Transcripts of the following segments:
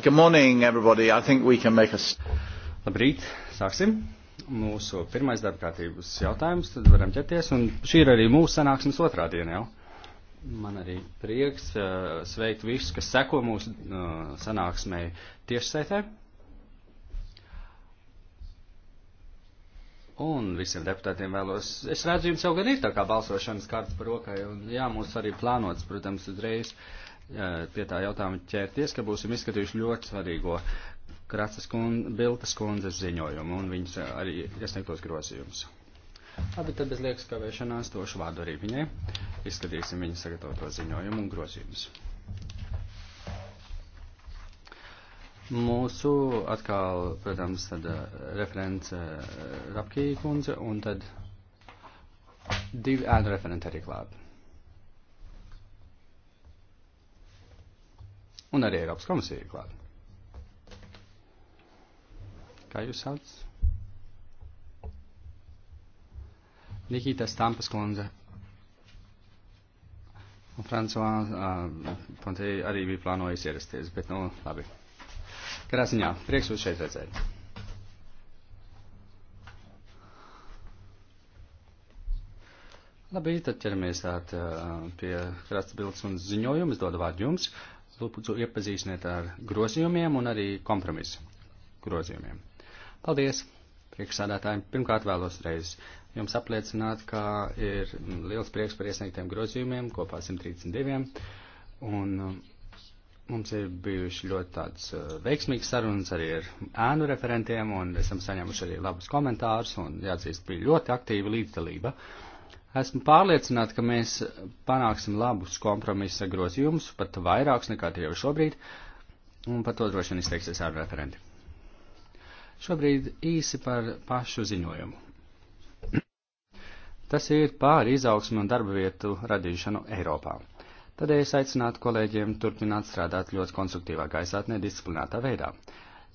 Good morning, everybody. I think we can make a... Labrīt, sāksim. Mūsu pirmais darbkārtības jautājums, tad varam ķerties, un šī ir arī mūsu sanāksmes otrā diena jau. Man arī prieks uh, sveikt visus, kas seko mūsu uh, sanāksmē tiešsaitē. Un visiem deputātiem vēlos, es redzu, jums jau gan ir tā kā balsošanas kārtas par rokai, un jā, mums arī plānots, protams, uzreiz. Uh, pie tā jautājuma ķerties, ka būsim izskatījuši ļoti svarīgo Kratsas kund, Biltas kundzes ziņojumu un viņas arī iesniegtos grozījumus. Labi, tad bez liekas kavēšanās došu vārdu arī viņai. Izskatīsim viņas sagatavoto ziņojumu un grozījumus. Mūsu atkal, protams, tad eh, referents eh, Rapkī kundze un tad divi ēnu referenti arī klāt. un arī Eiropas komisija ir klāta. Kā jūs sauc? Nikita Stampas kundze. Un Francois uh, Ponte arī bija plānojis ierasties, bet nu labi. Katrā ziņā, prieks jūs šeit redzēt. Labi, tad ķeramies tāt, uh, pie krasta bildes un ziņojumu. Es dodu vārdu jums. Uh, lūdzu iepazīstiniet ar grozījumiem un arī kompromisu grozījumiem. Paldies, priekšsādātāji. Pirmkārt vēlos reiz jums apliecināt, ka ir liels prieks par iesniegtiem grozījumiem, kopā 132. Un um, mums ir bijuši ļoti tāds uh, veiksmīgs sarunas arī ar ēnu referentiem, un esam saņēmuši arī labus komentārus, un jāatzīst, bija ļoti aktīva līdzdalība. Uh, Esmu pārliecināta, ka mēs panāksim labus kompromisa grozījumus, pat vairākus nekā tie jau šobrīd, un par to droši vien izteiksies ar referenti. Šobrīd īsi par pašu ziņojumu. Tas ir pār izaugsmu un darba vietu radīšanu Eiropā. Tādēļ es aicinātu kolēģiem turpināt strādāt ļoti konstruktīvā gaisātnē, disciplinētā veidā.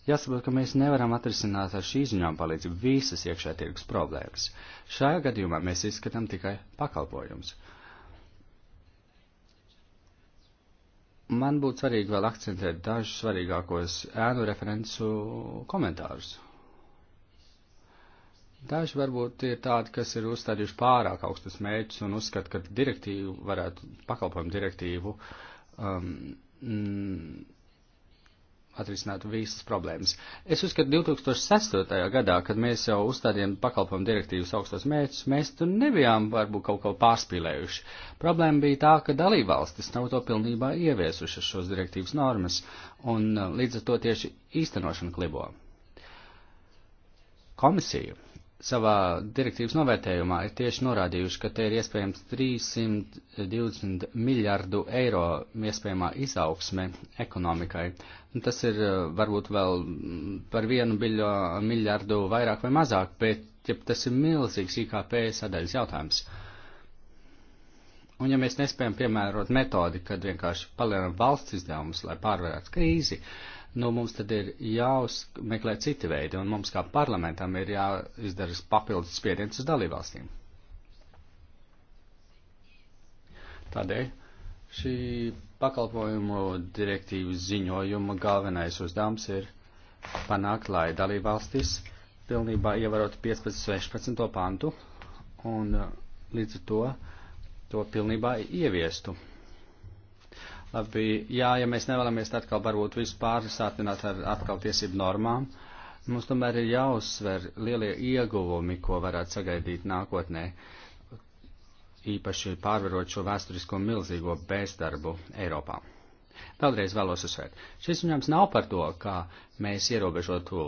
Jāsaprot, ka mēs nevaram atrisināt ar šī ziņām palīdzību visas iekšē tirgus problēmas. Šajā gadījumā mēs izskatām tikai pakalpojumus. Man būtu svarīgi vēl akcentēt dažus svarīgākos ēnu referencu komentārus. Daži varbūt ir tādi, kas ir uzstādījuši pārāk augstus mērķus un uzskata, ka direktīvu varētu, pakalpojumu direktīvu um, mm, atrisinātu visas problēmas. Es uzskatu, 2008. gadā, kad mēs jau uzstādījām pakalpojumu direktīvas augstos mērķus, mēs tur nebijām varbūt kaut ko pārspīlējuši. Problēma bija tā, ka dalībvalstis nav to pilnībā ieviesušas šos direktīvas normas, un uh, līdz ar to tieši īstenošana klibo. Komisija savā direktīvas novērtējumā ir tieši norādījuši, ka te ir iespējams 320 miljardu eiro iespējamā izaugsme ekonomikai Tas ir eh, varbūt vēl mm, par vienu biļo, miljardu vairāk vai mazāk, bet ja tas ir milzīgs IKP sadaļas jautājums. Un ja mēs nespējam piemērot metodi, kad vienkārši palielinam valsts izdevumus, lai pārvarētu krīzi, nu mums tad ir jāuzmeklē citi veidi, un mums kā parlamentam ir jāizdara papildus spiediens uz dalībvalstīm. Tādēļ šī pakalpojumu direktīvas ziņojuma galvenais uzdevums ir panākt, lai dalībvalstis pilnībā ievarot 15.16. pantu un uh, līdz ar to to pilnībā ieviestu. Labi, jā, ja mēs nevēlamies atkal varbūt visu pārsātināt ar atkal tiesību normām, mums tomēr ir jāuzsver lielie ieguvumi, ko varētu sagaidīt nākotnē. Uh, īpaši pārvarot šo vēsturisko milzīgo bezdarbu Eiropā. Vēlreiz vēlos uzsvērt. Šis ziņojums nav par to, kā mēs ierobežotu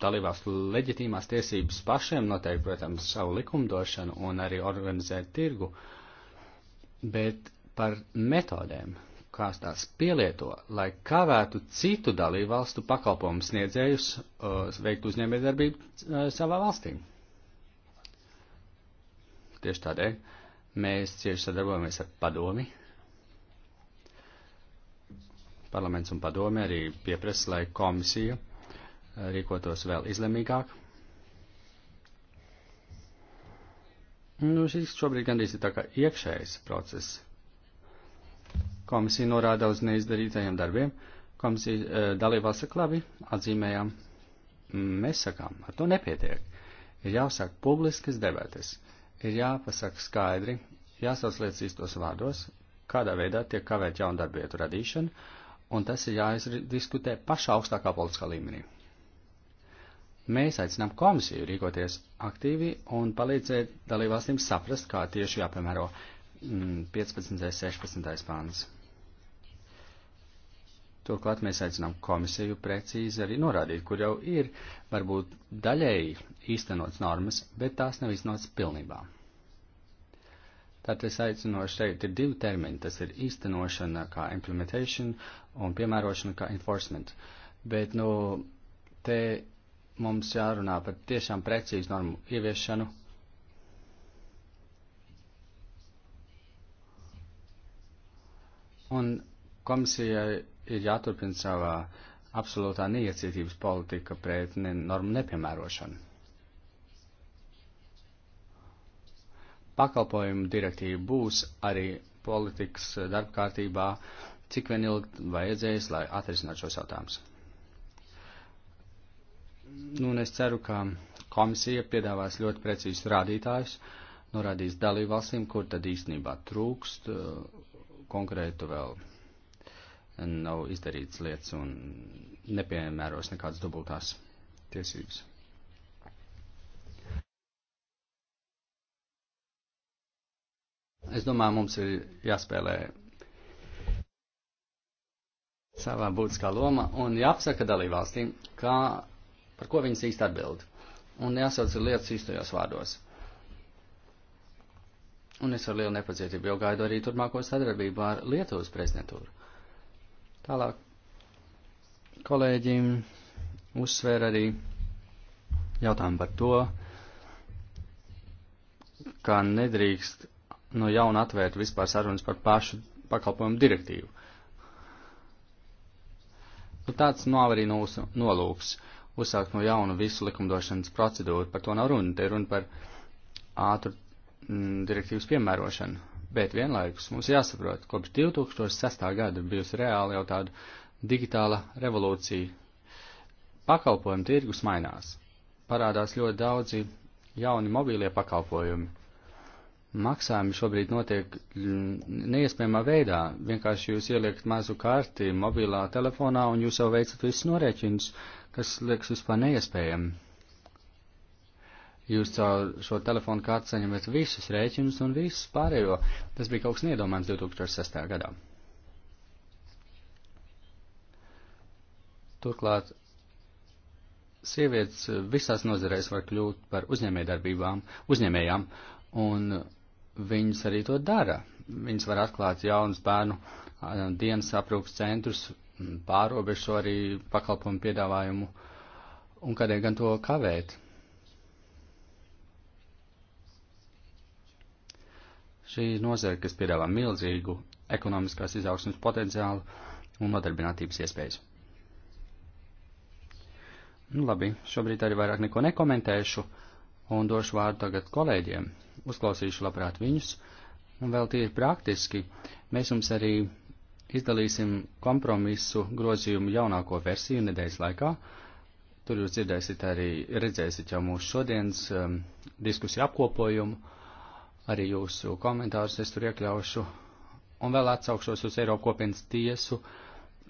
dalībās leģitīmās tiesības pašiem noteikt, protams, savu likumdošanu un arī organizēt tirgu, bet par metodēm, kās tās pielieto, lai kavētu citu dalībvalstu pakalpojumu sniedzējus uh, veikt uzņēmējdarbību uh, savā valstī. Tieši tādēļ Mēs cieši sadarbojamies ar padomi. Parlaments un padomi arī pieprasa, lai komisija rīkotos vēl izlemīgāk. Nu, šis šobrīd gandrīz ir tā kā iekšējs process. Komisija norāda uz neizdarītajiem darbiem. Komisija eh, dalībās saka, labi, atzīmējām. Mēs sakām, ar to nepietiek. Ir jāsāk publiskas debates ir jāpasaka skaidri, jāsauc lietas īstos vārdos, kādā veidā tiek kavēt jaunu darbvietu radīšana, un tas ir jāizdiskutē pašā augstākā politiskā līmenī. Mēs aicinām komisiju rīkoties aktīvi un palīdzēt dalībvalstīm saprast, kā tieši jāpiemēro 15. un 16. pāns. Turklāt mēs aicinām komisiju precīzi arī norādīt, kur jau ir varbūt daļēji īstenots normas, bet tās nav īstenotas pilnībā. Tātad es aicinu šeit ir divi termini, tas ir īstenošana kā implementation un piemērošana kā enforcement. Bet, nu, te mums jārunā par tiešām precīzu normu ieviešanu. Un komisijai ir jāturpina savā absolūtā neiecietības politika pret ne, normu nepiemērošanu. Pakalpojumu direktīva būs arī politikas darba kārtībā, cik vien ilgi vajadzēs, lai atrisinātu šos jautājumus. Nu, un es ceru, ka komisija piedāvās ļoti precīzus rādītājus, norādīs dalībvalstīm, kur tad īstenībā trūkst uh, konkrētu vēl nav izdarīts lietas un nepiemēros nekādas dubultās tiesības. Es domāju, mums ir jāspēlē savā būtiskā loma un jāapsaka dalībvalstīm, kā, par ko viņas īsti atbild. Un jāsauc lietas īstajos vārdos. Un es ar lielu nepacietību jau gaidu arī turpmāko sadarbību ar Lietuvas prezidentūru. Tālāk kolēģi uzsvēra arī jautājumu par to, ka nedrīkst no jauna atvērt vispār sarunas par pašu pakalpojumu direktīvu. Nu, tāds nav arī mūsu nolūks - uzsākt no jauna visu likumdošanas procedūru. Par to nav runa. Te runa par ātru m, mm, direktīvas piemērošanu. Bet vienlaikus mums jāsaprot, kopš 2006. gada bijusi reāli jau tāda digitāla revolūcija. Pakalpojumu tirgus mainās. Parādās ļoti daudzi jauni mobīlie pakalpojumi. Maksājumi šobrīd notiek neiespējamā veidā. Vienkārši jūs ieliekat mazu karti mobilā telefonā un jūs jau veicat visus norēķinus, kas liekas vispār neiespējami. Jūs caur šo telefonu kārtu saņemat visus rēķinus un visus pārējo. Tas bija kaut kas neiedomājams 2006. gadā. Turklāt sievietes visās nozarēs var kļūt par uzņēmējdarbībām, uzņēmējām, un viņas arī to dara. Viņas var atklāt jaunus bērnu dienas aprūpas centrus, pārobežu arī pakalpojumu piedāvājumu, un kādēļ gan to kavēt? Šī ir nozara, kas piedāvā milzīgu ekonomiskās izaugsmas potenciālu un nodarbinātības iespējas. Nu, labi, šobrīd arī vairāk neko nekomentēšu un došu vārdu tagad kolēģiem. Uzklausīšu labprāt viņus un vēl tīri praktiski. Mēs jums arī izdalīsim kompromisu grozījumu jaunāko versiju nedēļas laikā. Tur jūs dzirdēsiet arī, redzēsiet jau mūsu šodienas um, diskusiju apkopojumu arī jūsu komentārus es tur iekļaušu. Un vēl atsaukšos uz Eiropu kopienas tiesu,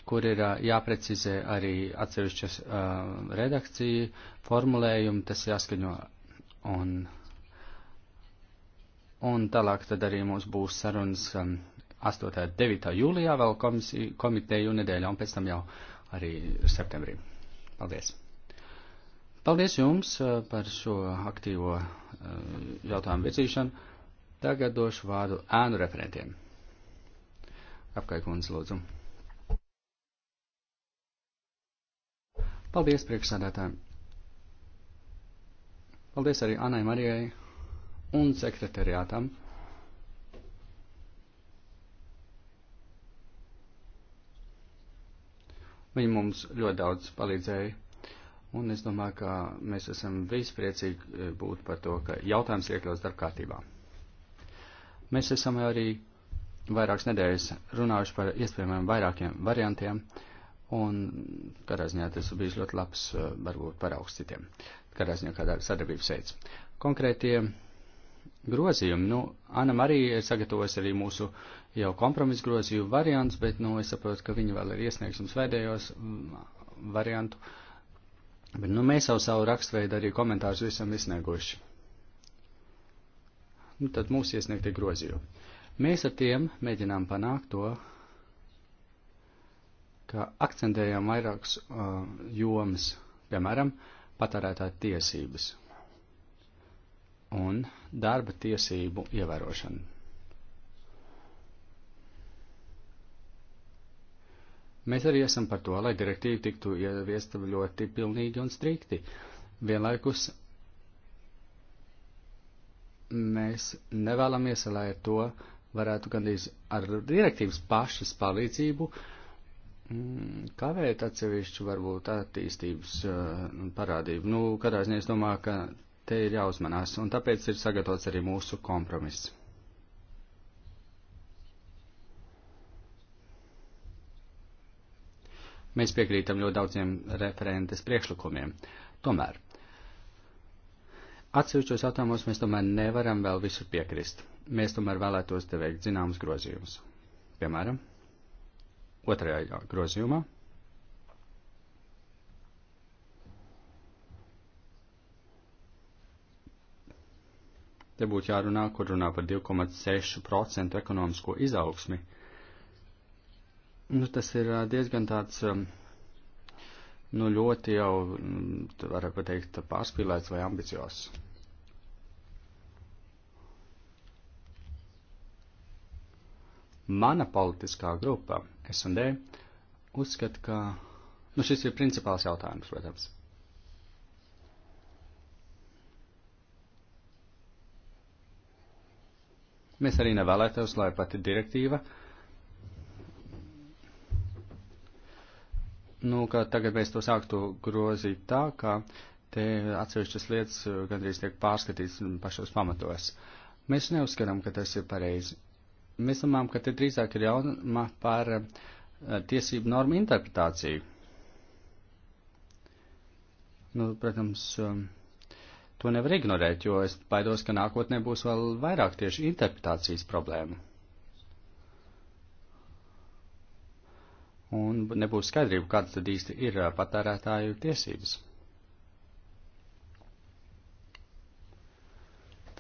kur ir jāprecizē arī atsevišķas uh, redakcija, formulējumi, tas jāskaņo. Un, un tālāk tad arī mums būs sarunas um, 8. un 9. jūlijā vēl komisiju, komiteju nedēļā un pēc tam jau arī septembrī. Paldies! Paldies jums par šo aktīvo uh, jautājumu virzīšanu. Tagad došu vārdu ēnu referentiem. Apkaikums, lūdzu. Paldies priekšsādātājiem. Paldies arī Anai Marijai un sekretariātam. Viņi mums ļoti daudz palīdzēja, un es domāju, ka mēs esam vispriecīgi eh, būt par to, ka jautājums iekļauts darbkārtībā. Mēs esam arī vairākas nedēļas runājuši par iespējamiem vairākiem variantiem, un katrā ziņā tas bijis ļoti labs, eh, varbūt paraugs citiem. Katrā ziņā kādā sadarbības veids. Konkrētie grozījumi, nu, Anna Marija ir sagatavojusi arī mūsu jau kompromisu grozīju variants, bet, nu, es saprotu, ka viņa vēl ir iesniegs mums vēdējos mm, variantu. Bet, nu, mēs jau savu rakstveidu arī komentārus visam izsnieguši nu, tad mūsu iesniegtie grozījumi. Mēs ar tiem mēģinām panākt to, ka akcentējam vairākas uh, jomas, piemēram, patērētāja tiesības un darba tiesību ievērošanu. Mēs arī esam par to, lai direktīva tiktu ieviesta ļoti pilnīgi un strikti, vienlaikus mēs nevēlamies, lai ar to varētu gandrīz ar direktīvas pašas palīdzību mm, kavēt atsevišķu varbūt attīstības eh, parādību. Nu, katrā ziņā es domāju, ka te ir jāuzmanās, un tāpēc ir sagatavots arī mūsu kompromiss. Mēs piekrītam ļoti daudziem referentes priekšlikumiem. Tomēr Atsevišķos jautājumos mēs tomēr nevaram vēl visur piekrist. Mēs tomēr vēlētos te veikt zināmus grozījumus. Piemēram, otrajā grozījumā. Te būtu jārunā, kur runā par 2,6% ekonomisko izaugsmi. Nu, tas ir diezgan tāds um, nu, ļoti jau, mm, varētu pateikt, pārspīlēts vai ambiciozs. Mana politiskā grupa, S&D, uzskata, ka nu, šis ir principāls jautājums, protams. Mēs arī nevēlētos, lai pati direktīva uh, nu, ka tagad mēs to sāktu grozīt tā, ka te atsevišķas lietas eh, gandrīz tiek pārskatīts pašos pamatos. Mēs neuzskatām, ka tas ir pareizi. Mēs domājam, ka te drīzāk ir jauna par eh, tiesību normu interpretāciju. Nu, protams, eh, to nevar ignorēt, jo es baidos, ka nākotnē būs vēl vairāk tieši interpretācijas problēmu. un nebūs skaidrība, kādas tad īsti ir patērētāju tiesības.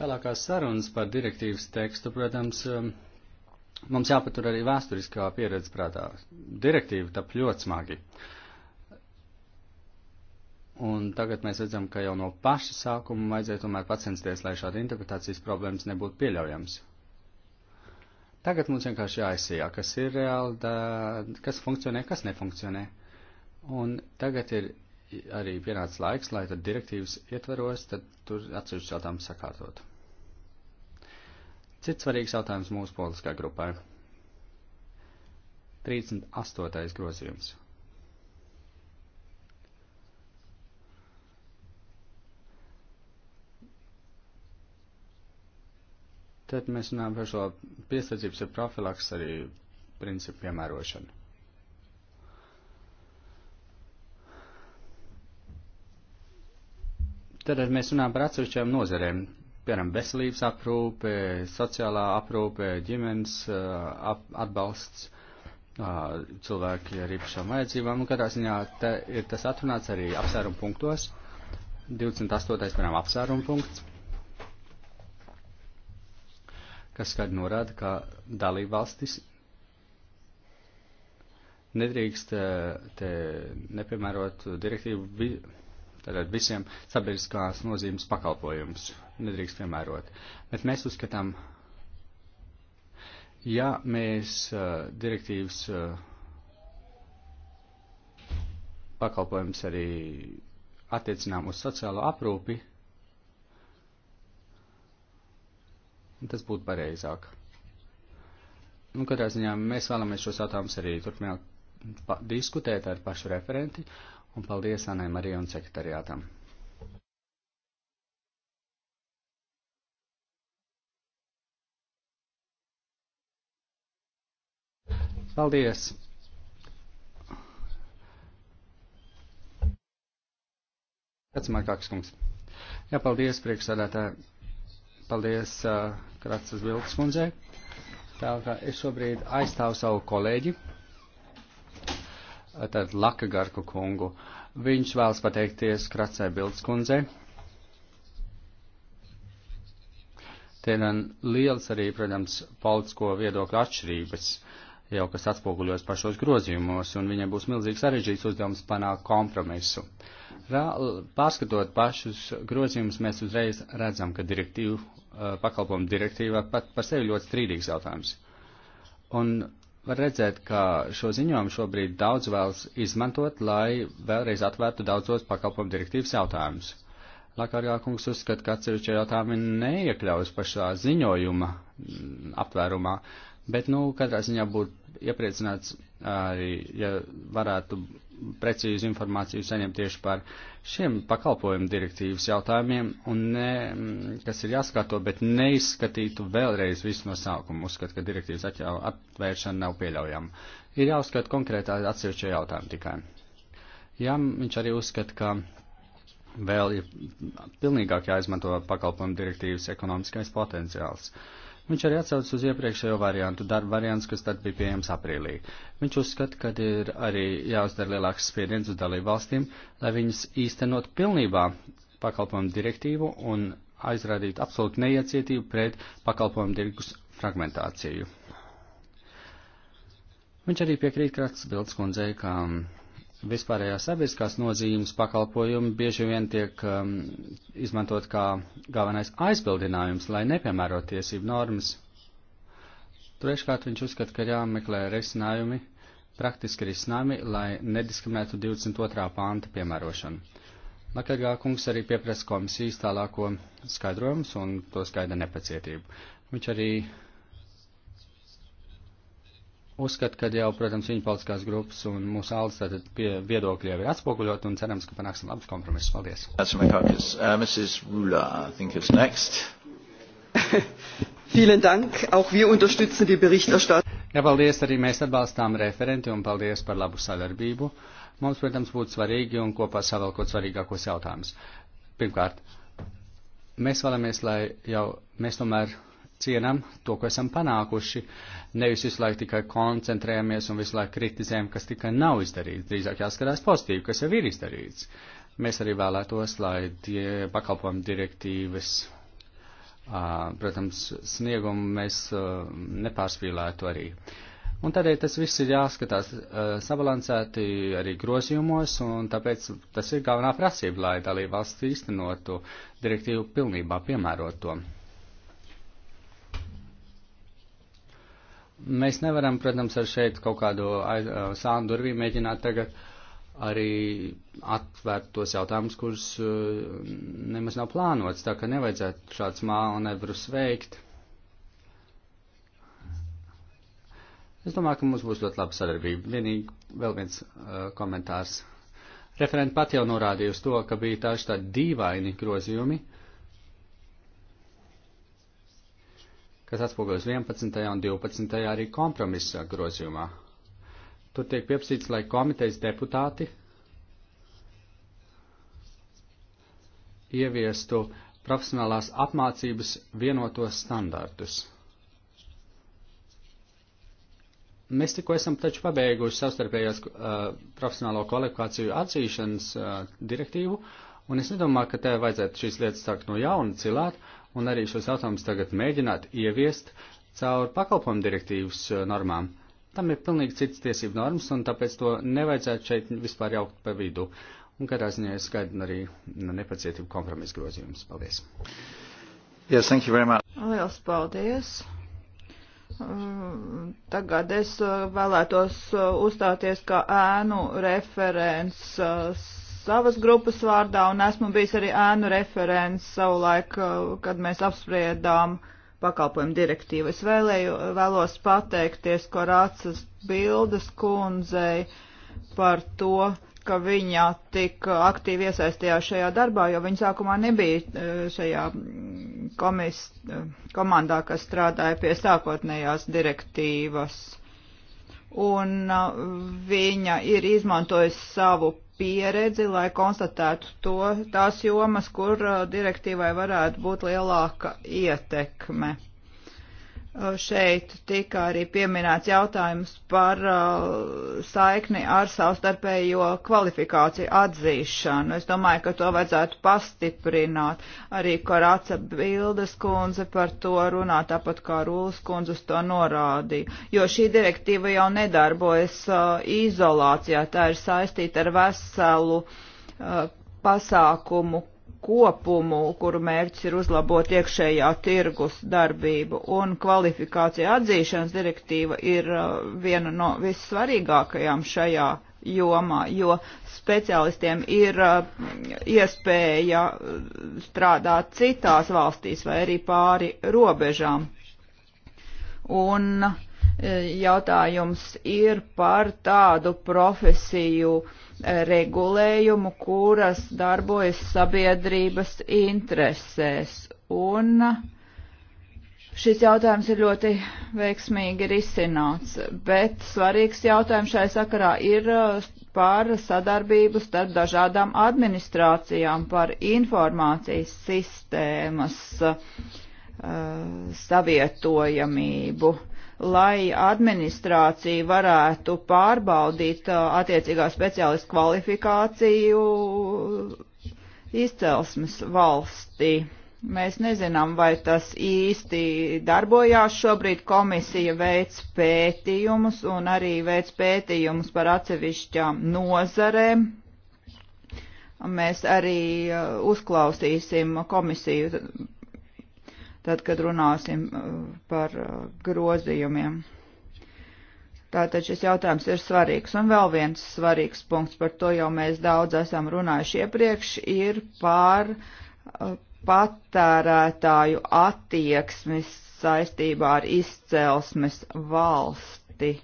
Tālākās sarunas par direktīvas tekstu, protams, mums jāpatur arī vēsturiskā pieredze prātā. Direktīva tap ļoti smagi. Un tagad mēs redzam, ka jau no paša sākuma vajadzēja tomēr pacensties, lai šāda interpretācijas problēmas nebūtu pieļaujams. Tagad mums vienkārši jāizsijā, kas ir reāli, da, kas funkcionē, kas nefunkcionē. Un tagad ir arī pienācis laiks, lai tad direktīvas ietveros, tad tur atsevišķi jautājumu sakārtot. Cits svarīgs jautājums mūsu politiskā grupai. 38. grozījums. Tad mēs runājam par šo piesardzības ir profilaks arī principu piemērošanu. Tad mēs runājam par atsevišķām nozerēm, piemēram, veselības aprūpe, sociālā aprūpe, ģimenes ap, atbalsts cilvēki ar īpašām vajadzībām. Katrā ziņā te ir tas atrunāts arī apsvērumu punktos. 28. piemēram, apsvērumu punkts kas skaidri norāda, ka dalībvalstis nedrīkst eh, te nepiemērot direktīvu vi, tātad visiem sabiedriskās nozīmes pakalpojumus. Nedrīkst piemērot. Bet mēs uzskatām, ja mēs uh, direktīvas uh, pakalpojumus arī attiecinām uz sociālo aprūpi, Tas būtu pareizāk. Un nu, katrā ziņā mēs vēlamies šos jautājumus arī turpmāk diskutēt ar pašu referenti, un paldies Anai Marijai un sekretariātam. Paldies! Pēc Markāks kungs. Jā, paldies, priekšsādātāji paldies uh, Kratsas Vilks kundzei. Tā kā es šobrīd aizstāvu savu kolēģi, tad Lakagarku kungu. Viņš vēlas pateikties Kratsai Bildes kundzei. Te ir liels arī, protams, politisko viedokļu atšķirības, jau kas atspoguļos pašos grozījumos, un viņai būs milzīgs sarežģīts uzdevums panākt kompromisu. Rā, pārskatot pašus grozījumus, mēs uzreiz redzam, ka direktīvu Eh, pakalpojumu direktīvā pat par sevi ļoti strīdīgs jautājums. Un var redzēt, ka šo ziņojumu šobrīd daudz vēlas izmantot, lai vēlreiz atvērtu daudzos pakalpojumu direktīvas jautājumus. Lakārgā kungs uzskata, ka atsevišķie jautājumi neiekļaujas pašā ziņojuma mm, aptvērumā, bet, nu, katrā ziņā būtu iepriecināts arī, ja varētu precīzu informāciju saņemt tieši par uh, šiem pakalpojumu direktīvas jautājumiem, un ne, kas ir jāskato, bet neizskatītu vēlreiz visu no sākuma. Uzskat, ka direktīvas atvēršana nav pieļaujama. Ir jāuzskat konkrētā atsevišķa jautājuma tikai. Jā, viņš arī uzskata, ka vēl ir pilnīgāk jāizmanto pakalpojumu direktīvas ekonomiskais potenciāls. Uh, Viņš arī atsaucas uz iepriekšējo variantu, darba variants, kas tad bija pieejams aprīlī. Viņš uzskata, ka ir arī jāuzdara lielāks spiediens uz dalību valstīm, lai viņas īstenot pilnībā pakalpojumu direktīvu un aizrādīt absolūtu neiecietību pret pakalpojumu tirgus fragmentāciju. Viņš arī piekrīt Kratas Bildes kundzei, ka vispārējās sabiedriskās nozīmes pakalpojumi bieži vien tiek um, izmantot kā galvenais aizbildinājums, lai nepiemērot tiesību normas. Treškārt viņš uzskata, ka jāmeklē risinājumi, praktiski risinājumi, lai nediskriminētu 22. pānta piemērošanu. Makargā kungs arī pieprasa komisijas tālāko skaidrojumus un to skaida nepacietību. Viņš arī uzskatu, ka jau, protams, viņa politiskās grupas un mūsu aldas tātad pie viedokļi jau ir atspoguļot un cerams, ka panāksim labus kompromisus. Paldies. Uh, Mrs. Rula, I think is next. Vielen Dank. Auch wir unterstützen die Berichterstattung. Ja, paldies arī mēs atbalstām referenti un paldies par labu sadarbību. Mums, protams, būtu svarīgi un kopā savalkot svarīgākos jautājumus. Pirmkārt, mēs vēlamies, lai jau mēs tomēr cienam to, ko esam panākuši, nevis visu laiku tikai koncentrējamies un visu laiku kritizējam, kas tikai nav izdarīts. Drīzāk jāskatās pozitīvi, kas jau ir izdarīts. Mēs arī vēlētos, lai die pakalpojumu direktīvas, protams, sniegumu mēs nepārspīlētu arī. Un tādēļ tas viss ir jāskatās sabalansēti arī grozījumos, un tāpēc tas ir galvenā prasība, lai dalībvalsts īstenotu direktīvu pilnībā piemērot to. Mēs nevaram, protams, ar šeit kaut kādu sānu durvīm mēģināt tagad arī atvērt tos jautājumus, kurus nemaz nav plānots, tā ka nevajadzētu šāds mānevrus veikt. Es domāju, ka mums būs ļoti laba sadarbība. Vienīgi vēl viens uh, komentārs. Referenti pat jau norādīja uz to, ka bija tāši tādi dīvaini grozījumi, uh, kas atspoguļos 11. un 12. arī kompromisa grozījumā. Tur tiek pieprasīts, lai komitejas deputāti ieviestu profesionālās apmācības vienotos standartus. Mēs tikko esam taču pabeiguši savstarpējās uh, profesionālo kvalifikāciju atzīšanas uh, direktīvu, un es nedomāju, ka te vajadzētu šīs lietas sākt no jauna cilāt, uh, un arī šos jautājumus tagad mēģināt ieviest caur pakalpojumu direktīvas eh, normām. Tam ir pilnīgi cits tiesību normas, un tāpēc to nevajadzētu šeit vispār jaukt pa vidu. Un katrā ziņā es skaidru arī nepacietību kompromisu grozījumus. Paldies! Yes, thank you very much. Liels paldies! Mm, tagad es eh, vēlētos eh, uzstāties kā ēnu referents savas grupas vārdā, un esmu bijis arī ēnu referents savulaik, uh, kad mēs apspriedām pakalpojumu direktīvu. Es vēlēju, vēlos pateikties Korācas bildes kundzei par to, ka viņa tik aktīvi iesaistījās šajā darbā, jo viņa sākumā nebija uh, šajā mm, komis, uh, komandā, kas strādāja pie sākotnējās direktīvas un viņa ir izmantojusi savu pieredzi, lai konstatētu to, tās jomas, kur direktīvai varētu būt lielāka ietekme. Uh, šeit tika arī pieminēts jautājums par uh, saikni ar savstarpējo kvalifikāciju atzīšanu. Es domāju, ka to vajadzētu pastiprināt. Arī Korāca Bildes kundze par to runā, tāpat kā Rūlas kundze uz to norādīja. Jo šī direktīva jau nedarbojas uh, izolācijā, tā ir saistīta ar veselu uh, pasākumu kopumu, kuru mērķis ir uzlabot iekšējā tirgus darbību, un kvalifikācija atzīšanas direktīva ir uh, viena no vissvarīgākajām šajā jomā, jo speciālistiem ir uh, iespēja uh, strādāt citās valstīs vai arī pāri robežām. Un jautājums ir par tādu profesiju uh, regulējumu, kuras darbojas sabiedrības interesēs. Un šis jautājums ir ļoti veiksmīgi risināts, bet svarīgs jautājums šai sakarā ir uh, par sadarbību starp dažādām administrācijām, par informācijas sistēmas uh, savietojamību. Uh, lai administrācija varētu pārbaudīt uh, attiecīgā speciālistu kvalifikāciju izcelsmes valstī. Mēs nezinām, vai tas īsti darbojās. Šobrīd komisija veic pētījumus un arī veic pētījumus par atsevišķām nozarēm. Mēs arī uh, uzklausīsim komisiju tad, kad runāsim uh, par uh, grozījumiem. Tātad šis jautājums ir svarīgs. Un vēl viens svarīgs punkts, par to jau mēs daudz esam runājuši iepriekš, ir par uh, patērētāju attieksmes saistībā ar izcelsmes valsti.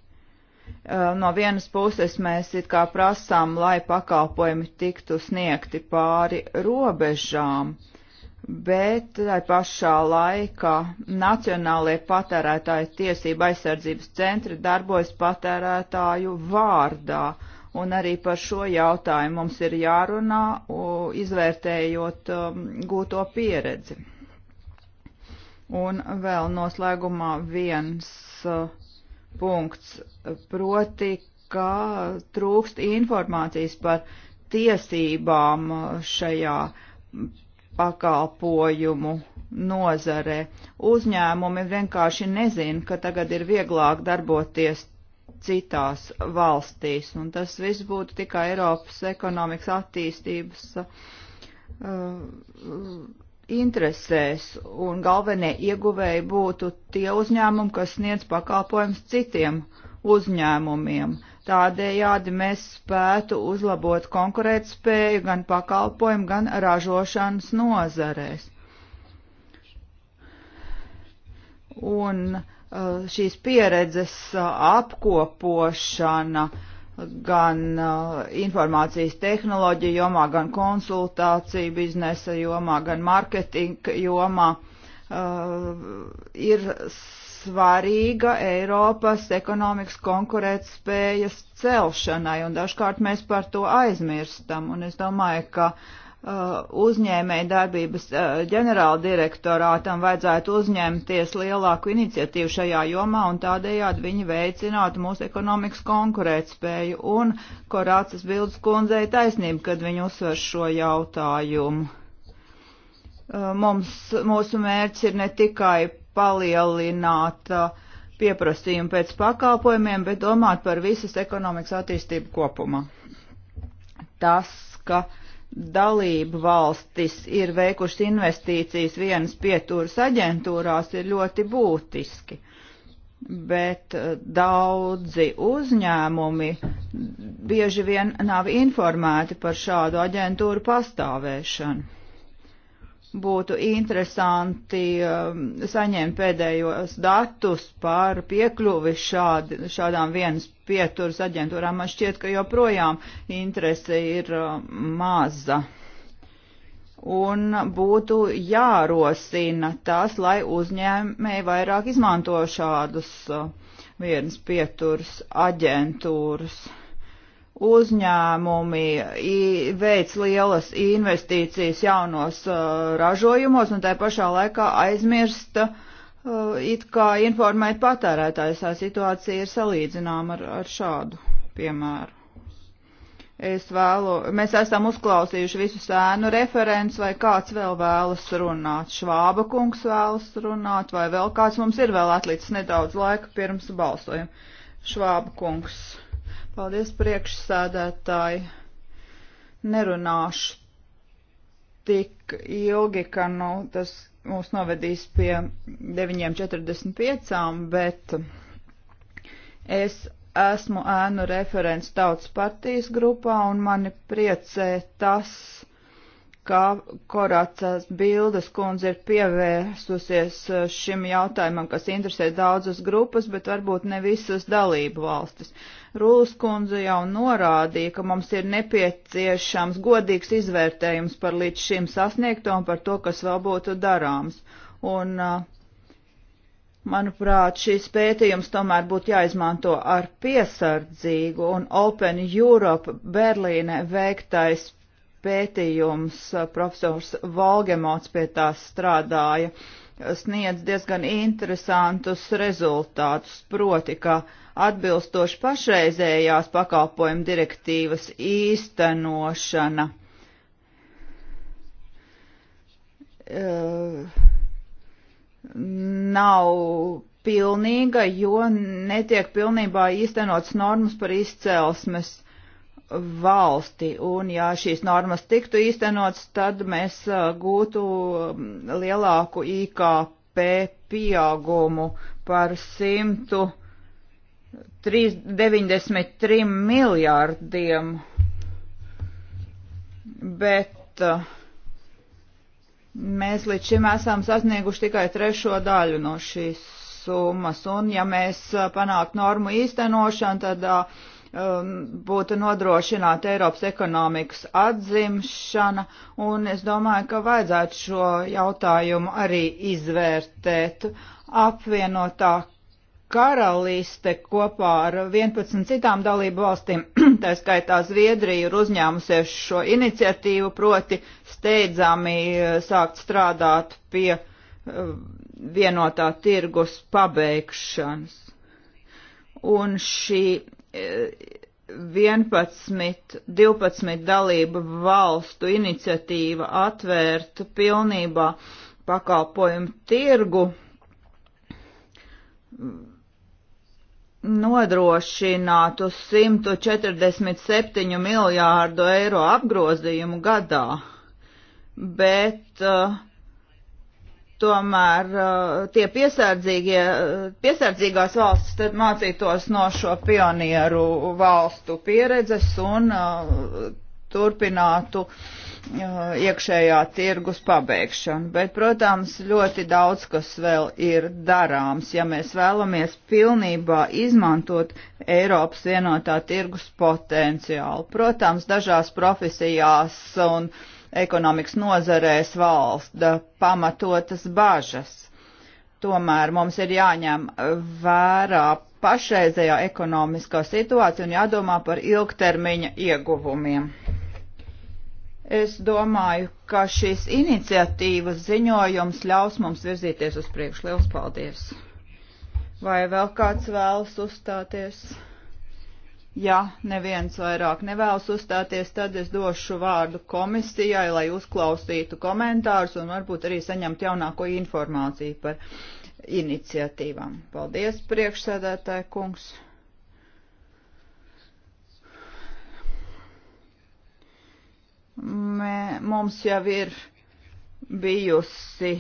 No vienas puses mēs it kā prasām, lai pakalpojumi tiktu sniegti pāri robežām, uh, bet tai pašā laikā Nacionālajie patērētāju tiesība aizsardzības centri darbojas patērētāju vārdā. Un arī par šo jautājumu mums ir jārunā, izvērtējot um, gūto pieredzi. Un vēl noslēgumā viens uh, punkts, proti, ka trūkst informācijas par tiesībām uh, šajā pakalpojumu nozare. Uzņēmumi vienkārši nezin, ka tagad ir vieglāk darboties citās valstīs, un tas viss būtu tikai Eiropas ekonomikas attīstības uh, interesēs, un galvenie ieguvēji būtu tie uzņēmumi, kas sniedz pakalpojums citiem uzņēmumiem. Uh, Tādējādi mēs spētu uzlabot konkurētspēju gan pakalpojumu, gan ražošanas nozarēs. Un uh, šīs pieredzes uh, apkopošana gan uh, informācijas tehnoloģija jomā, gan konsultāciju biznesa jomā, gan marketinga jomā ir svarīga Eiropas ekonomikas konkurētspējas celšanai, un dažkārt mēs par to aizmirstam. Un es domāju, ka uh, uzņēmēja darbības uh, ģenerāla direktorātam vajadzētu uzņemties lielāku iniciatīvu šajā jomā, un tādējādi viņi veicinātu mūsu ekonomikas konkurētspēju. Un Korācas bildes kundzei taisnība, kad viņi uzsver šo jautājumu. Uh, mums, mūsu mērķis ir ne tikai palielināt uh, pieprasījumu pēc pakalpojumiem, bet domāt par visas ekonomikas attīstību kopumā. Tas, ka dalību valstis ir veikušas investīcijas vienas pieturas aģentūrās, ir ļoti būtiski bet uh, daudzi uzņēmumi bieži vien nav informēti par šādu aģentūru pastāvēšanu būtu interesanti um, saņemt pēdējos datus par piekļuvi šādi, šādām vienas pieturas aģentūrām. Man šķiet, ka joprojām interese ir um, maza. Un būtu jārosina tas, lai uzņēmēji vairāk izmanto šādus uh, vienas pieturas aģentūras. Uh, uzņēmumi veic lielas investīcijas jaunos uh, ražojumos un tā pašā laikā aizmirst uh, it kā informēt patērētājus. Tā situācija ir salīdzināma ar, ar šādu piemēru. Es vēlu, mēs esam uzklausījuši visu sēnu referents, vai kāds vēl vēlas runāt. Švāba kungs vēlas runāt, vai vēl kāds mums ir vēl atlicis nedaudz laika pirms balsojuma. Švāba kungs. Paldies, priekšsēdētāji. Nerunāšu tik ilgi, ka nu, tas mūs novedīs pie 9.45, bet es esmu ēnu referents tautas partijas grupā un mani priecē tas, kā Korācās Bildes kundze ir pievērsusies eh, šim jautājumam, kas interesē daudzas grupas, bet varbūt ne visas dalību valstis. Rūlas kundze jau norādīja, ka mums ir nepieciešams godīgs izvērtējums par līdz šim sasniegto un par to, kas vēl būtu darāms. Un, eh, manuprāt, šīs pētījums tomēr būtu jāizmanto ar piesardzīgu un Open Europe Berlīne veiktais pētījums, profesors Valgemots pie tās strādāja, sniedz diezgan interesantus rezultātus, proti, ka atbilstoši pašreizējās pakalpojuma direktīvas īstenošana. Nav pilnīga, jo netiek pilnībā īstenots normas par izcelsmes valsti. Un ja šīs normas tiktu īstenots, tad mēs uh, gūtu um, lielāku IKP pieaugumu par 193 miljārdiem. Bet uh, mēs līdz šim esam sasnieguši tikai trešo daļu no šīs summas. Un ja mēs uh, panāktu normu īstenošanu, tad uh, um, būtu nodrošināta Eiropas ekonomikas atzimšana, un es domāju, ka vajadzētu šo jautājumu arī izvērtēt apvienotā karaliste kopā ar 11 citām dalību valstīm, tā skaitā Zviedrija, ir uzņēmusies šo iniciatīvu, proti steidzami uh, sākt strādāt pie uh, vienotā tirgus pabeigšanas. Un šī 11, 12 dalību valstu iniciatīva atvērt pilnībā pakalpojumu tirgu nodrošinātu 147 miljārdu eiro apgrozījumu gadā, bet uh, tomēr uh, tie piesardzīgie, uh, piesardzīgās valstis tad mācītos no šo pionieru valstu pieredzes un uh, turpinātu iekšējā tirgus pabeigšanu. Bet, protams, ļoti daudz kas vēl ir darāms, ja mēs vēlamies pilnībā izmantot Eiropas vienotā tirgus potenciālu. Protams, dažās profesijās un uh, ekonomikas nozarēs valsts pamatotas bažas. Tomēr mums ir jāņem vērā pašreizējā ekonomiskā situācija un jādomā par ilgtermiņa ieguvumiem. Es domāju, ka šīs iniciatīvas ziņojums ļaus mums virzīties uz priekšu. Lielas paldies! Vai vēl kāds vēlas uzstāties? Ja neviens vairāk nevēlas uzstāties, tad es došu vārdu komisijai, lai uzklausītu komentārus un varbūt arī saņemtu jaunāko informāciju par iniciatīvām. Paldies, priekšsēdētāji kungs. Mē, mums jau ir bijusi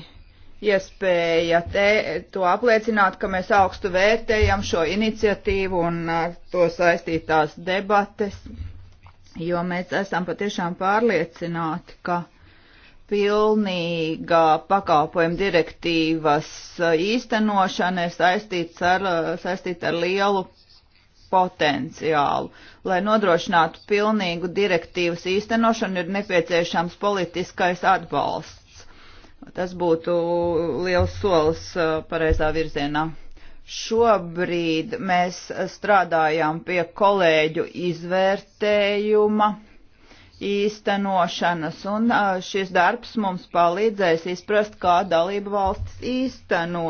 iespēja te, to apliecināt, ka mēs augstu vērtējam šo iniciatīvu un ar to saistītās debates, jo mēs esam patiešām pārliecināti, ka pilnīga pakalpojuma direktīvas īstenošana ir saistīta ar, saistīt ar lielu potenciālu. Lai nodrošinātu pilnīgu direktīvas īstenošanu, ir nepieciešams politiskais atbalsts. Tas būtu liels solis uh, pareizā virzienā. Šobrīd mēs strādājam pie kolēģu izvērtējuma īstenošanas, un uh, šis darbs mums palīdzēs izprast, kā dalība valstis īsteno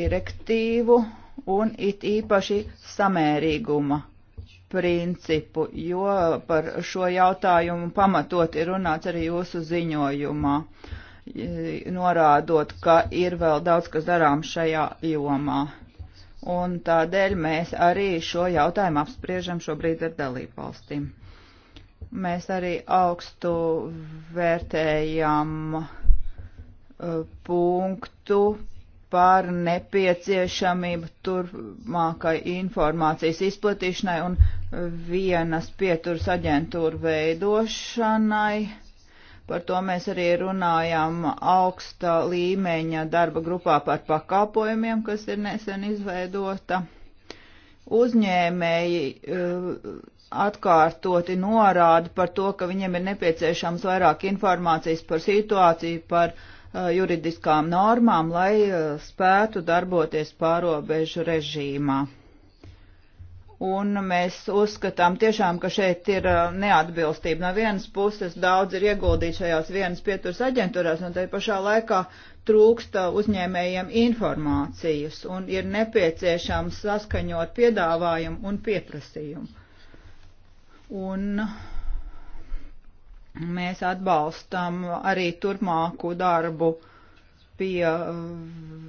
direktīvu un it īpaši samērīguma principu, jo par šo jautājumu pamatot ir runāts arī jūsu ziņojumā, norādot, ka ir vēl daudz, kas darām šajā jomā. Un tādēļ mēs arī šo jautājumu apspriežam šobrīd ar dalību valstīm. Mēs arī augstu vērtējam e, punktu par nepieciešamību turpmākai informācijas izplatīšanai un vienas pieturas aģentūra veidošanai. Par to mēs arī runājām augsta līmeņa darba grupā par pakalpojumiem, kas ir nesen izveidota. Uzņēmēji eh, atkārtoti norāda par to, ka viņiem ir nepieciešams vairāk informācijas par situāciju, par uh, Uh, juridiskām normām, lai uh, spētu darboties pārobežu režīmā. Un mēs uzskatām tiešām, ka šeit ir uh, neatbilstība. No vienas puses daudz ir ieguldīts šajās vienas pieturas aģentūrās, un te pašā laikā trūksta uzņēmējiem informācijas, un ir nepieciešams saskaņot piedāvājumu un pieprasījumu. Un uh, Mēs atbalstam arī turpmāku darbu pie mm,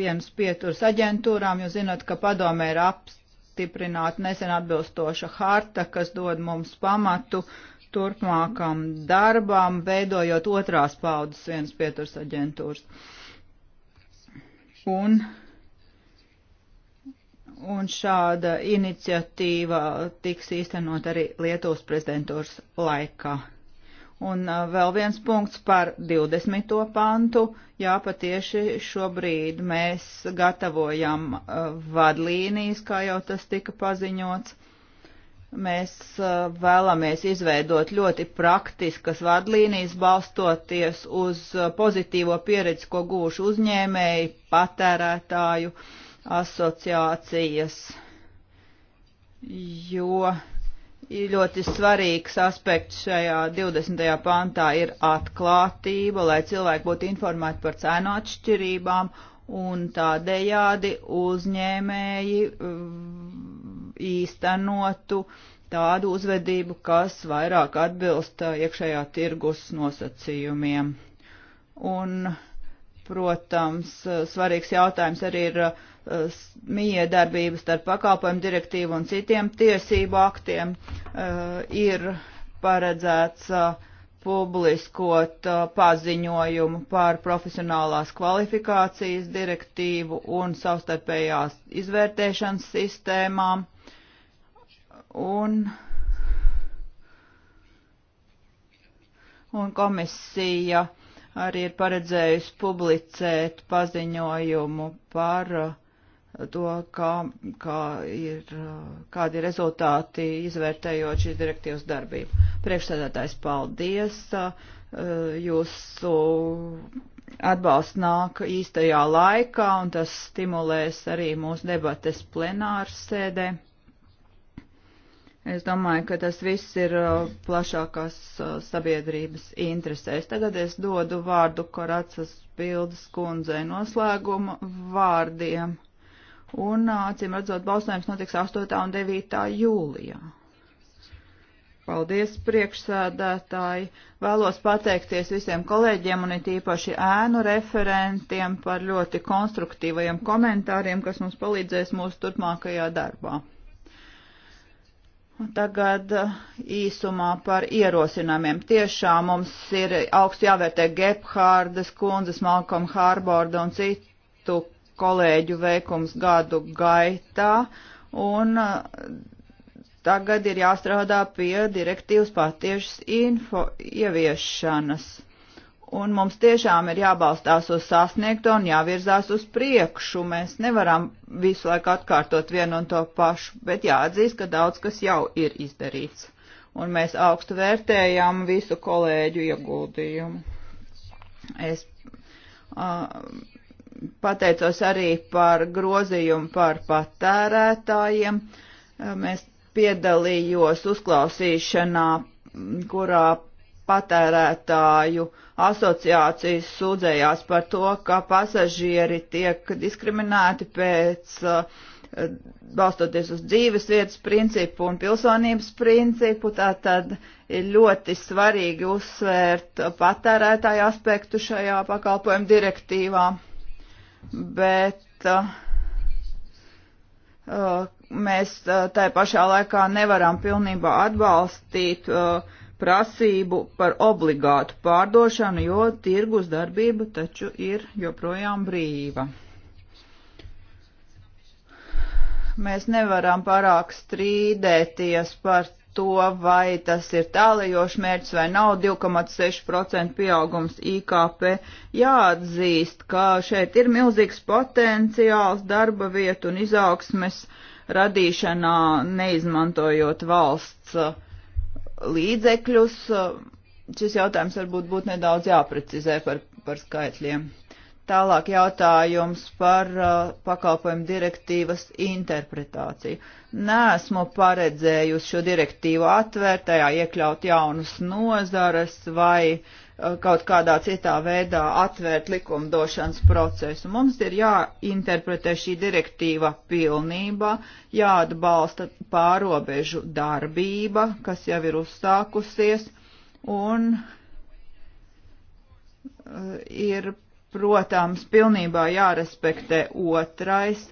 vienas pieturas aģentūrām. Jūs zināt, ka padomē ir apstiprināta nesen atbilstoša harta, kas dod mums pamatu turpmākam darbam, veidojot otrās paudzes vienas pieturas aģentūras. Un un šāda iniciatīva tiks īstenot arī Lietuvas prezidentūras laikā. Un uh, vēl viens punkts par 20. pantu. Jā, patieši šobrīd mēs gatavojam uh, vadlīnijas, kā jau tas tika paziņots. Mēs uh, vēlamies izveidot ļoti praktiskas vadlīnijas, balstoties uz pozitīvo pieredzi, ko gūšu uzņēmēji, patērētāju. Uh, asociācijas, jo ļoti svarīgs aspekts šajā 20. pantā ir atklātība, lai cilvēki būtu informēti par cenu atšķirībām un tādējādi uzņēmēji mm, īstenotu tādu uzvedību, kas vairāk atbilst uh, iekšējā tirgus nosacījumiem. Un, protams, uh, svarīgs jautājums arī ir uh, Eh, miedarbības starp pakalpojumu direktīvu un citiem tiesību aktiem eh, ir paredzēts eh, publiskot paziņojumu par profesionālās kvalifikācijas direktīvu un savstarpējās izvērtēšanas sistēmām. Un un komisija arī ir paredzējusi publicēt paziņojumu par to, kā, kā ir, kādi ir rezultāti izvērtējot šīs direktīvas darbību. Priekšsēdētājs, paldies! Jūsu atbalsts nāk īstajā laikā, un tas stimulēs arī mūsu debates plenāru sēdē. Es domāju, ka tas viss ir uh, plašākās uh, sabiedrības interesēs. Tagad es dodu vārdu Koracas bildes kundzei noslēguma vārdiem un, acīm redzot, balsojums notiks 8. un 9. jūlijā. Paldies, priekšsēdētāji! Vēlos pateikties visiem kolēģiem un it īpaši ēnu referentiem par ļoti konstruktīvajiem komentāriem, kas mums palīdzēs mūsu turpmākajā darbā. Tagad īsumā par ierosinājumiem. Tiešām mums ir augstu jāvērtē Gebhārdas kundzes, Malcolm Hārborda un citu kolēģu veikums gadu gaitā, un uh, tagad ir jāstrādā pie direktīvas patiešas info ieviešanas. Un mums tiešām ir jābalstās uz sasniegto un jāvirzās uz priekšu. Mēs nevaram visu laiku atkārtot vienu un to pašu, bet jāatzīst, ka daudz kas jau ir izdarīts. Un mēs augstu vērtējam visu kolēģu ieguldījumu. Es uh, pateicos arī par grozījumu par patērētājiem. Mēs piedalījos uzklausīšanā, kurā patērētāju asociācijas sūdzējās par to, ka pasažieri tiek diskriminēti pēc balstoties uz dzīves vietas principu un pilsonības principu, tātad ir ļoti svarīgi uzsvērt patērētāju aspektu šajā pakalpojumu direktīvā bet uh, uh, mēs uh, tai pašā laikā nevaram pilnībā atbalstīt uh, prasību par obligātu pārdošanu, jo tirgus darbība taču ir joprojām brīva. Mēs nevaram pārāk strīdēties par to, vai tas ir tālajošs mērķis vai nav 2,6% pieaugums IKP. Jāatzīst, ka šeit ir milzīgs potenciāls darba vietu un izaugsmes radīšanā, neizmantojot valsts uh, līdzekļus. Uh, šis jautājums varbūt būtu nedaudz jāprecizē par, par skaitļiem. Tālāk jautājums par uh, pakalpojumu direktīvas interpretāciju. Nesmu paredzējusi šo direktīvu atvērt, tajā iekļaut jaunas nozares vai uh, kaut kādā citā veidā atvērt likumdošanas procesu. Mums ir jāinterpretē šī direktīva pilnībā, jāatbalsta pārobežu darbība, kas jau ir uzsākusies, un uh, ir protams, pilnībā jārespektē otrais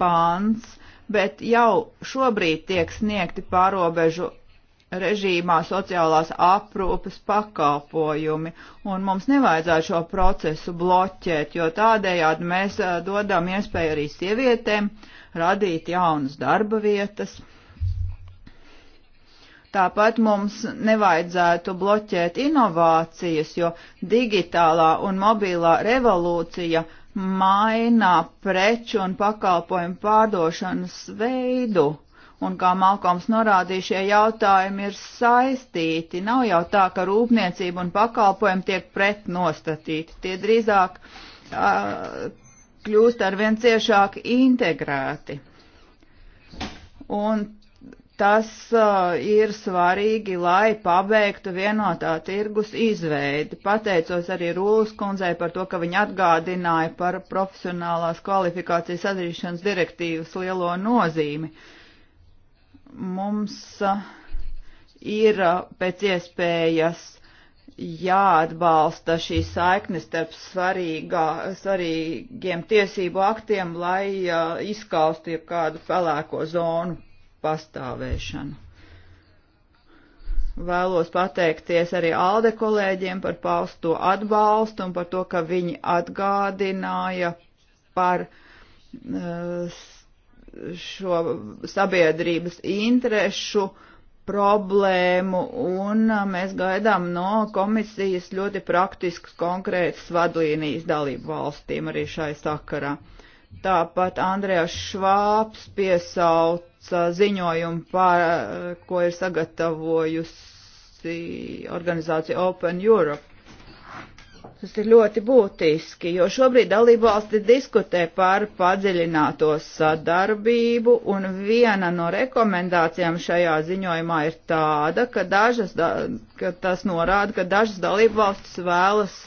pāns, bet jau šobrīd tiek sniegti pārobežu režīmā sociālās aprūpes pakalpojumi, un mums nevajadzētu šo procesu bloķēt, jo tādējādi mēs eh, dodam iespēju arī sievietēm radīt jaunas darba vietas. Tāpat mums nevajadzētu bloķēt inovācijas, jo digitālā un mobilā revolūcija maina preču un pakalpojumu pārdošanas veidu. Un kā Malkoms norādīja, šie jautājumi ir saistīti. Nav jau tā, ka rūpniecība un pakalpojumi tiek pretnostatīti. Tie drīzāk uh, kļūst arvien ciešāk integrēti. Un tas uh, ir svarīgi, lai pabeigtu vienotā tirgus izveidi. Pateicos arī Rūlas kundzei par to, ka viņa atgādināja par profesionālās kvalifikācijas atzīšanas direktīvas lielo nozīmi. Mums uh, ir uh, pēc iespējas jāatbalsta šī saikne starp svarīgā, svarīgiem tiesību aktiem, lai uh, izskaustu kādu pelēko zonu pastāvēšanu. Vēlos pateikties arī ALDE kolēģiem par pausto atbalstu un par to, ka viņi atgādināja par uh, šo sabiedrības interešu problēmu, un eh, mēs gaidām no komisijas ļoti praktiskas konkrētas vadlīnijas dalību valstīm arī šai sakarā. Tāpat Andrēs Švāps piesauta ziņojumu, pār, ko ir sagatavojusi organizācija Open Europe. Tas ir ļoti būtiski, jo šobrīd dalībvalsti diskutē par padziļināto sadarbību, un viena no rekomendācijām šajā ziņojumā ir tāda, ka, dažas, da, ka tas norāda, ka dažas dalībvalstis vēlas uh,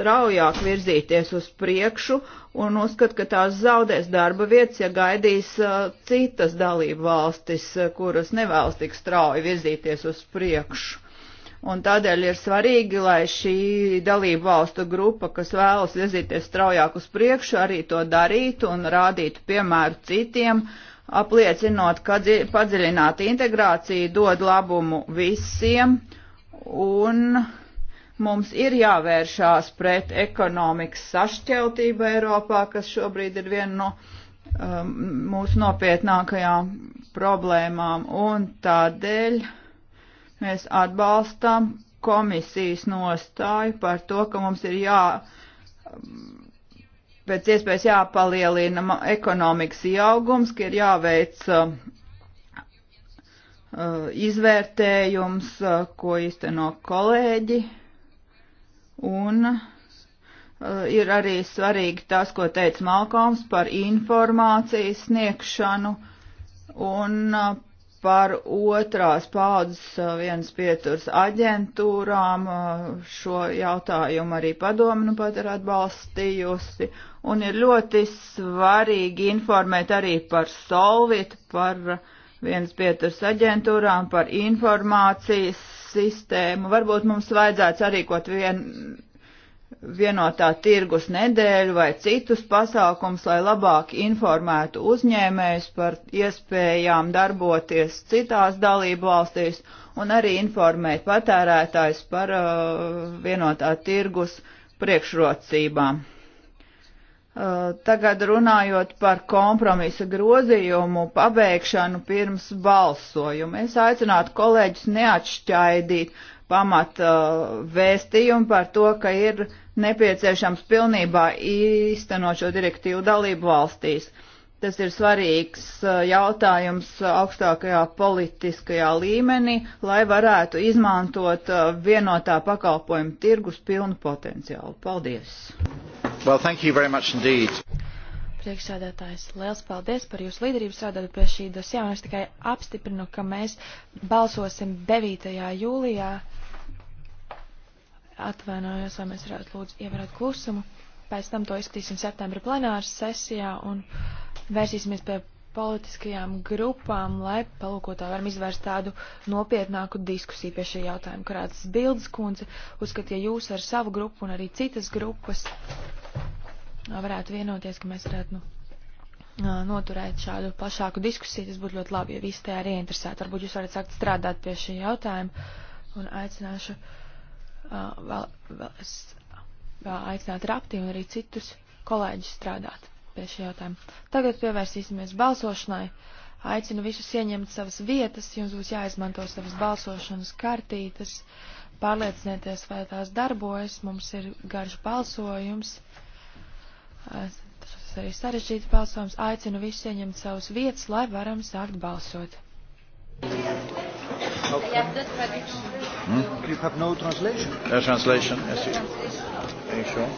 straujāk virzīties uz priekšu un uzskat, ka tās zaudēs darba vietas, ja gaidīs uh, citas dalību valstis, uh, kuras nevēlas tik strauji virzīties uz priekšu. Un tādēļ ir svarīgi, lai šī dalību valstu grupa, kas vēlas virzīties straujāk uz priekšu, arī to darītu un rādītu piemēru citiem, apliecinot, ka padziļināta integrācija dod labumu visiem un uh, Mums ir jāvēršās pret ekonomikas sašķeltību Eiropā, kas šobrīd ir viena no um, mūsu nopietnākajām problēmām, un tādēļ mēs atbalstam komisijas nostāju par to, ka mums ir jā, pēc iespējas jāpalielina ekonomikas ieaugums, ka ir jāveic um, uh, izvērtējums, uh, ko īsteno kolēģi Un eh, ir arī svarīgi tas, ko teica Malkoms par informācijas sniegšanu un eh, par otrās paudzes eh, vienas pieturs aģentūrām. Šo jautājumu arī padomu nu pat ir atbalstījusi. Un ir ļoti svarīgi informēt arī par solvit, par vienas pieturs aģentūrām, par informācijas sistēmu. Varbūt mums vajadzētu sarīkot vien, vienotā tirgus nedēļu vai citus pasākums, lai labāk informētu uzņēmējus par iespējām darboties citās dalību valstīs un arī informēt patērētājs par uh, vienotā tirgus priekšrocībām. Uh, tagad runājot par kompromisa grozījumu pabeigšanu pirms balsojuma, es aicinātu kolēģus neatšķaidīt pamat uh, vēstījumu par to, ka ir nepieciešams pilnībā īstenot šo direktīvu dalību valstīs. Tas ir svarīgs uh, jautājums augstākajā politiskajā līmenī, lai varētu izmantot vienotā pakalpojuma tirgus pilnu potenciālu. Paldies! Well, thank you very much indeed. Priekšsēdētājs, liels paldies par jūsu līderību strādājot pie šī dosjā, un es tikai apstiprinu, ka mēs balsosim 9. jūlijā. Atvainojos, vai mēs varētu lūdzu ievērot klusumu. Pēc tam to izskatīsim septembra plenāras sesijā un vērsīsimies pie politiskajām grupām, lai palūkotā varam izvērst tādu nopietnāku diskusiju pie šī jautājuma. Karātas Bildes kundze uzskatīja jūs ar savu grupu un arī citas grupas varētu vienoties, ka mēs varētu nu, noturēt šādu plašāku diskusiju. Tas būtu ļoti labi, ja visi tajā arī interesēti. Varbūt jūs varat sākt strādāt pie šī jautājuma un aicināšu uh, vēl, vēl, es, vēl aicināt Rapti un arī citus kolēģus strādāt pie šī jautājuma. Tagad pievērsīsimies balsošanai. Aicinu visus ieņemt savas vietas, jums būs jāizmanto savas balsošanas kartītes, pārliecinieties, vai tās darbojas, mums ir garš balsojums, tas arī sarežģīts balsojums. Aicinu visus ieņemt savas vietas, lai varam sākt balsot. Hmm? You have no translation? No translation, yes. Are you sure?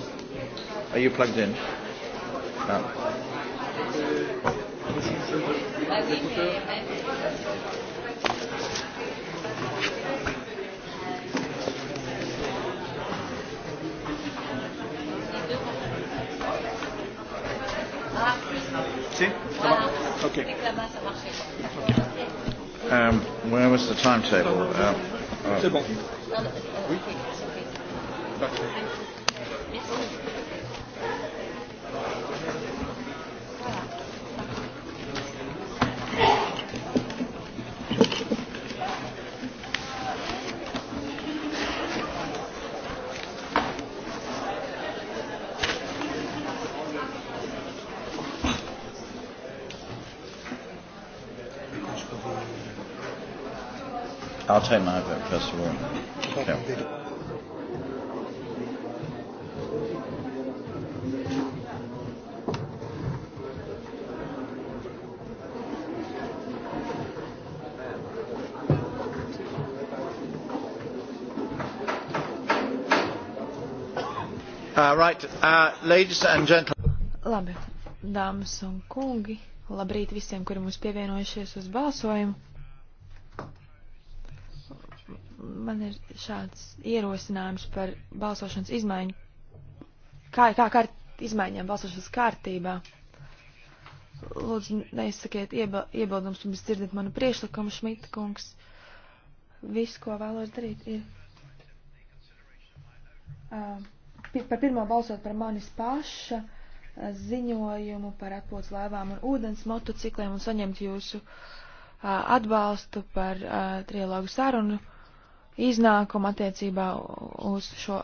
Are you plugged in? Ah. Si? Voilà. Okay. Um, where was the timetable? Uh, oh. C'est bon. Oui. Parfait. I'll take my vote first of all. Yeah. Uh, right, uh, ladies and gentlemen. Labi, dāmas un kungi, labrīt visiem, kuri mums pievienojušies uz balsojumu man ir šāds ierosinājums par balsošanas izmaiņu. Kā, kā kārt, izmaiņām balsošanas kārtībā? Lūdzu, neizsakiet iebildums, pirms dzirdat manu priešlikumu, Šmita kungs. Viss, ko vēlos darīt, ir uh, par pirmo balsot par manis paša uh, ziņojumu par atpūtas laivām un ūdens motocikliem un saņemt jūsu uh, atbalstu par trilogu sarunu iznākumu attiecībā uz šo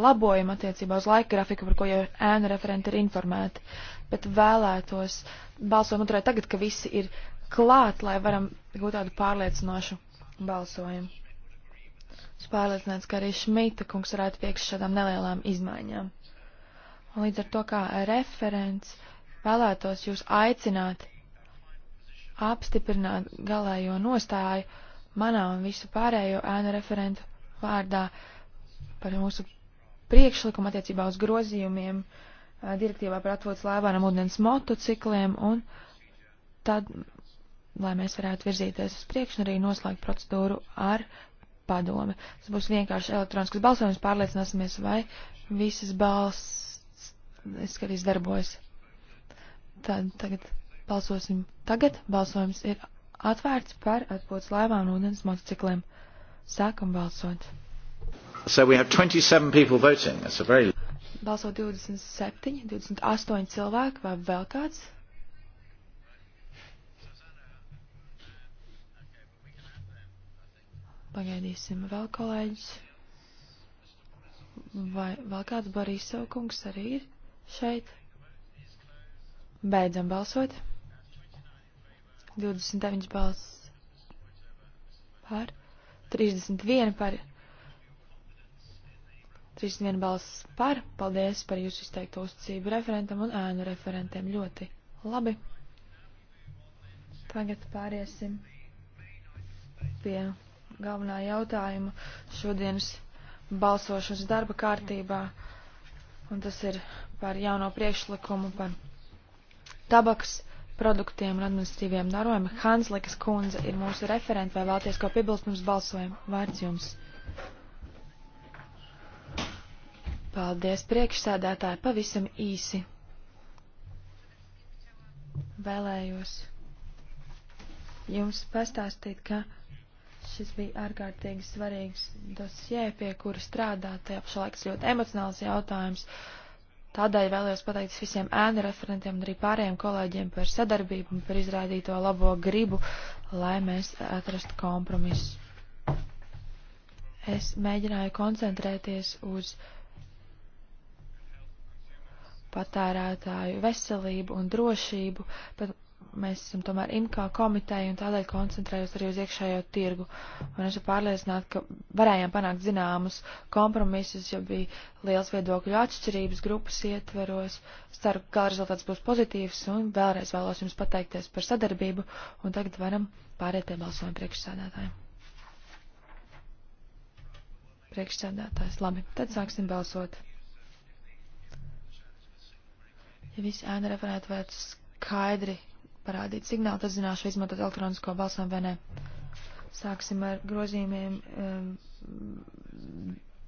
labojumu attiecībā uz laika grafiku, par ko jau ēna referenti ir informēti, bet vēlētos balsojumu turēt tagad, ka visi ir klāt, lai varam gūt tādu pārliecinošu balsojumu. Es pārliecināts, ka arī Šmita kungs varētu piekst šādām nelielām izmaiņām. Un līdz ar to kā referents vēlētos jūs aicināt apstiprināt galējo nostāju, uh, manā un visu pārējo ēnu referentu vārdā par mūsu priekšlikumu attiecībā uz grozījumiem direktīvā par atvodas laivām ūdens motocikliem, un tad, lai mēs varētu virzīties uz priekšu un arī noslēgt procedūru ar padomi. Tas būs vienkārši elektronisks balsojums, pārliecināsimies, vai visas balss skatīs darbojas. Tad tagad balsosim. Tagad balsojums ir atvērts par atpūtas laivām un ūdens motocikliem. Sākam balsot. So we have 27 people voting. That's a very... Balso 27, 28 cilvēki vai vēl kāds? Pagaidīsim vēl kolēģis. Vai vēl kāds Borisov kungs arī ir šeit? Beidzam balsot. 29 balss par, 31 par, 31 balss par. Paldies par jūsu izteikto uzticību referentam un ēnu referentiem. Ļoti labi. Tagad pāriesim pie galvenā jautājuma šodienas balsošanas darba kārtībā, un tas ir par jauno priekšlikumu par tabaks produktiem un administratīviem darojumiem. Hanslikas kundze ir mūsu referente, vai vēlties ko piebilst mums balsojumu? Vārds jums. Paldies, priekšsēdētāji, pavisam īsi. Vēlējos jums pastāstīt, ka šis bija ārkārtīgi svarīgs dosie, pie kura strādāt, tajā pašlaik ļoti emocionāls jautājums. Uh, Tādēļ vēlējos pateikt visiem ēnu referentiem un arī pārējiem kolēģiem par sadarbību un par izrādīto labo gribu, lai mēs atrastu kompromisu. Es mēģināju koncentrēties uz patērētāju veselību un drošību, bet mēs esam tomēr IMKA komiteja un tādēļ koncentrējos arī uz iekšējo tirgu. Un esmu pārliecināta, ka varējām panākt zināmus kompromisus, jo bija liels viedokļu atšķirības grupas ietveros. Ceru, ka rezultāts būs pozitīvs un vēlreiz vēlos jums pateikties par sadarbību un tagad varam pāriet pie balsojuma priekšsēdētājiem. Priekšsēdētājs, labi, tad sāksim balsot. Ja visi ēna referētu vērts skaidri parādīt signālu, tad zināšu, vai izmantot elektronisko balsojumu vai nē. Sāksim ar grozījumiem um,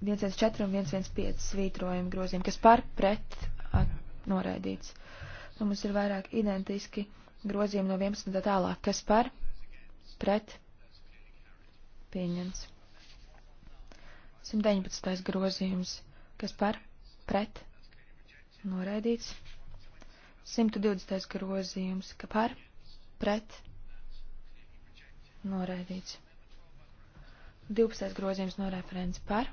114 un 115 svītrojumu grozījumu, kas par pret at, noraidīts. Nu, mums ir vairāk identiski grozījumi no 11 tālāk, kas par pret pieņems. 119. grozījums, kas par pret noraidīts. 120. grozījums, ka par, pret, noraidīts. 12. grozījums no referents par.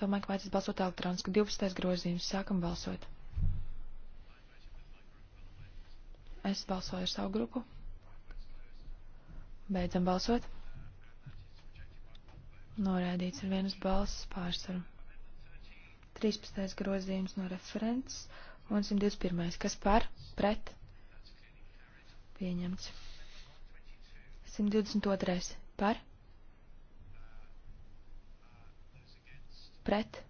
Domāju, ka vajadzēs balsot elektroniski. 12. grozījums, sākam balsot. Es balsoju ar savu grupu. Beidzam balsot. Norādīts ar vienas balss pārsvaru. 13. grozījums no referents. Uh, un 121. Kas par? Pret? Pieņemts. 122. Par? Pret?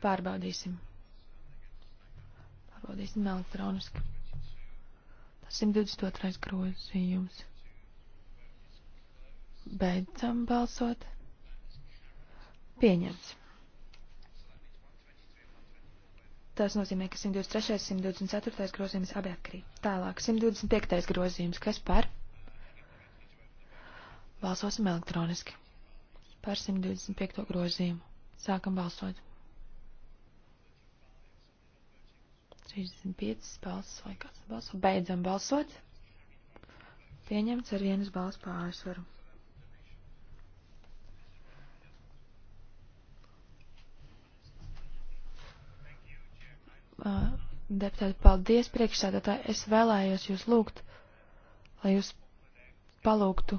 Pārbaudīsim. Pārbaudīsim elektroniski. Tas 122. grozījums. Beidzam balsot. Pieņemts. Tas nozīmē, ka 123. 124. grozījums abi atkrīt. Tālāk, 125. grozījums, kas par? Balsosim elektroniski. Par 125. grozījumu. Sākam balsot. 35 balsas vai kāds balso. Beidzam balsot. Pieņemts ar vienas balsu pārsvaru. uh, deputāti, paldies priekšsēdētāji. Es vēlējos jūs lūgt, lai jūs palūgtu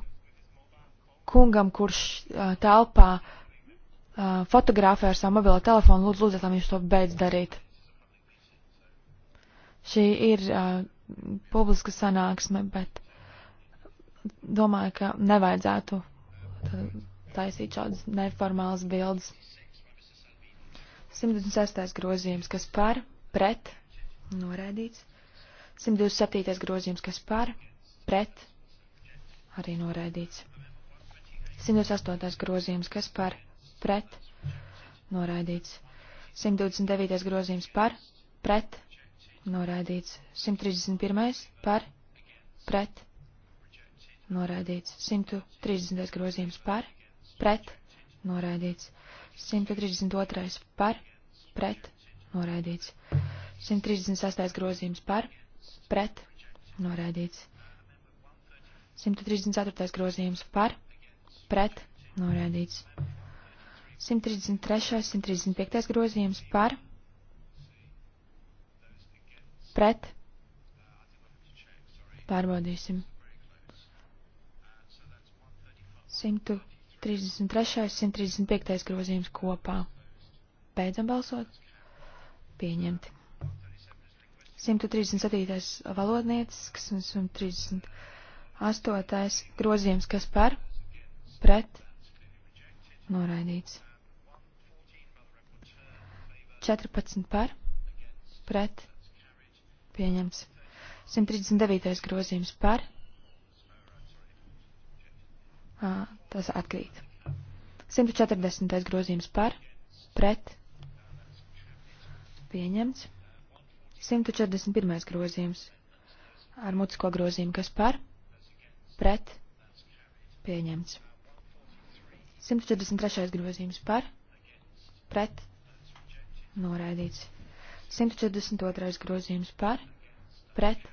kungam, kurš uh, telpā uh, fotografē ar savu mobilo telefonu, lūdzu, lūdzu, lai viņš to beidz darīt. Šī ir uh, publiska sanāksme, bet domāju, ka nevajadzētu taisīt šādas neformālas bildes. 126. grozījums, kas par pret, noraidīts. 127. grozījums, kas par, pret, arī noraidīts. 108. grozījums, kas par, pret, noraidīts. 129. grozījums par, pret, noraidīts. 131. par, pret, noraidīts. 130. grozījums par, pret, noraidīts. 132. par, pret, noraidīts. 136. grozījums par, pret, noraidīts. 134. grozījums par, pret, noraidīts. 133. 135. grozījums par, pret, pārbaudīsim. 133. 135. grozījums kopā. Beidzam balsot pieņemti. 137. valodniecisks un 138. grozījums, kas par, pret, noraidīts. 14 par, pret, pieņems. 139. grozījums par, tas atkrīt. 140. grozījums par, pret, Pieņemts. 141. grozījums. Ar mutisko grozījumu, kas par? Pret. Pieņemts. 143. grozījums par? Pret. Noraidīts. 142. grozījums par? Pret.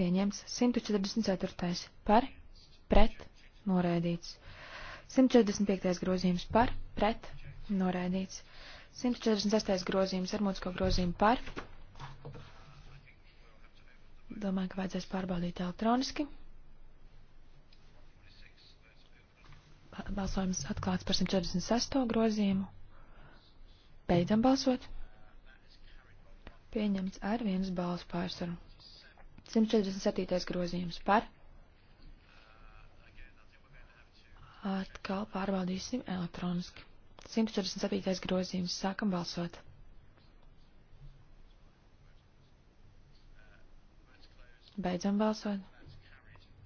Pieņemts. 144. par? Pret. Noraidīts. 145. grozījums par? Pret. Noraidīts. 146. grozījums ar mūtisko grozījumu par. Domāju, ka vajadzēs pārbaudīt elektroniski. Balsojums atklāts par 146. grozījumu. Beidzam balsot. Pieņemts ar vienas balsu pārsvaru. 147. grozījums par. Atkal pārbaudīsim elektroniski. 147. grozījums. Sākam balsot. Beidzam balsot.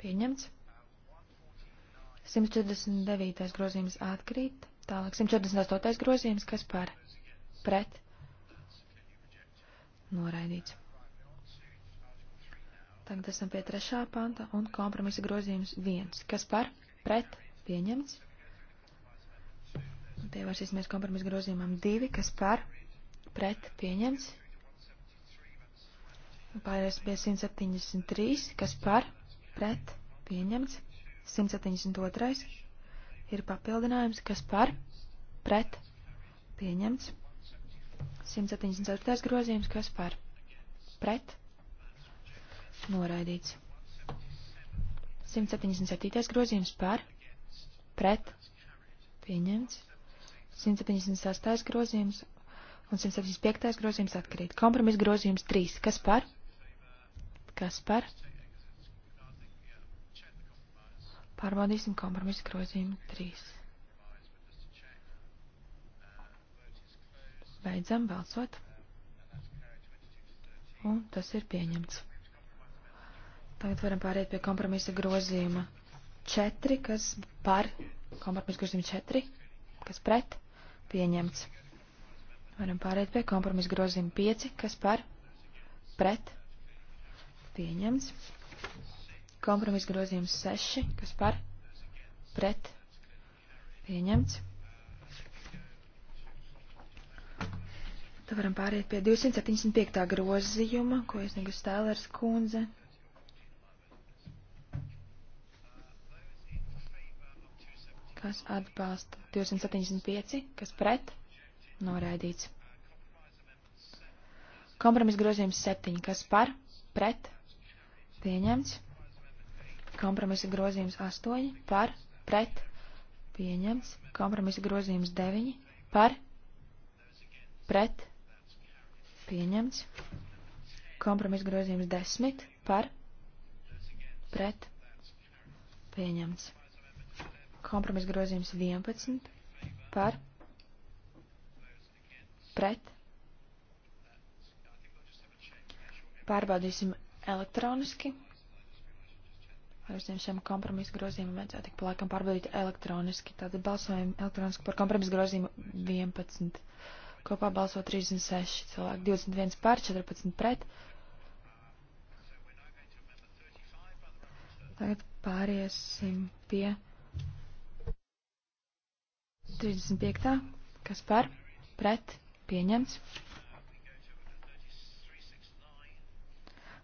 Pieņemts. 149. grozījums atkrīt. Tālāk 148. grozījums, kas par pret noraidīts. Tagad esam pie trešā panta un kompromisa grozījums viens, kas par pret pieņemts. Pievērsīsimies kompromisa grozījumam divi, kas par pret pieņemts. Pārējais bija 173, kas par pret pieņemts. 172 ir papildinājums, kas par pret pieņemts. 174 grozījums, kas par pret noraidīts. 177 grozījums par pret pieņemts. 176. grozījums un 175. grozījums atkarīt. Kompromis grozījums 3. Kas par? Kas par? Pārbaudīsim kompromisu grozījumu 3. Beidzam balsot. Un tas ir pieņemts. Tagad varam pāriet pie kompromisa grozījuma 4, kas par kompromisa grozījumu 4, kas pret pieņemts. Varam pārēt pie kompromisa grozījuma 5, kas par pret pieņemts. Kompromisa grozījums 6, kas par pret pieņemts. Tad varam pārēt pie 275. grozījuma, ko iesniegus Tēlers kundze. kas atbalsta 275, kas pret, noraidīts. Kompromis grozījums 7, kas par, pret, pieņemts. Kompromisa grozījums 8, par, pret, pieņemts. Kompromisa grozījums 9, par, pret, pieņemts. Kompromisa grozījums 10, par, pret, pieņemts. Kompromis grozījums 11 par pret. Pārbaudīsim elektroniski. Ar visiem šiem kompromisu grozījumiem vajadzētu tik palaikam pārbaudīt elektroniski. Tātad balsojam elektroniski par kompromisu grozījumu 11. Kopā balso 36 cilvēki, 21 pār, 14 pret. Tagad pāriesim pie 35. kas par, pret, pieņemts.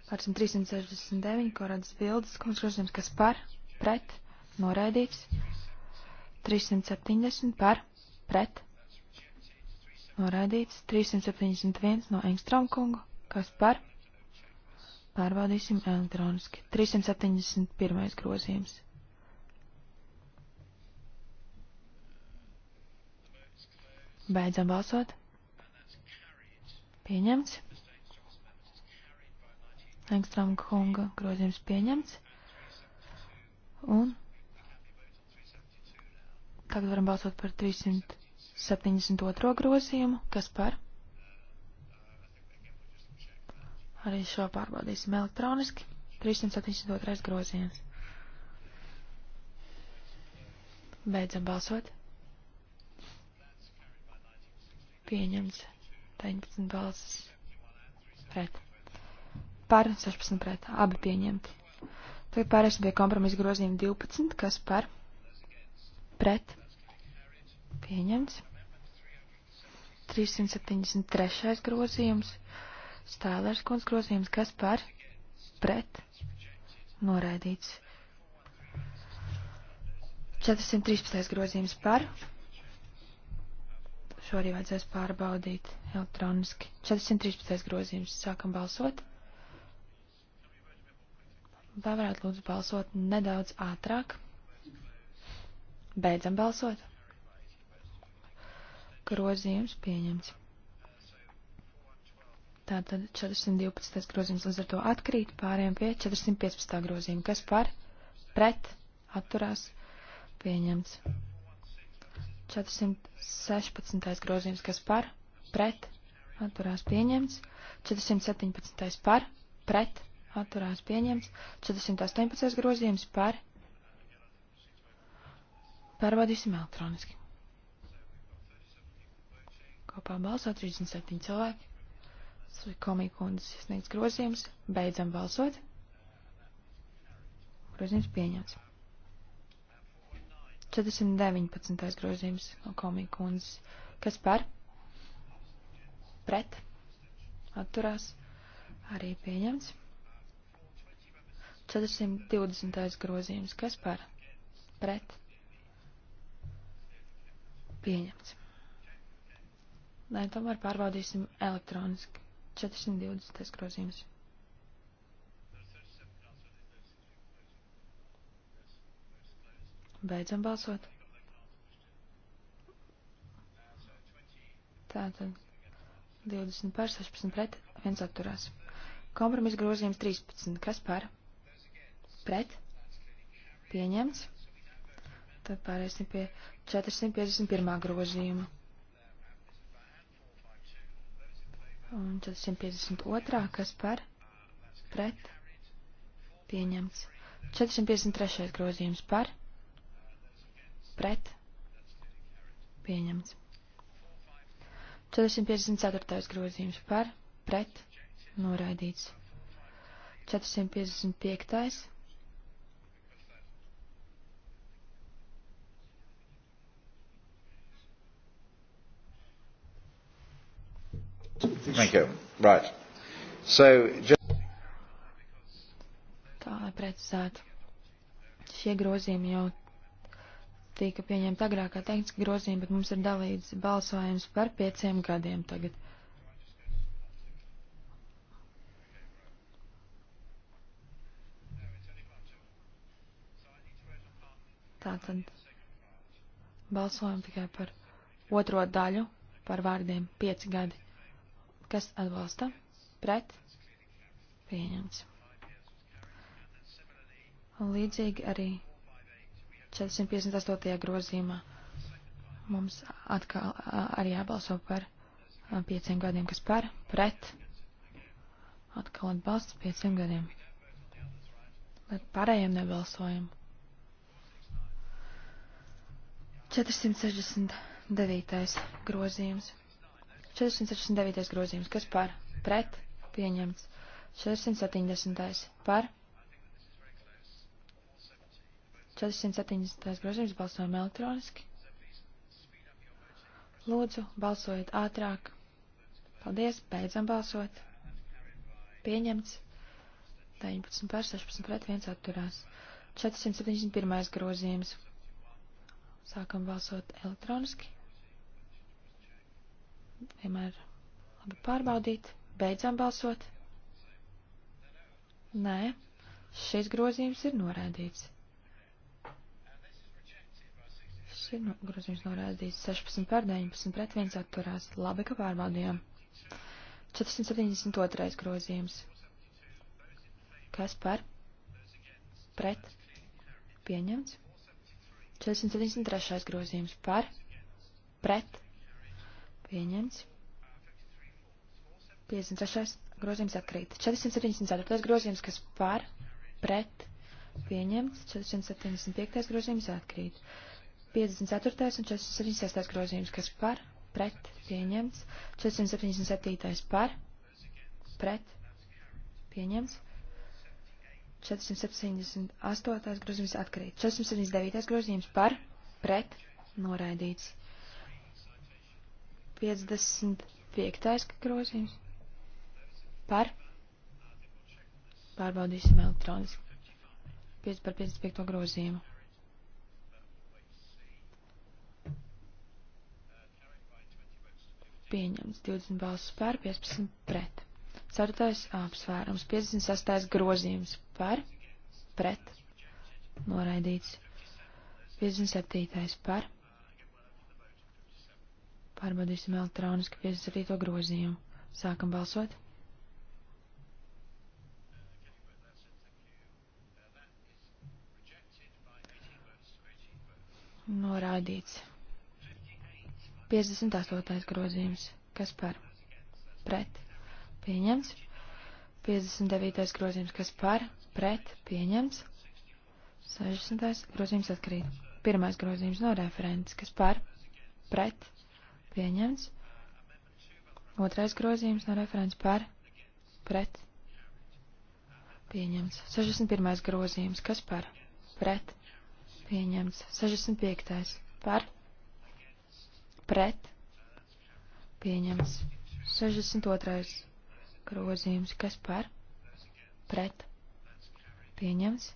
Pārsim 369, korādas bildes, kungs grozījums, kas par, pret, noraidīts. 370 par, pret, noraidīts. 371 no Engstrom kungu, kas par, pārbaudīsim elektroniski. 371 grozījums. Beidzam balsot. Pieņemts. Engstrāma kunga grozījums pieņemts. Un tagad varam balsot par 372. grozījumu. Kas par? Arī šo pārbaudīsim elektroniski. 372. grozījums. Beidzam balsot. pieņemts 19 balsis pret. Par 16 pret. Abi pieņemti. Tagad pārēsim pie kompromisa grozījuma 12, kas par pret pieņemts. 373. grozījums, Stēlers kundz grozījums, kas par pret noraidīts. 413. grozījums par Šo arī vajadzēs pārbaudīt elektroniski. 413. grozījums. Sākam balsot. Vai varētu lūdzu balsot nedaudz ātrāk? Beidzam balsot. Grozījums pieņemts. Tātad 412. grozījums līdz ar to atkrīt, pārējām pie 415. grozījuma. Kas par? Pret? Atturās? Pieņemts. 416. grozījums, kas par, pret, atturās pieņemts. 417. par, pret, atturās pieņemts. 418. grozījums par. Pārbaudīsim elektroniski. Kopā balsot 37 cilvēki. Komija kundzes iesniegts grozījums. Beidzam balsot. Grozījums pieņemts. 419. grozījums no komija kundzes. Kas par? Pret? Atturās? Arī pieņemts. 420. grozījums. Kas par? Pret? Pieņemts. Nē, tomēr pārbaudīsim elektroniski. 420. grozījums. Beidzam balsot. Tātad 20 par 16 pret, viens atturās. Kompromis grozījums 13. Kas par? Pret? Pieņemts. Tad pārēsim pie 451. grozījuma. Un 452. Kas par? Pret? Pieņemts. 453. grozījums par? pret pieņemts. 454. grozījums par pret noraidīts. 455. Thank you. Right. So, just... Tā, lai precizētu. Šie grozījumi jau tika pieņemta agrākā tehniska grozījuma, bet mums ir dalīts balsojums par pieciem gadiem tagad. Tātad balsojam tikai par otro daļu, par vārdiem pieci gadi. Kas atbalsta? Pret? Pieņemts. Līdzīgi arī 458. grozījumā mums atkal arī jābalso par pieciem gadiem, kas par, pret, atkal atbalsts pieciem gadiem. Bet pārējiem nebalsojam. 469. grozījums. 469. grozījums, kas par, pret, pieņemts. 470. par, 470. grozījums balsojam elektroniski. Lūdzu, balsojiet ātrāk. Paldies, beidzam balsot. Pieņemts. 19 pār 16 pret 1 atturās. 471. grozījums. Sākam balsot elektroniski. Vienmēr labi pārbaudīt. Beidzam balsot. Nē, šis grozījums ir norādīts ir nu, grozījums norādījis 16 pār 19 pret 1 atturās. Labi, ka pārbaudījām. 472. grozījums. Kas par? Pret? Pieņemts. 473. grozījums. Par? Pret? Pieņemts. 53. grozījums atkrīt. 474. grozījums, kas par? Pret? Pieņemts. 475. grozījums atkrīt. 54. un 476. grozījums, kas par, pret, pieņemts. 477. par, pret, pieņemts. 478. grozījums atkarīt. 479. grozījums par, pret, noraidīts. 55. grozījums par, pārbaudīsim elektroniski. 5 par 55. grozījumu. pieņemts 20 balsis par, 15 pret. Ceturtais apsvērums, 56. grozījums par, pret, noraidīts. 57. par. Pārbaudīsim elektroniski 57. grozījumu. Sākam balsot. Norādīts 58. grozījums. Kas par? Pret. Pieņems. 59. grozījums. Kas par? Pret. Pieņems. 60. grozījums atkrīt. Pirmais grozījums no referents. Kas par? Pret. Pieņems. Otrais grozījums no referents par? Pret. Pieņems. 61. grozījums. Kas par? Pret. Pieņems. 65. par? Pret pret pieņems 62. grozījums, kas par pret pieņems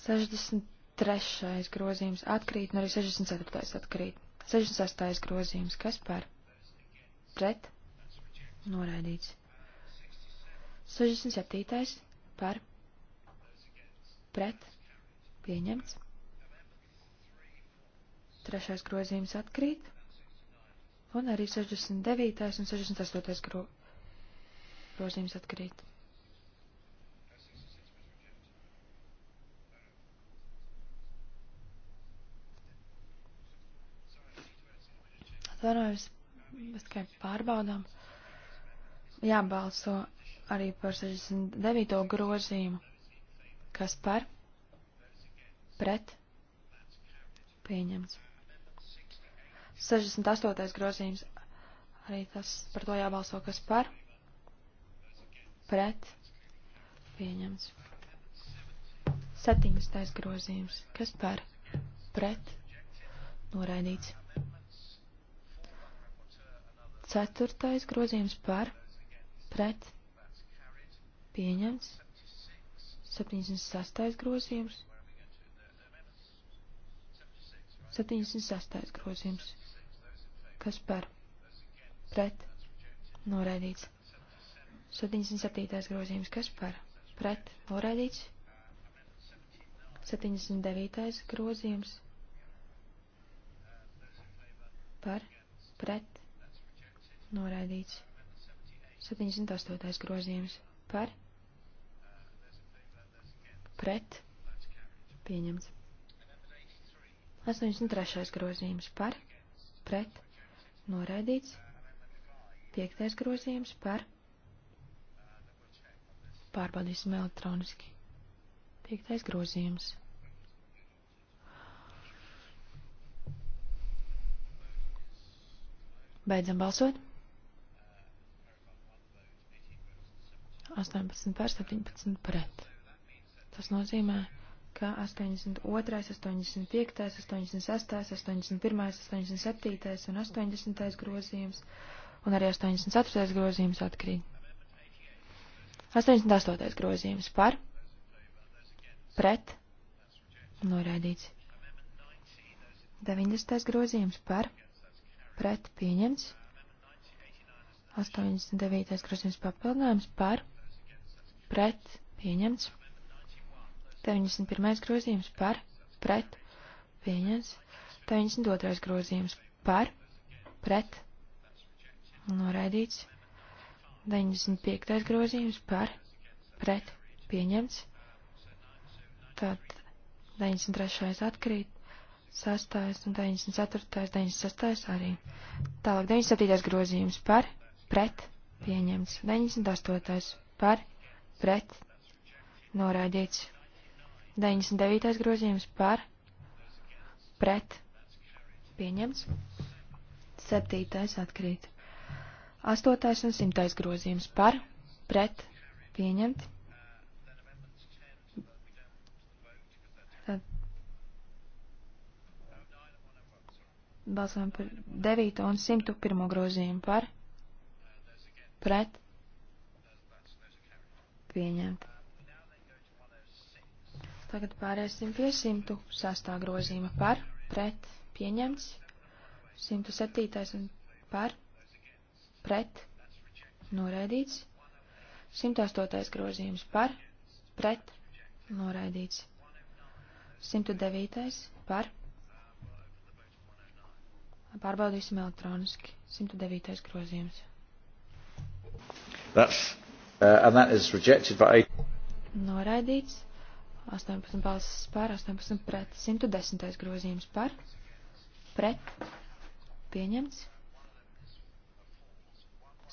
63. grozījums atkrīt un arī 64. atkrīt. 66. grozījums, kas par pret noraidīts. 67. par pret pieņemts. Trešais grozījums atkrīt. Un arī 69. un 68. Gro... grozījums atkrīt. Atvainojums, mēs tikai pārbaudām. Jābalso arī par 69. grozījumu. Kas par? Pret? Pieņemts. 68. grozījums. Arī tas par to jābalso, kas par. Pret. Pieņemts. 70. grozījums. Kas par? Pret. Noraidīts. 4. grozījums par. Pret. Pieņemts. 76. grozījums 76. grozījums. Kas par? Pret. Noraidīts. 77. grozījums. Kas par? Pret. Noraidīts. 79. grozījums. Par. Pret. Noraidīts. 78. grozījums. Par. Pret. Pieņemts. 83. grozījums par, pret, noraidīts. 5. grozījums par, pārbaudīsim elektroniski. 5. grozījums. Beidzam balsot. 18 par 17 pret. Tas nozīmē, ka ka 82, 85, 86, 81, 87 un 80 grozījums un arī 84 grozījums atkrīt. 88 grozījums par, pret, noraidīts. 90. grozījums par, pret, pieņemts. 89. grozījums papildinājums par, pret, pieņemts. 91. grozījums par, pret, pieņemts. 92. grozījums par, pret, noraidīts. 95. grozījums par, pret, pieņemts. Tad 93. atkrīt, 6. un 94. 96. arī. Tālāk 97. grozījums par, pret, pieņemts. 98. par, pret, noraidīts. 99. grozījums par pret pieņemts. 7. atkrīt. 8. un 100. grozījums par pret pieņemti. balsojam par 9 un 101 grozījumu par pret pieņemt. Tagad pārēsim pie 106. grozījuma par, pret, pieņemts. 107. un par, pret, noraidīts. 108. grozījums par, pret, noraidīts. 109. par. Pārbaudīsim elektroniski. 109. grozījums. That's, uh, and that is rejected by... Noraidīts. 18 balsis par, 18 pret, 110. grozījums par, pret, pieņemts.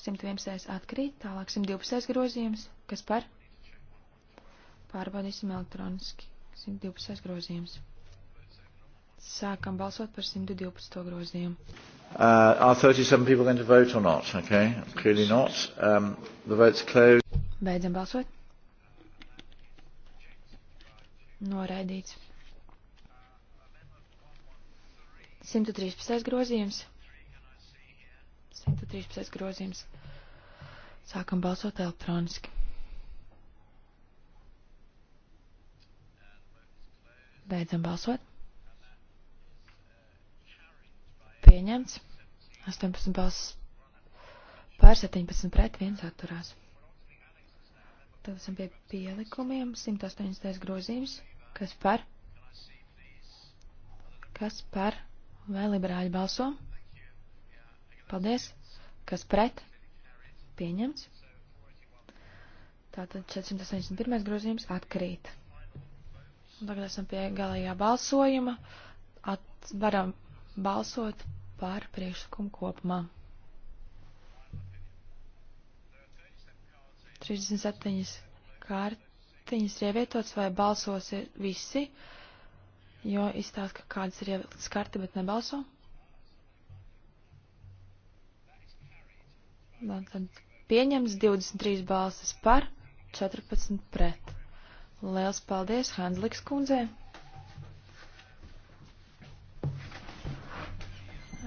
111. atkrīt, tālāk 112. grozījums, kas par, pārbaudīsim elektroniski, 112. grozījums. Sākam balsot par 112. grozījumu. Uh, are 37 people going to vote or not? Okay, clearly not. Um, the vote's closed. Beidzam balsot. Noraidīts. 113. grozījums. 113. grozījums. Sākam balsot elektroniski. Beidzam balsot. Pieņemts. 18 balss pār 17 pret 1 atturās. Tad esam pie pielikumiem. 180. grozījums. Kas par? Kas par? Vai liberāļi balso? Paldies. Kas pret? Pieņemts. Tātad 481. grozījums atkrīt. Un tagad esam pie galējā balsojuma. At, varam balsot par priekšlikumu kopumā. 37 kārtiņas ir ievietotas, vai balsos ir visi, jo izstāst, ka kādas ir ievilktas karti, bet nebalso. Nā, tad pieņems 23 balsas par, 14 pret. Liels paldies Hansliks kundzē.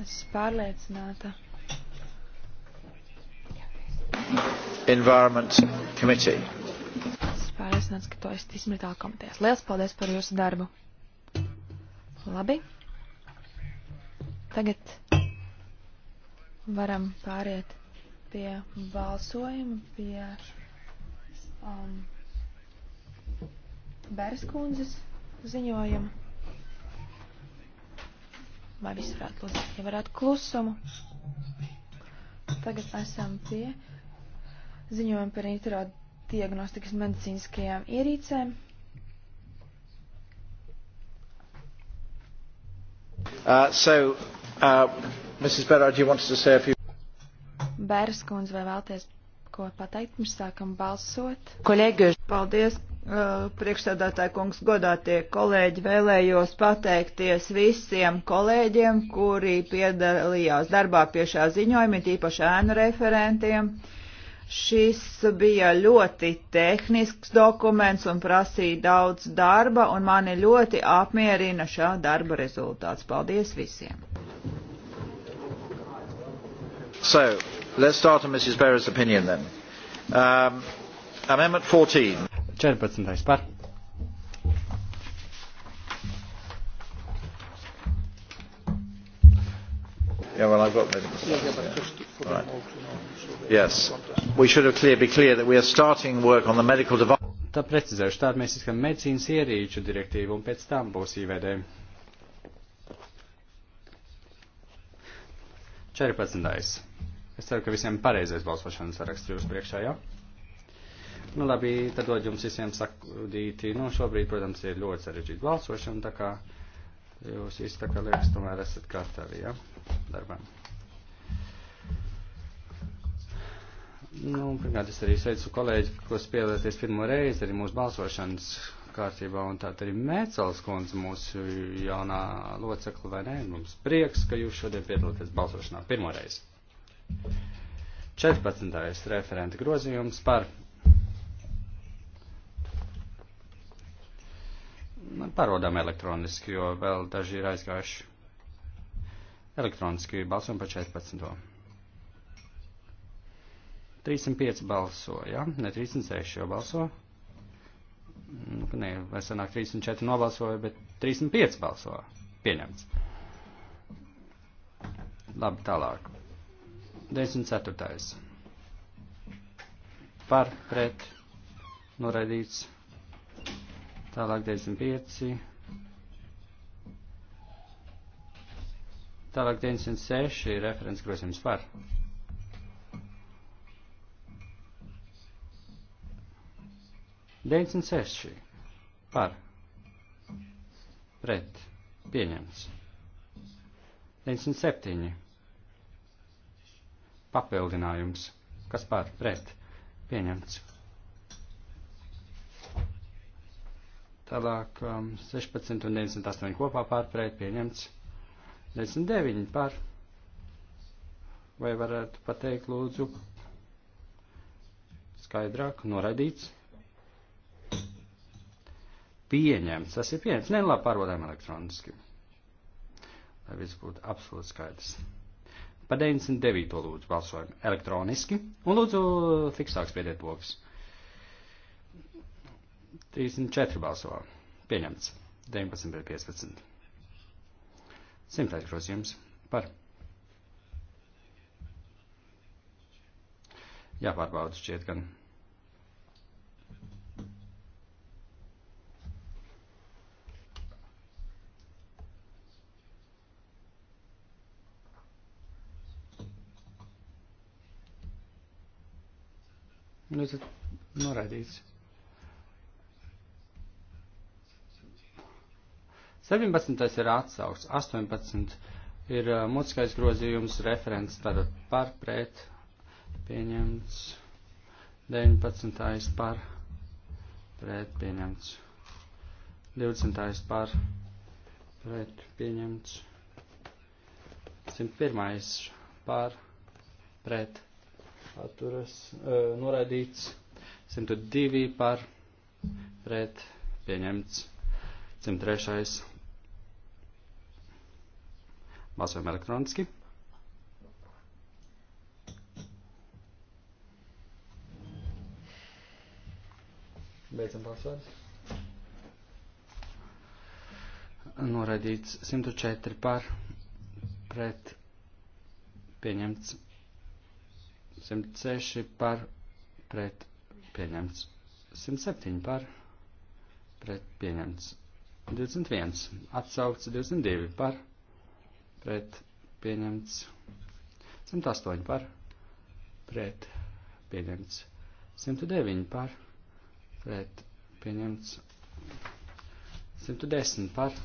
Es pārliecināta. Jā, es. Environment Committee. Es pārliecināts, ka to esat izmitā komitejas. Lielas paldies par jūsu darbu. Labi. Tagad varam pāriet pie balsojuma, pie um, Berskundzes ziņojuma. Vai viss varētu lūdzu, ja varētu klusumu? Tagad esam pie ziņojumu par introdiagnostikas medicīniskajām ierīcēm. Uh, so, uh, Mrs. Berard, you wanted to say a few... Bērs kundze, vai vēlties ko pateikt? Mēs sākam balsot. Kolēģi, paldies, uh, priekšsēdētāji kungs, godātie kolēģi. Vēlējos pateikties visiem kolēģiem, kuri piedalījās darbā pie šā ziņojuma, tīpaši ēnu referentiem. Uh, Šis bija ļoti tehnisks dokuments un prasīja daudz darba, un mani ļoti apmierina šā darba rezultāts. Paldies visiem! So, let's start on Mrs. Berra's opinion then. Um, amendment 14. 14. par. Yeah, well, I've got minutes. Yeah, yeah, but yeah. just for yeah. the right. Yes. We should have clear, be clear that we are starting work on the medical device. Tā precizēšu, tātad mēs izskatām medicīnas ierīču direktīvu un pēc tam būs IVD. 14. Es ceru, ka visiem pareizais balsošanas saraksts jūs priekšā, jā? Ja? Nu labi, tad dod jums visiem sakudīti. Nu šobrīd, protams, ir ļoti sarežģīta balsošana, tā kā jūs izsaka liekas, tomēr esat gatavi, jā, ja? darbam. Nu, pirmkārt, es arī sveicu kolēģi, kas piedalīties pirmo reizi arī mūsu balsošanas kārtībā, un tā arī Mēcels kundze mūsu jaunā locekla, vai ne? Mums prieks, ka jūs šodien piedalāties balsošanā pirmo reizi. 14. referenta grozījums par pārvadām elektroniski, jo vēl daži ir aizgājuši elektroniski balsojumu par 14. 305 balso, ja? ne 306 jau balso. Nu, nē, vai sanāk 304 nobalsoja, bet 305 balso. Pieņemts. Labi, tālāk. 94. Par, pret, noraidīts. Tālāk 95. Tālāk 906 ir referents grozījums par. 96 par pret pieņemts. 97 papildinājums, kas par pret pieņemts. Tālāk um, 16 un 98 kopā pārpret pieņemts. 99 par. Vai varētu pateikt, lūdzu, skaidrāk, noraidīts. Pieņemts, tas ir pieņemts. Nē, labi, pārbaudām elektroniski. Lai viss būtu absolūti skaidrs. Par 99. lūdzu balsojam elektroniski un lūdzu fiksāks piediet pogas. 34 balso. Pieņemts. 19 pret 15. Simtais grozījums par. Jāpārbauda šķiet gan. Ka... Redzat, nu, noraidīts. 17. ir atsaugs, 18. ir uh, mutiskais grozījums referents, tātad par pret pieņemts, 19. par pret pieņemts, 20. par pret pieņemts, 101. par pret atturas uh, noraidīts, 102 par pret pieņemts, 103. Balsojam elektroniski. Beidzam balsot. Noraidīts 104 par pret pieņemts 106 par pret pieņemts. 107 par pret pieņemts. 21 atsaukts 22 par pret pieņemts. 108 par pret pieņemts. 109 par pret pieņemts. 110 par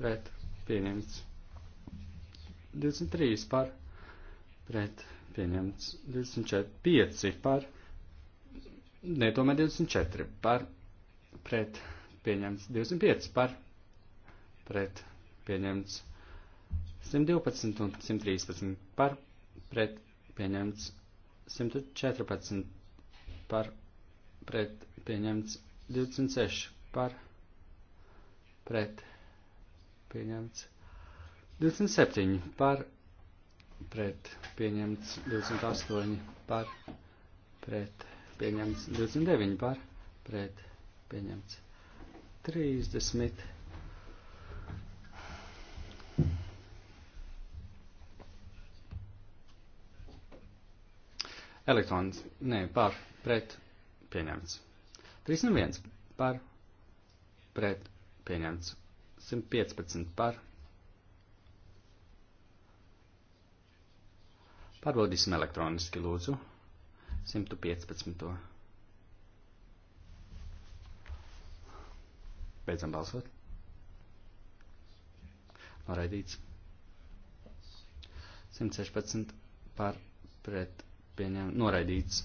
pret pieņemts. 23 par pret pieņemts 25 par, ne tomēr 24 par, pret pieņemts 25 par, pret pieņemts 112 un 113 par, pret pieņemts 114 par, pret pieņemts 26 par, pret pieņemts 27 par, pret pieņemts 28 par, pret pieņemts 29 par, pret pieņemts 30. Elektrons, nē, par, pret, pieņemts. 301 par, pret, pieņemts. 115 par, pret Pārbaudīsim elektroniski, lūdzu. 115. Beidzam balsot. Noraidīts. 116 par pret pieņem noraidīts.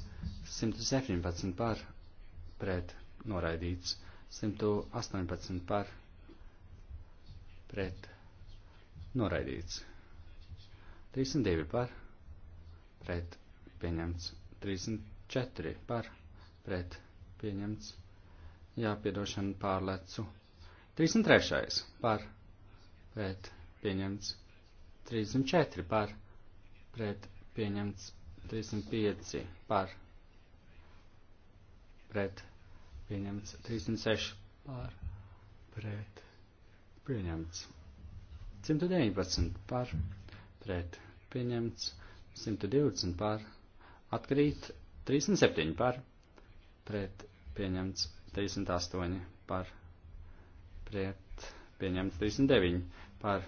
117 par pret noraidīts. 118 par pret noraidīts. 32 par pret pret pieņemts 34 par pret pieņemts. Jā, piedošana pārlecu. 33 par pret pieņemts. 34 par pret pieņemts. 35 par pret pieņemts. 36 par pret pieņemts. 119 par pret pieņemts. 120 pār, atkrīt 37 pār, pret pieņemts 38 pār, pret pieņemts 39 pār,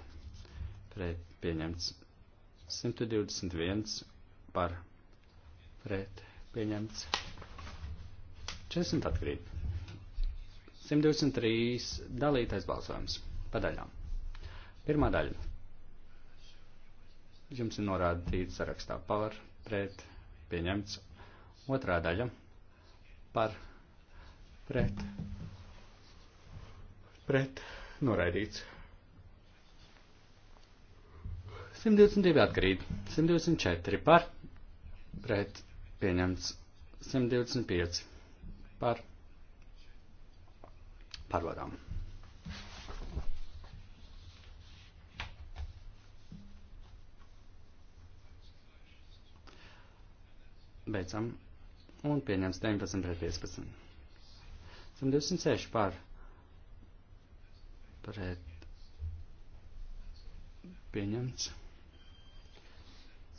pret pieņemts 121 pār, pret pieņemts 40 atkrīt. 123 dalītais balsojums pa daļām. Pirmā daļa Jums ir norādīts sarakstā par, pret, pieņemts. Otrā daļa par, pret, pret, noraidīts. 122 atkrīt, 124 par, pret, pieņemts. 125 par, pārvarām. Beidzam. Un pieņems 19 pret 15. 126 par. Pret. Pieņemts.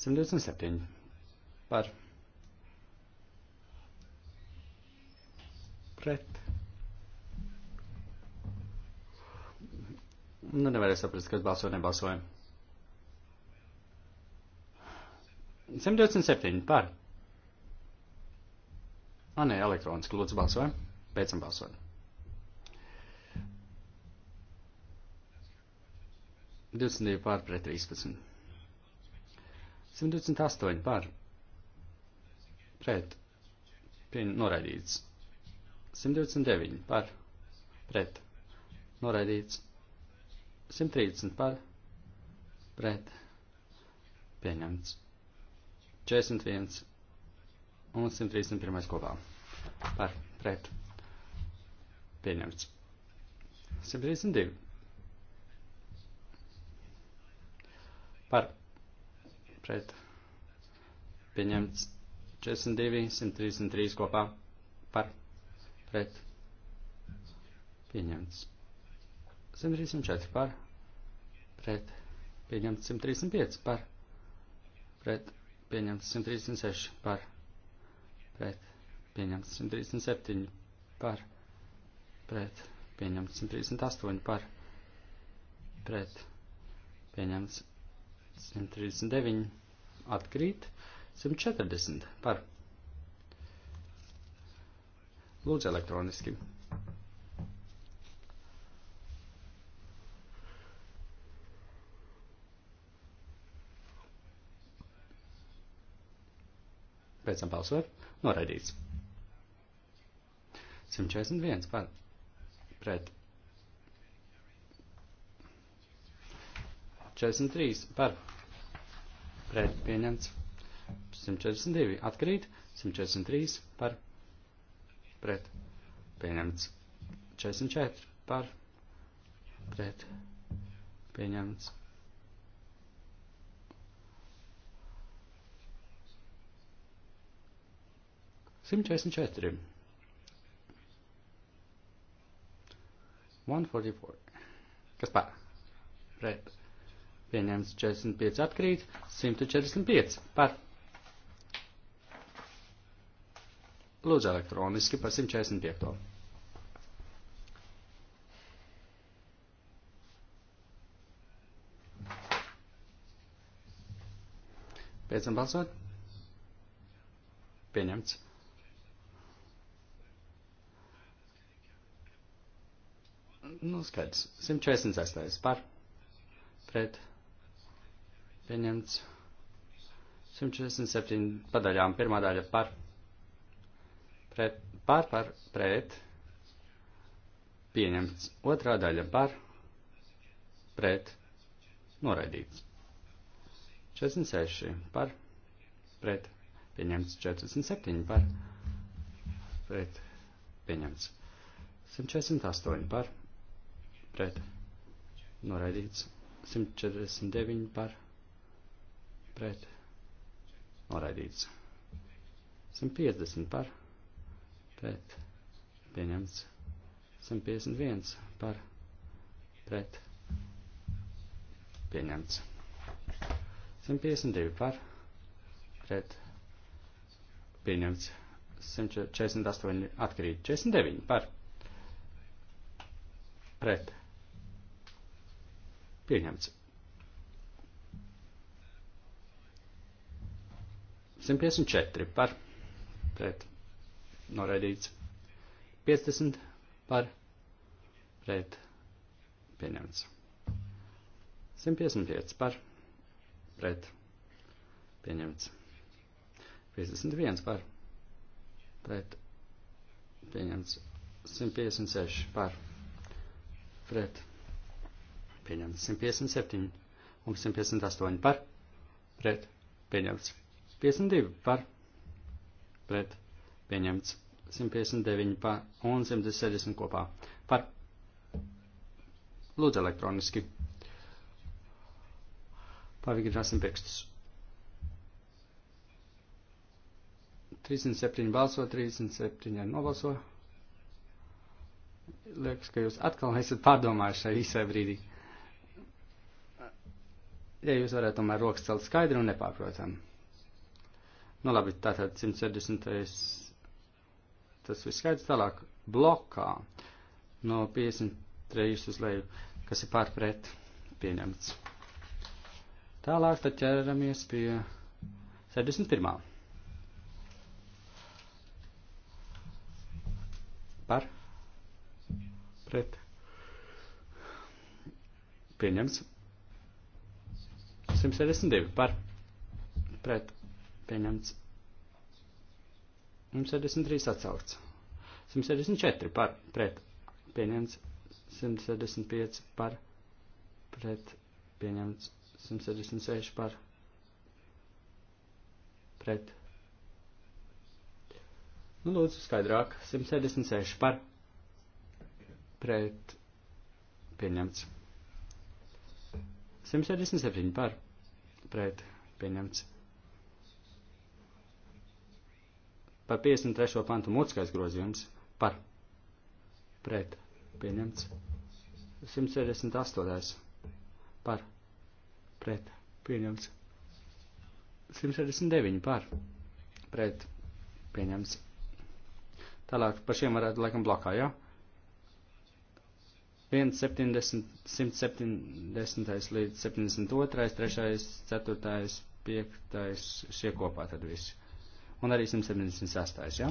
127 par. Pret. Nu, nevarēja saprast, kas balso, nebalsoja. 127 par. Ā, ah, nē, elektroniski. Lūdzu, balsojam. Beidzam balsot. 22 pār pret 13. 128 pār pret. Pieņ, noraidīts. 129 pār pret. Noraidīts. 130 pār pret. Pieņemts. 41 un 131. kopā. Par, pret. Pieņemts. 132. Par, pret. Pieņemts. 42, 133 kopā. Par, pret. Pieņemts. 134 par, pret. Pieņemts 135 par, pret. Pieņemts 136 par pret pieņemts 137 par pret pieņemts 138 par pret pieņemts 139 atkrīt 140 par. Lūdzu elektroniski. Beidzam balsot. Noraidīts. 141 par pret. 43 par pret pieņemts. 142 atkrīt. 143 par pret pieņemts. 44 par pret pieņemts. 144. 144. Kas par? Pret. Pieņemts 45 atkrīt, 145 par. Lūdzu elektroniski par 145. Beidzam balsot. Pieņemts. Nu, skaidrs. 146. par. Pret. Pieņemts. 147 padaļām. Pirmā daļa par. Pret. Par, par, pret. Pieņemts. Otrā daļa par. Pret. Noraidīts. 46 par. Pret. Pieņemts. 47 par. Pret. Pieņemts. 148 par pret noraidīts 149 par pret noraidīts 150 par pret pieņemts 151 par pret pieņemts 152 par pret pieņemts 148 atkarīgi 49 par pret Pieņemts. 154 par pret noraidīts. 50 par pret pieņemts. 155 par pret pieņemts. 51 par pret pieņemts. 156 par pret pieņemts 157 un 158 par, pret, pieņemts 52 par, pret, pieņemts 159 par un 160 kopā par. Lūdzu elektroniski. Pavigrināsim pirkstus. 307 balso, 307 nobalso. Liekas, ka jūs atkal esat pārdomājuši šai visai brīdī ja jūs varētu tomēr rokas celt skaidri un nepārprotam. Nu labi, tātad 170. Tas viss skaidrs tālāk. Blokā no 53 uz leju, kas ir pārpret pieņemts. Tālāk tad ķeramies pie 61. Par pret pieņemts. 162 par pret pieņemts. 163 atsaukts. 164 par pret pieņemts. 165 par pret pieņemts. 166 par pret. Nu, lūdzu, skaidrāk. 176 par pret pieņemts. 177 par pret pret pieņemts. Par 53. pantu mutiskais grozījums par pret pieņemts. 168. par pret pieņemts. 169 par pret pieņemts. Tālāk par šiem varētu laikam blakā, jā? Ja? 170, 170 līdz 72, 3, 4, 5, šie kopā tad visi. Un arī 178, jā? Ja?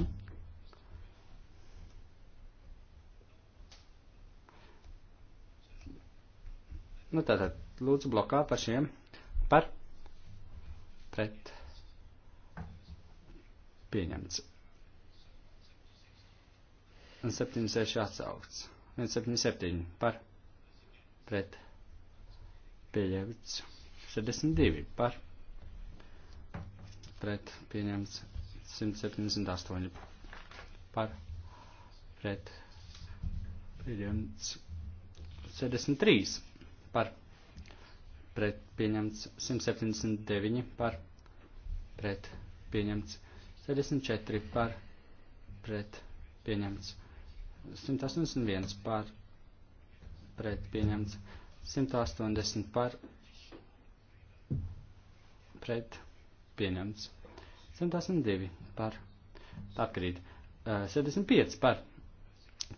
Nu tātad, lūdzu blokā par šiem, par, pret, pieņemts. Un 76 atsaukts. 177 par pret pieņemts 62 par pret pieņemts 178 par pret pieņemts 63 par pret pieņemts 179 par pret pieņemts 64 par pret pieņemts 181 par pret pieņemts, 180 par pret pieņemts, 182 par atkrīt, 75 par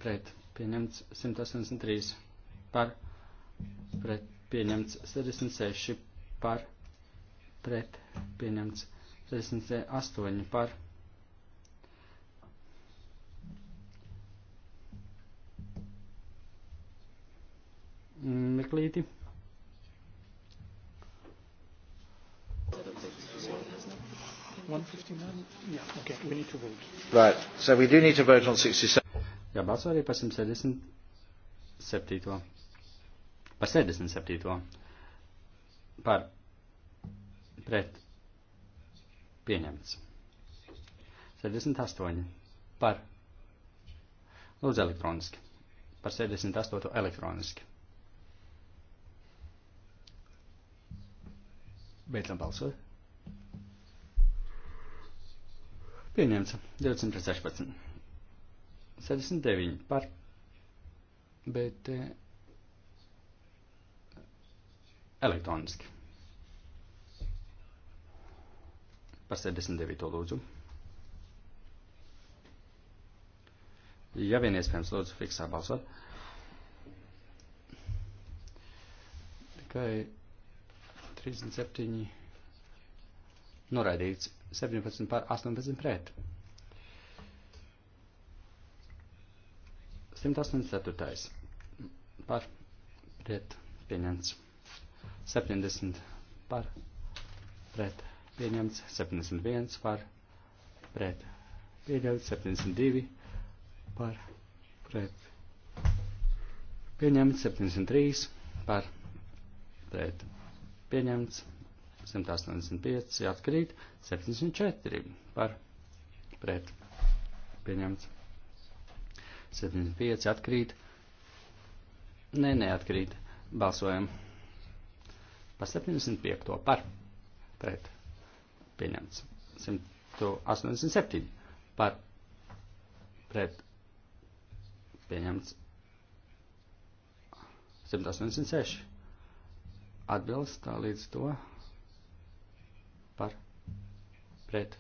pret pieņemts, 183 par pret pieņemts, 76 par pret pieņemts, 68 par pret meklīti. Right, so we do need to vote on 67. Jābalso arī par 177. Par 77. Par pret pieņemts. 68. Par. Lūdzu elektroniski. Par 78. elektroniski. Beidzam balsot. Pieņemts 216. 69 par. Bet eh, elektroniski. Par 79. lūdzu. Ja vien iespējams, lūdzu, fiksā balsot. Tikai 37 noraidīts, 17 pār 18 pret. 184. par pret pieņemts. 70 par pret pieņemts. 71 par pret pieņemts. 72 par pret pieņemts. 73 par pret pieņemts pieņemts, 185 atkrīt, 74 par pret pieņemts, 75 atkrīt, ne, neatkrīt, balsojam pa 75 to par pret pieņemts, 187 par pret pieņemts, 186 atbilst tā līdz to par pret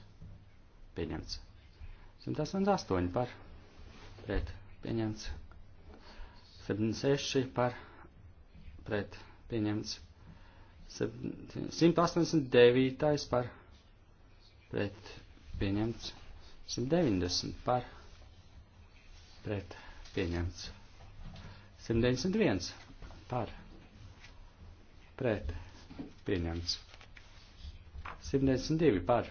pieņemts. 188 par pret pieņemts. 76 par pret pieņemts. 189 par pret pieņemts. 190 par pret pieņemts. 191 par pret pret pieņemts. 192 par.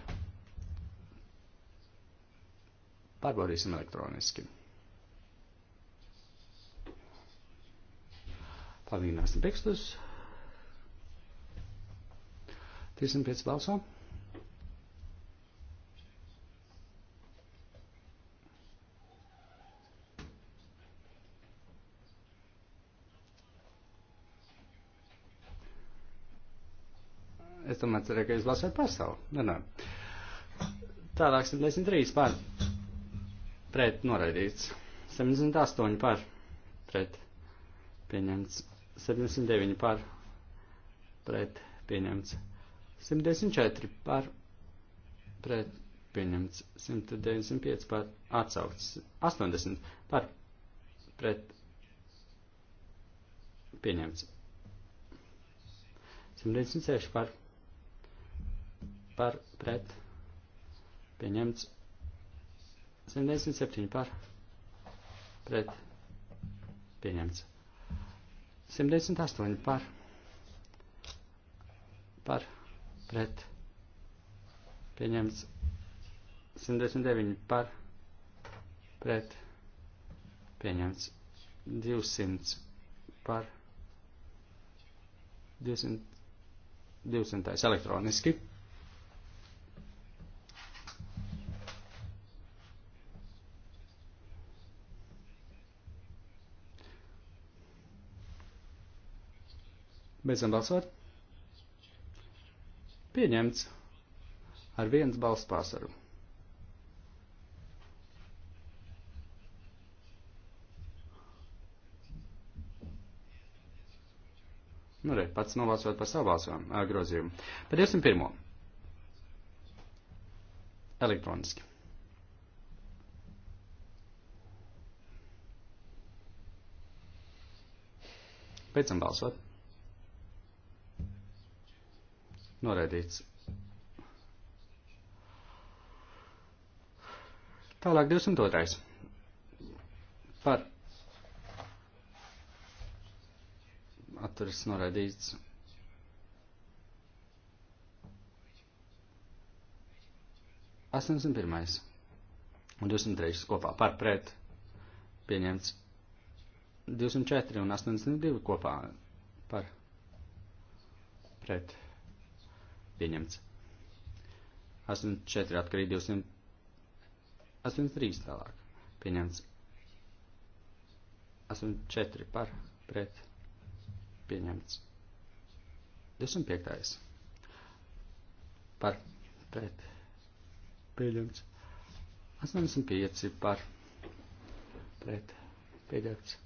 Pārbaudīsim elektroniski. Palīdzināsim tekstus. 305 balsām. tomēr cerēju, ka jūs balsojat par savu. Nu, nē, nu. nē. Tālāk 73 par. Pret noraidīts. 78 par. Pret. Pieņemts. 79 par. Pret. Pieņemts. 194 par. Pret. Pieņemts. 195 par. Atsaukts. 80 par. Pret. Pieņemts. 196 par par pret pieņemts 197 par pret pieņemts 198 par par pret pieņemts 199 par pret pieņemts 200 par 200, 200 elektroniski. Beidzam balsot. Pieņemts ar viens balss pārsvaru. Nu, re, pats nobalsot par savu balsojumu, grozījumu. Par 201. Elektroniski. Beidzam balsot. Noraidīts. Tālāk 202. Par. Atturis noraidīts. 801. un 203. kopā par pret pieņemts 204 un 82 kopā par pret pieņemts. 84 atkarīgi 200, 83 tālāk pieņemts. 84 par pret pieņemts. 25. par pret pieņemts. 85 par pret pieņemts.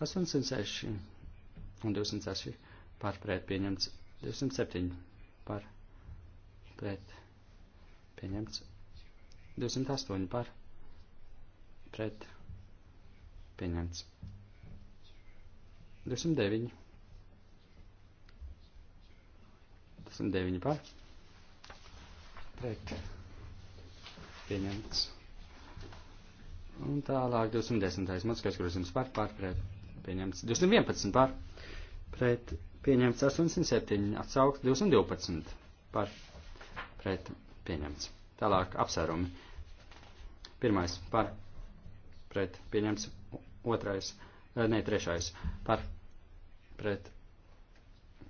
806 un 206 par pret pieņemts. 207 par pret pieņemts. 208 par pret pieņemts. 209. 209 par pret pieņemts. Un tālāk 210. Matskais grozījums par pārpret pieņemts. 211 par pret pieņemts 807, atsaukt 212 par pret pieņemts. Tālāk apsērumi. Pirmais par pret pieņemts, otrais, eh, ne, trešais par pret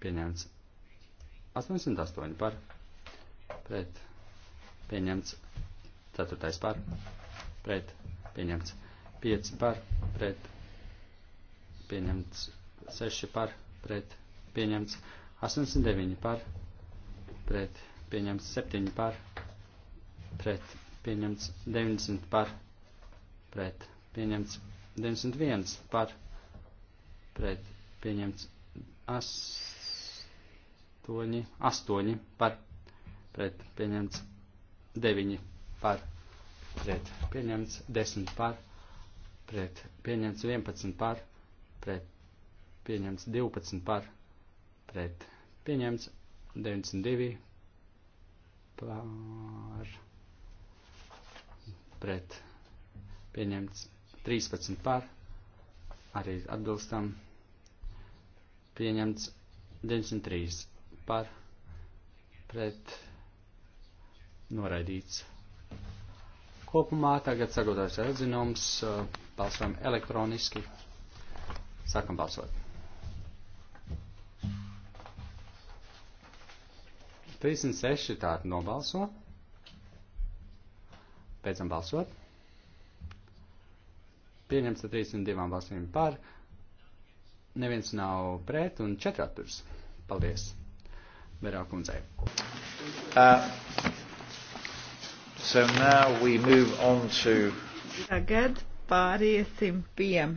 pieņemts. 88 par pret pieņemts, ceturtais par pret pieņemts, 5 par pret pieņemts, 6 par pret pieņemts pieņemts 89 par, pret pieņemts 7 par, pret pieņemts 90 par, pret pieņemts 91 par, pret pieņemts 8, 8 par, pret pieņemts 9 par, pret pieņemts 10 par, pret pieņemts 11 par, pret pieņemts 12 par, pret pieņemts 92 pār pret pieņemts 13 pār arī atbilstam pieņemts 93 pār pret noraidīts. Kopumā tagad sagatavotais atzinums, balsojam elektroniski, sākam balsot. 36 tātad nobalso. Pēcam balsot. Pieņemts ar 32 balsīm par. Neviens nav pret un četraturs. Paldies. Verā kundzei. Uh, so now we move on to. Tagad pāriesim pie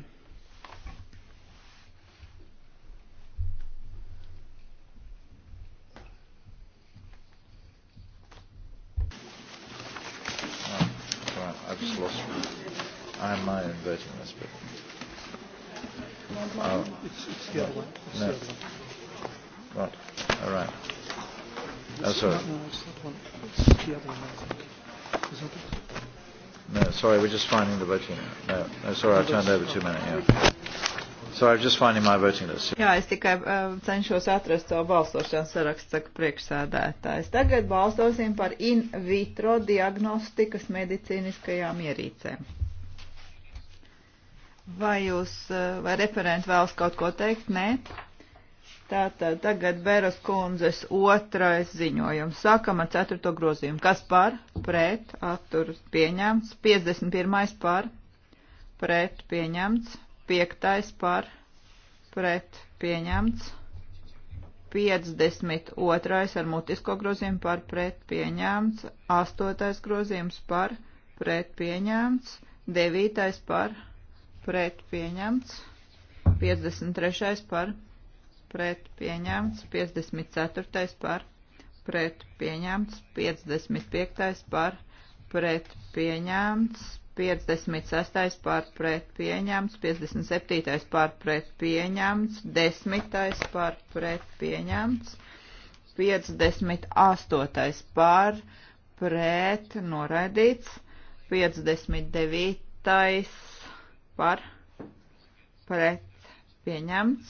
sorry, we're just finding the voting. No, no sorry, I turned over too many. Yeah. Sorry, I'm just finding my voting list. Jā, es tikai uh, cenšos atrast to balsošanas sarakstu, saka priekšsēdētājs. Tagad balsosim par in vitro diagnostikas medicīniskajām ierīcēm. Vai jūs, uh, vai referenti vēlas kaut ko teikt? Nē. Tātad tagad Beras kundzes otrais ziņojums. Sākam ar ceturto grozījumu. Kas par? Pret. Atturas pieņemts. 51. par. Pret. Pieņemts. 5. par. Pret. Pieņemts. 52. ar mutisko grozījumu par pret pieņemts. 8. grozījums par pret pieņemts. 9. par pret pieņemts. 53. par pret pieņemts pret pieņemts, 54. par pret pieņemts, 55. par pret pieņemts, 56. par pret pieņemts, 57. par pret pieņemts, 10. par pret pieņemts, 58. par pret noraidīts, 59. par pret pieņemts,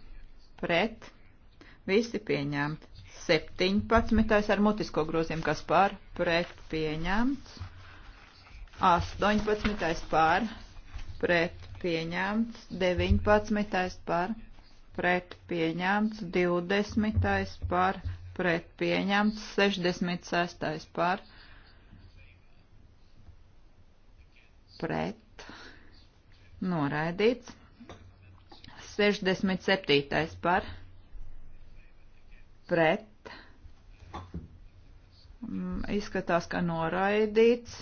pret, visi pieņemti. 17. ar mutisko grozījumu, kas par, pret, pieņemts. 18. par, pret, pieņemts. 19. par, pret, pieņemts. 20. par, pret, pieņemts. 66. par, pret, noraidīts. 67. par pret. Mm, izskatās, ka noraidīts.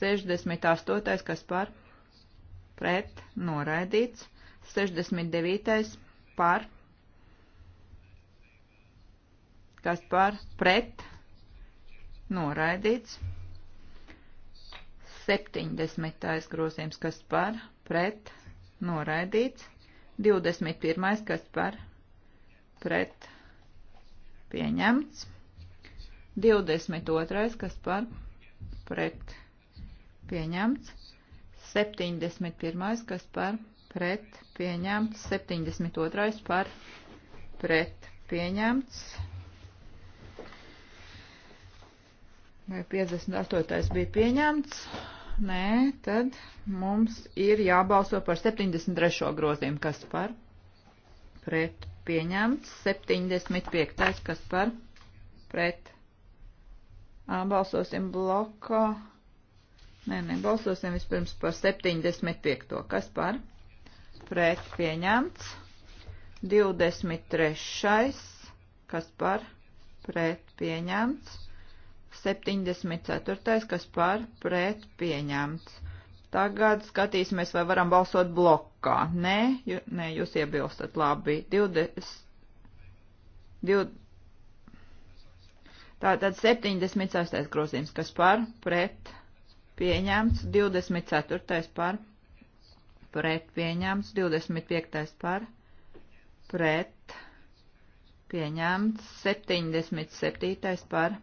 68. kas par pret noraidīts. 69. par kas par pret noraidīts. 70. grozījums kas par pret noraidīts noraidīts. 21. kas par pret pieņemts. 22. kas par pret pieņemts. 71. kas par pret pieņemts. 72. par pret pieņemts. Vai 58. bija pieņemts? Nē, tad mums ir jābalso par 73. grozījumu, kas par pret pieņemts, 75. kas par pret. Balsosim blokā. Nē, nē, balsosim vispirms par 75. kas par pret pieņemts, 23. kas par pret pieņemts. 74. kas par pret pieņemts. Tagad skatīsimies, vai varam balsot blokā. Nē, ju, nē jūs iebilstat labi. 20, 20, tātad 76. grozījums, kas par pret pieņemts, 24. par pret pieņemts, 25. par pret pieņemts, 77. par pret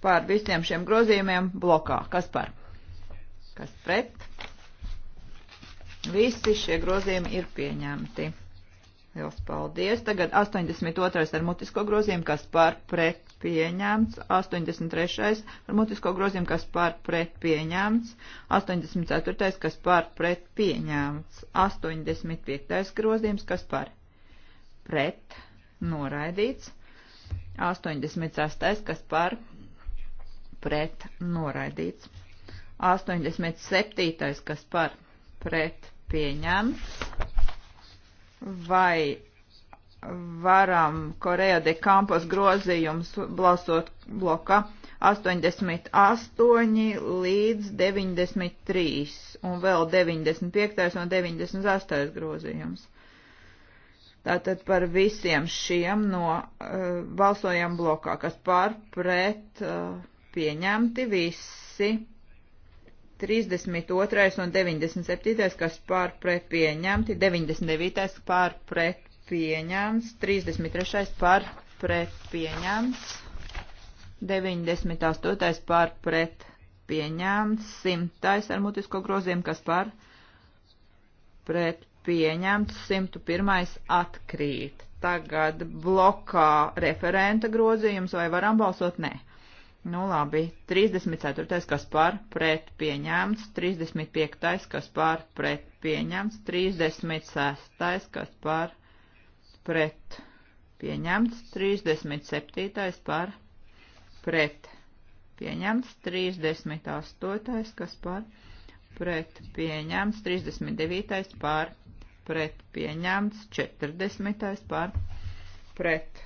par visiem šiem grozījumiem blokā. Kas par? Kas pret? Visi šie grozījumi ir pieņemti. Liels paldies. Tagad 82. ar mutisko grozījumu, kas par pret pieņemts. 83. ar mutisko grozījumu, kas par pret pieņemts. 84. kas par pret pieņemts. 85. grozījums, kas par pret noraidīts. 86. kas par pret pret noraidīts. 87. kas par pret pieņemts. Vai varam Korea de Campos grozījums blasot bloka 88 līdz 93 un vēl 95. un 98. grozījums. Tātad par visiem šiem no uh, balsojam blokā, kas pār pret uh, pieņemti visi. 32. un 97. kas pārpret pieņemti, 99. pārpret pieņemts, 33. pārpret pieņemts, 98. pārpret pieņemts, 100. ar mutisko grozījumu, kas pārpret pieņemts, 101. atkrīt. Tagad blokā referenta grozījums vai varam balsot? Nē. Nu labi, 34. kas par pret pieņemts, 35. kas par pret pieņemts, 36. kas par pret pieņemts, 37. par pret pieņemts, 38. kas par pret pieņemts, 39. par pret pieņemts, 40. par pret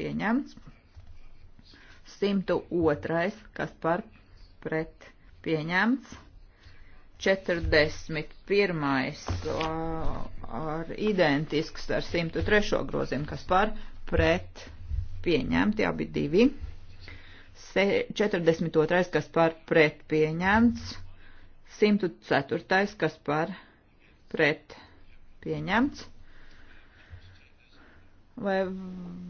pieņemts. 102. kas par pret pieņemts. 41. ar identisks ar 103. grozījumu, kas par pret pieņemti, abi divi. 42. kas par pret pieņemts. 104. kas par pret pieņemts. Vai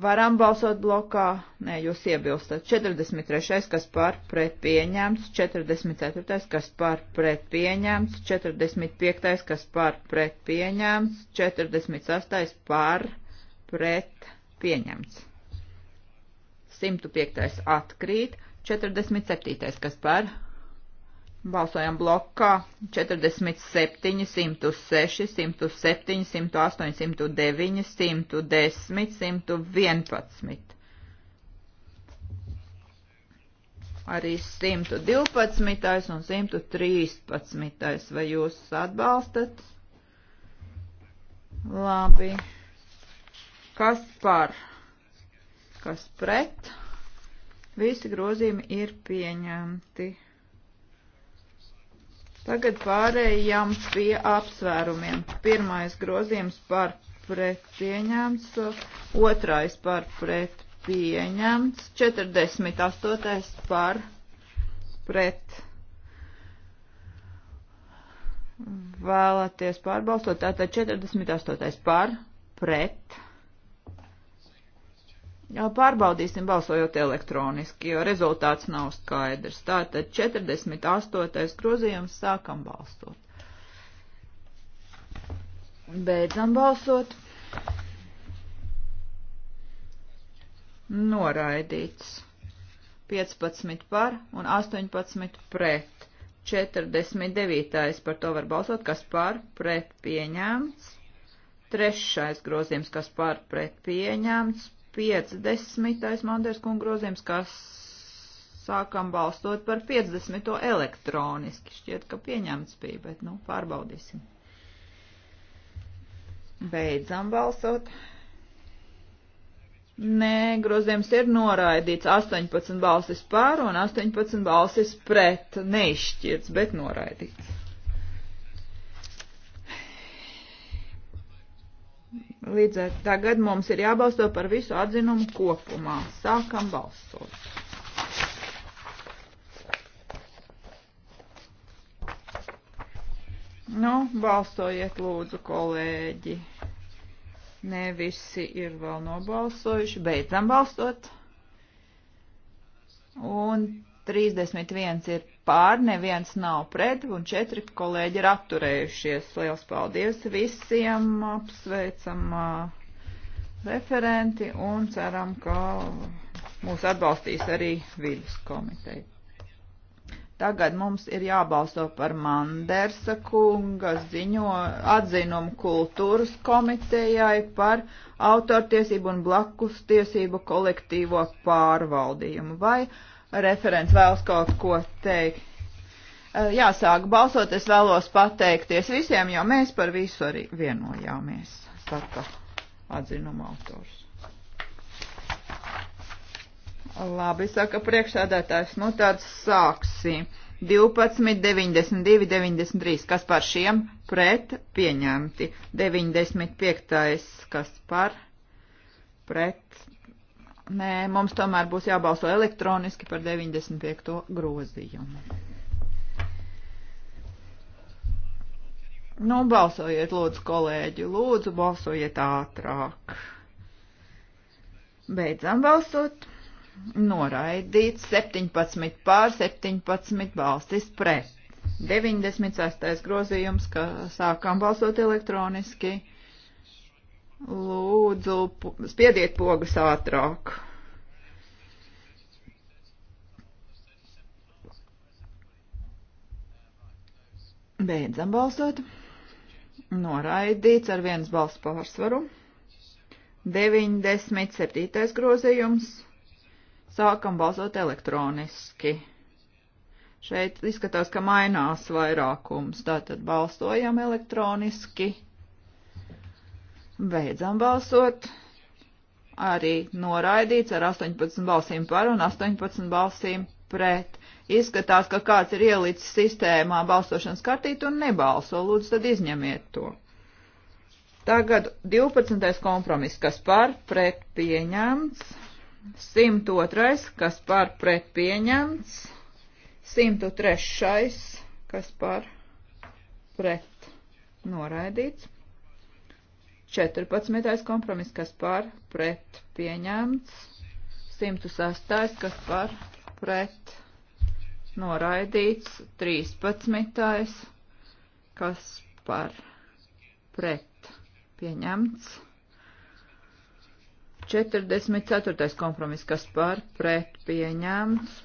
varam balsot blokā? Nē, jūs iebilstat. 43. kas par pret pieņemts, 44. kas par pret pieņemts, 45. kas par pret pieņemts, 48. par pret pieņemts. 105. atkrīt, 47. kas par Balsojam blokā 47, 106, 107, 108, 109, 110, 111. Arī 112 un 113. Vai jūs atbalstat? Labi. Kas par? Kas pret? Visi grozījumi ir pieņemti. Tagad pārējām pie apsvērumiem. Pirmais grozījums par pretpieņemts, otrais par pretpieņemts, 48. par pret. Vēlaties pārbalstot, tātad 48. par pret Pārbaudīsim balsojot elektroniski, jo rezultāts nav skaidrs. Tātad 48. grozījums sākam balsot. Beidzam balsot. Noraidīts. 15 par un 18 pret. 49. par to var balsot, kas par pret pieņemts. Trešais grozījums, kas par pret pieņemts 50. Manders kunga grozījums, kas sākam balstot par 50. elektroniski. Šķiet, ka pieņemts bija, bet nu pārbaudīsim. Beidzam balsot. Nē, grozījums ir noraidīts 18 balsis pār un 18 balsis pret, neizšķirts, bet noraidīts. Līdz ar tagad mums ir jābalsto par visu atzinumu kopumā. Sākam balsot. Nu, balsojiet lūdzu, kolēģi. Ne visi ir vēl nobalsojuši. Beidzam balsot. Un 31 ir pār, neviens nav pret, un četri kolēģi ir atturējušies. Liels paldies visiem, apsveicam referenti un ceram, ka mūs atbalstīs arī vidus komiteja. Tagad mums ir jābalso par Mandersa kunga ziņo atzinumu kultūras komitejai par autortiesību un blakus tiesību kolektīvo pārvaldījumu. Vai uh, referents vēlas kaut ko teikt. Eh, jāsāk balsot, es vēlos pateikties visiem, jo mēs par visu arī vienojāmies, saka atzinuma autors. Labi, saka priekšsēdētājs, nu tad sāksim. 12, 92, 93, kas par šiem pret pieņemti. 95, kas par pret Nē, mums tomēr būs jābalso elektroniski par 95. grozījumu. Nu, balsojiet, lūdzu, kolēģi, lūdzu, balsojiet ātrāk. Beidzam balsot. Noraidīts 17 pār 17 balstis pret. 96. grozījums, ka sākām balsot elektroniski. Lūdzu, spiediet pogas ātrāk. Beidzam balsot. Noraidīts ar vienas balss pārsvaru. 97. grozījums. Sākam balsot elektroniski. Šeit izskatās, ka mainās vairākums. Tātad balsojam elektroniski. Beidzam balsot. Arī noraidīts ar 18 balsīm par un 18 balsīm pret. Izskatās, ka kāds ir ielicis sistēmā balsošanas kartīti un nebalso. Lūdzu, tad izņemiet to. Tagad 12. kompromiss, kas par pret pieņemts. 102. kas par pret pieņemts. 103. kas par pret noraidīts. 14. kompromiss, kas par pret pieņemts. 106. kas par pret noraidīts. 13. kas par pret pieņemts. 44. kompromiss, kas par pret pieņemts.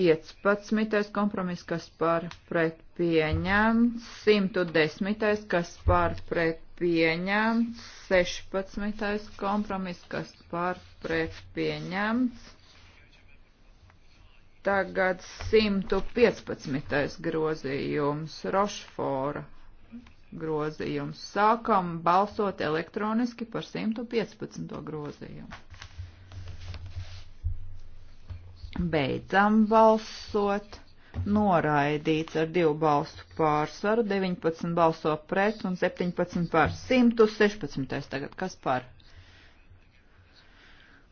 15. kompromiss, kas par pret pieņemts. 110. kas par pret pieņemts, 16. kompromiss, kas par pret pieņemts. Tagad 115. grozījums, Rošfora grozījums. Sākam balsot elektroniski par 115. grozījumu. Beidzam balsot noraidīts ar divu balstu pārsvaru, 19 balso pret un 17 par 116. Tagad kas par?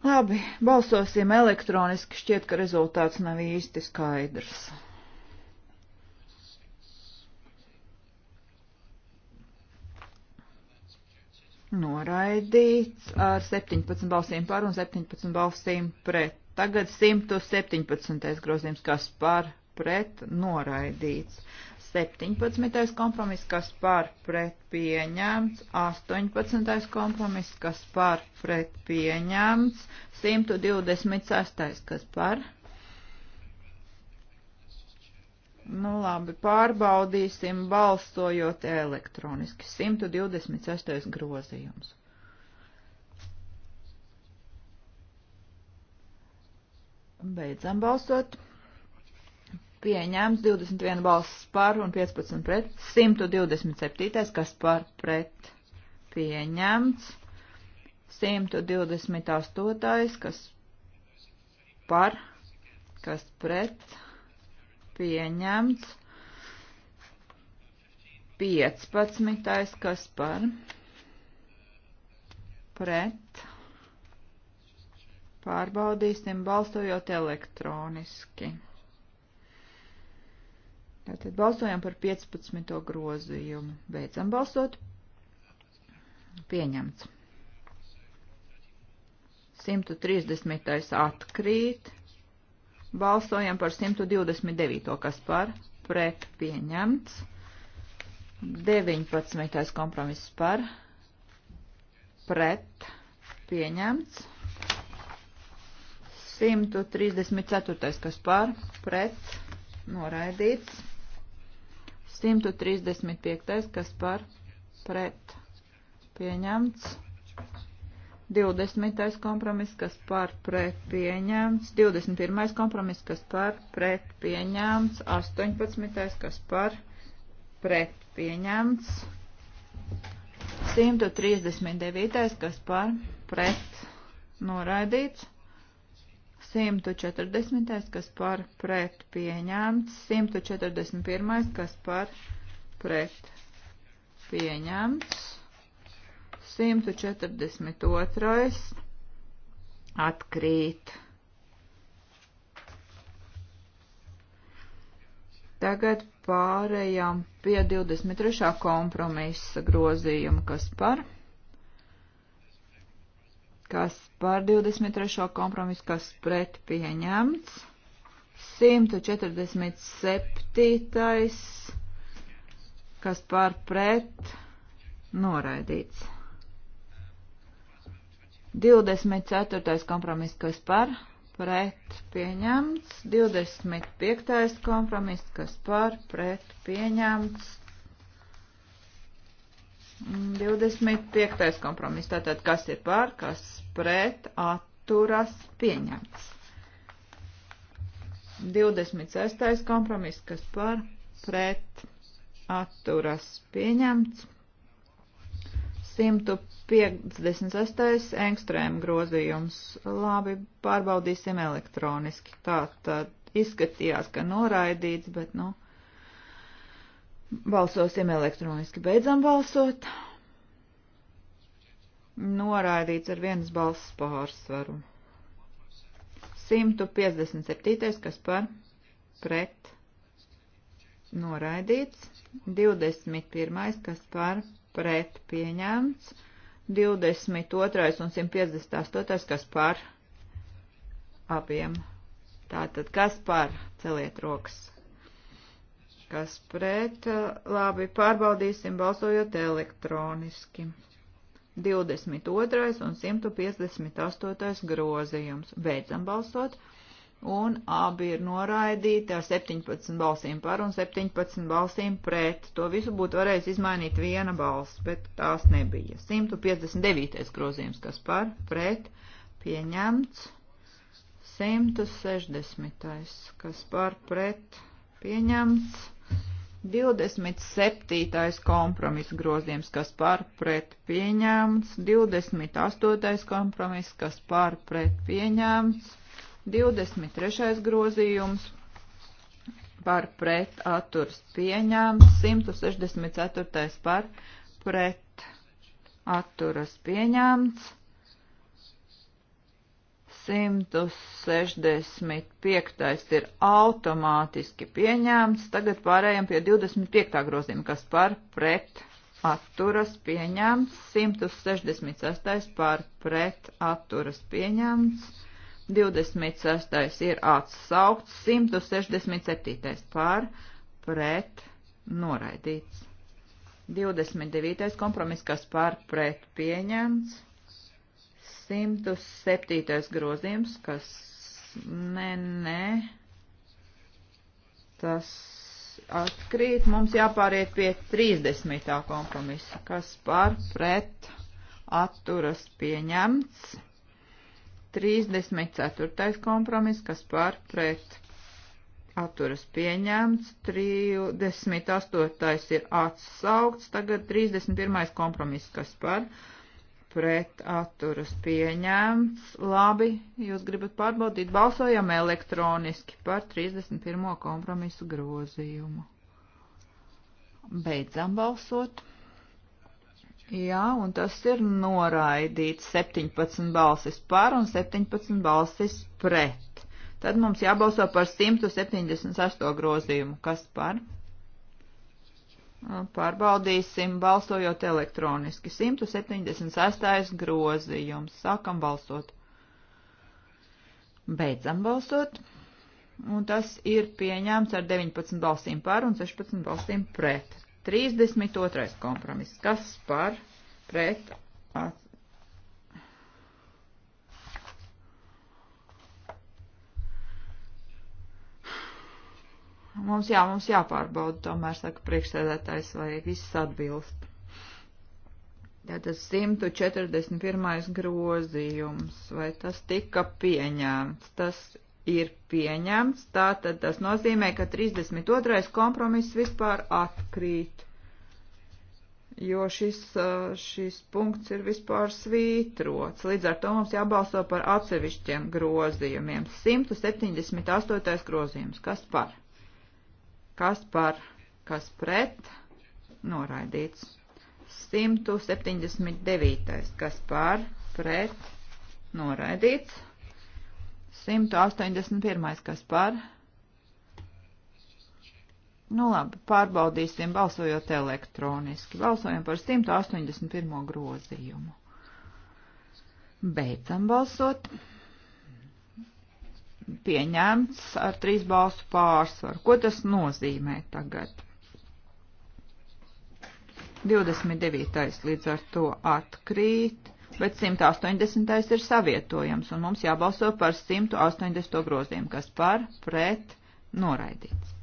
Labi, balsosim elektroniski, šķiet, ka rezultāts nav īsti skaidrs. Noraidīts ar 17 balsīm par un 17 balsīm pret. Tagad 117. grozījums, kas par pret noraidīts. 17. kompromiss, kas par pret pieņemts, 18. kompromiss, kas par pret pieņemts, 126. kas par. Nu labi, pārbaudīsim balsojot elektroniski. 126. grozījums. Beidzam balsot pieņemts 21 balss par un 15 pret, 127, kas par pret pieņemts, 128, kas par, kas pret pieņemts, 15, kas par pret pārbaudīsim balstojot elektroniski. Tātad balsojam par 15. grozījumu. Beidzam balsot. Pieņemts. 130. atkrīt. Balsojam par 129. kas par pret pieņemts. 19. kompromiss par pret pieņemts. 134. kas par pret noraidīts. 135. kas par pret pieņemts. 20. kompromiss, kas par pret pieņemts. 21. kompromiss, kas par pret pieņemts. 18. kas par pret pieņemts. 139. kas par pret noraidīts. 140. kas par pret pieņemts, 141. kas par pret pieņemts, 142. atkrīt. Tagad pārējām pie 23. kompromisa grozījuma, kas par pret kas par 23. kompromisu, kas pret pieņemts. 147. kas par pret noraidīts. 24. kompromiss, kas par pret pieņemts. 25. kompromiss, kas par pret pieņemts. 25. kompromiss. Tātad, kas ir par, kas pret, atturas, pieņemts. 26. kompromiss, kas par, pret, atturas, pieņemts. 156. ekstrēma grozījums. Labi, pārbaudīsim elektroniski. Tātad izskatījās, ka noraidīts, bet, nu, Balsosim elektroniski. Beidzam balsot. Noraidīts ar vienas balss pārsvaru. 157. kas par pret. Noraidīts. 21. kas par pret pieņemts. 22. un 158. kas par abiem. Tātad kas par celiet rokas kas pret, labi, pārbaudīsim balsojot elektroniski. 22. un 158. grozījums. Beidzam balsot, un abi ir noraidīti ar 17 balsīm par un 17 balsīm pret. To visu būtu varējis izmainīt viena balss, bet tās nebija. 159. grozījums, kas par, pret, pieņemts. 160. kas par, pret, pieņemts. 27. kompromiss grozījums, kas pārpret pieņēmts, 28. kompromiss, kas pārpret pieņēmts, 23. grozījums par pret atturs pieņēmts, 164. par pret atturas pieņēmts. 165. ir automātiski pieņemts, tagad pārējām pie 25. grozījuma, kas par pret atturas pieņemts, 166. par pret atturas pieņemts, 26. ir atsaukts, 167. par pret noraidīts. 29. kompromiss, kas par pret pieņemts, 107. grozījums, kas nē, nē, tas atkrīt. Mums jāpāriet pie 30. kompromisa, kas par pret atturas pieņemts. 34. kompromis, kas par pret atturas pieņemts. 38. ir atsaukts. Tagad 31. kompromis, kas par pret pret atturas pieņēmts. Labi, jūs gribat pārbaudīt, balsojam elektroniski par 31. kompromisu grozījumu. Beidzam balsot. Jā, un tas ir noraidīts 17 balsis par un 17 balsis pret. Tad mums jābalso par 178 grozījumu. Kas par? Pārbaudīsim, balsojot elektroniski. 176. grozījums. Sākam balsot. Beidzam balsot. Un tas ir pieņēmts ar 19 balsīm par un 16 balsīm pret. 32. kompromiss. Kas par pret at, Mums jā, mums jāpārbauda, tomēr saka priekšsēdētājs, vai viss atbilst. Tātad 141. grozījums, vai tas tika pieņemts? Tas ir pieņemts, tātad tas nozīmē, ka 32. kompromiss vispār atkrīt, jo šis, uh, šis punkts ir vispār svītrots. Līdz ar to mums jābalso par atsevišķiem grozījumiem. 178. grozījums, kas par? kas par, kas pret, noraidīts. 179. kas par, pret, noraidīts. 181. kas par. Nu labi, pārbaudīsim balsojot elektroniski. Balsojam par 181. grozījumu. Beidzam balsot pieņemts ar trīs balstu pārsvaru. Ko tas nozīmē tagad? 29. līdz ar to atkrīt, bet 180. ir savietojams, un mums jābalso par 180. grozījumu, kas par pret noraidīts.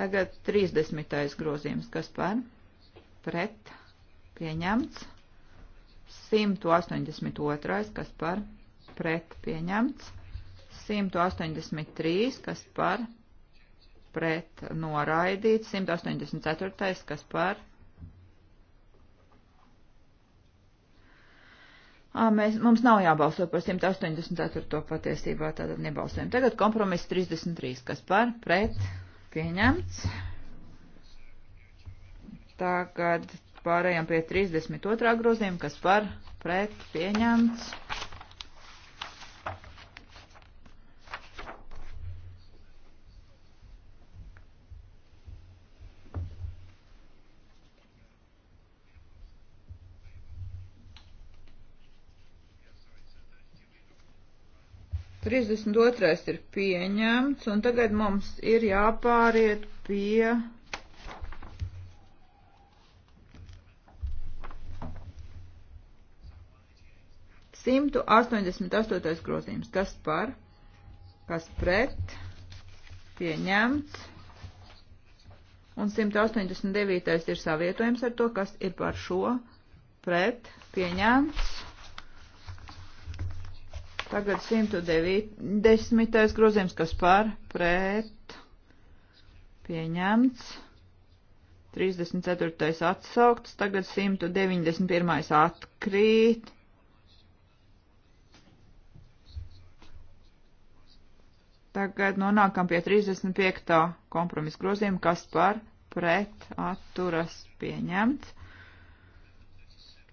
Tagad 30. grozījums, kas par pret pieņemts, 182. kas par pret pret pieņemts. 183, kas par pret noraidīts. 184, kas par. À, mēs, mums nav jābalso par 184. patiesībā, tātad nebalsojam. Tagad kompromiss 33, kas par pret pieņemts. Tagad pārējām pie 32. grozījuma, kas par pret pieņemts. 32. ir pieņemts, un tagad mums ir jāpāriet pie. Simtu astoņdesmit astotais grozījums. Kas par? Kas pret? Pieņemts. Un 189. ir savietojums ar to, kas ir par šo pret pieņemts. Tagad 190. grozījums, kas par pret pieņemts. 34. atsaukts, tagad 191. atkrīt. Tagad nonākam pie 35. kompromisa grozījuma, kas par pret atturas pieņemts.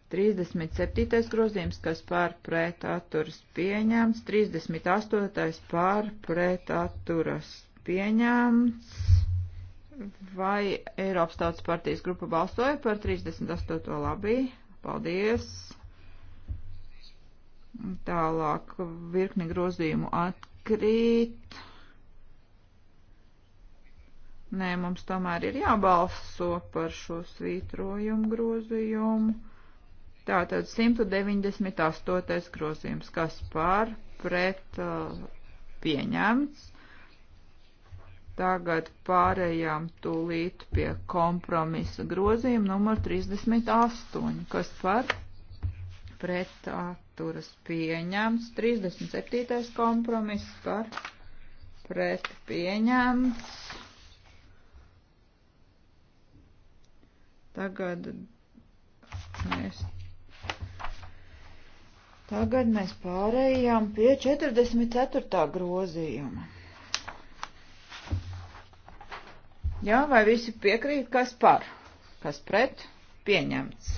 37. grozījums, kas pār pret atturas pieņemts, 38. pār pret atturas pieņemts. Vai Eiropas Tautas partijas grupa balsoja par 38. labī? Paldies! Tālāk virkni grozījumu atkrīt. Nē, mums tomēr ir jābalso par šo svītrojumu grozījumu. Tātad 198. grozījums, kas par pret uh, pieņemts. Tagad pārējām tūlīt pie kompromisa grozījuma numur 38, kas par pret atturas pieņemts. 37. kompromiss par pret pieņemts. Tagad mēs Tagad mēs pārējām pie 44. grozījuma. Jā, vai visi piekrīt, kas par, kas pret, pieņemts.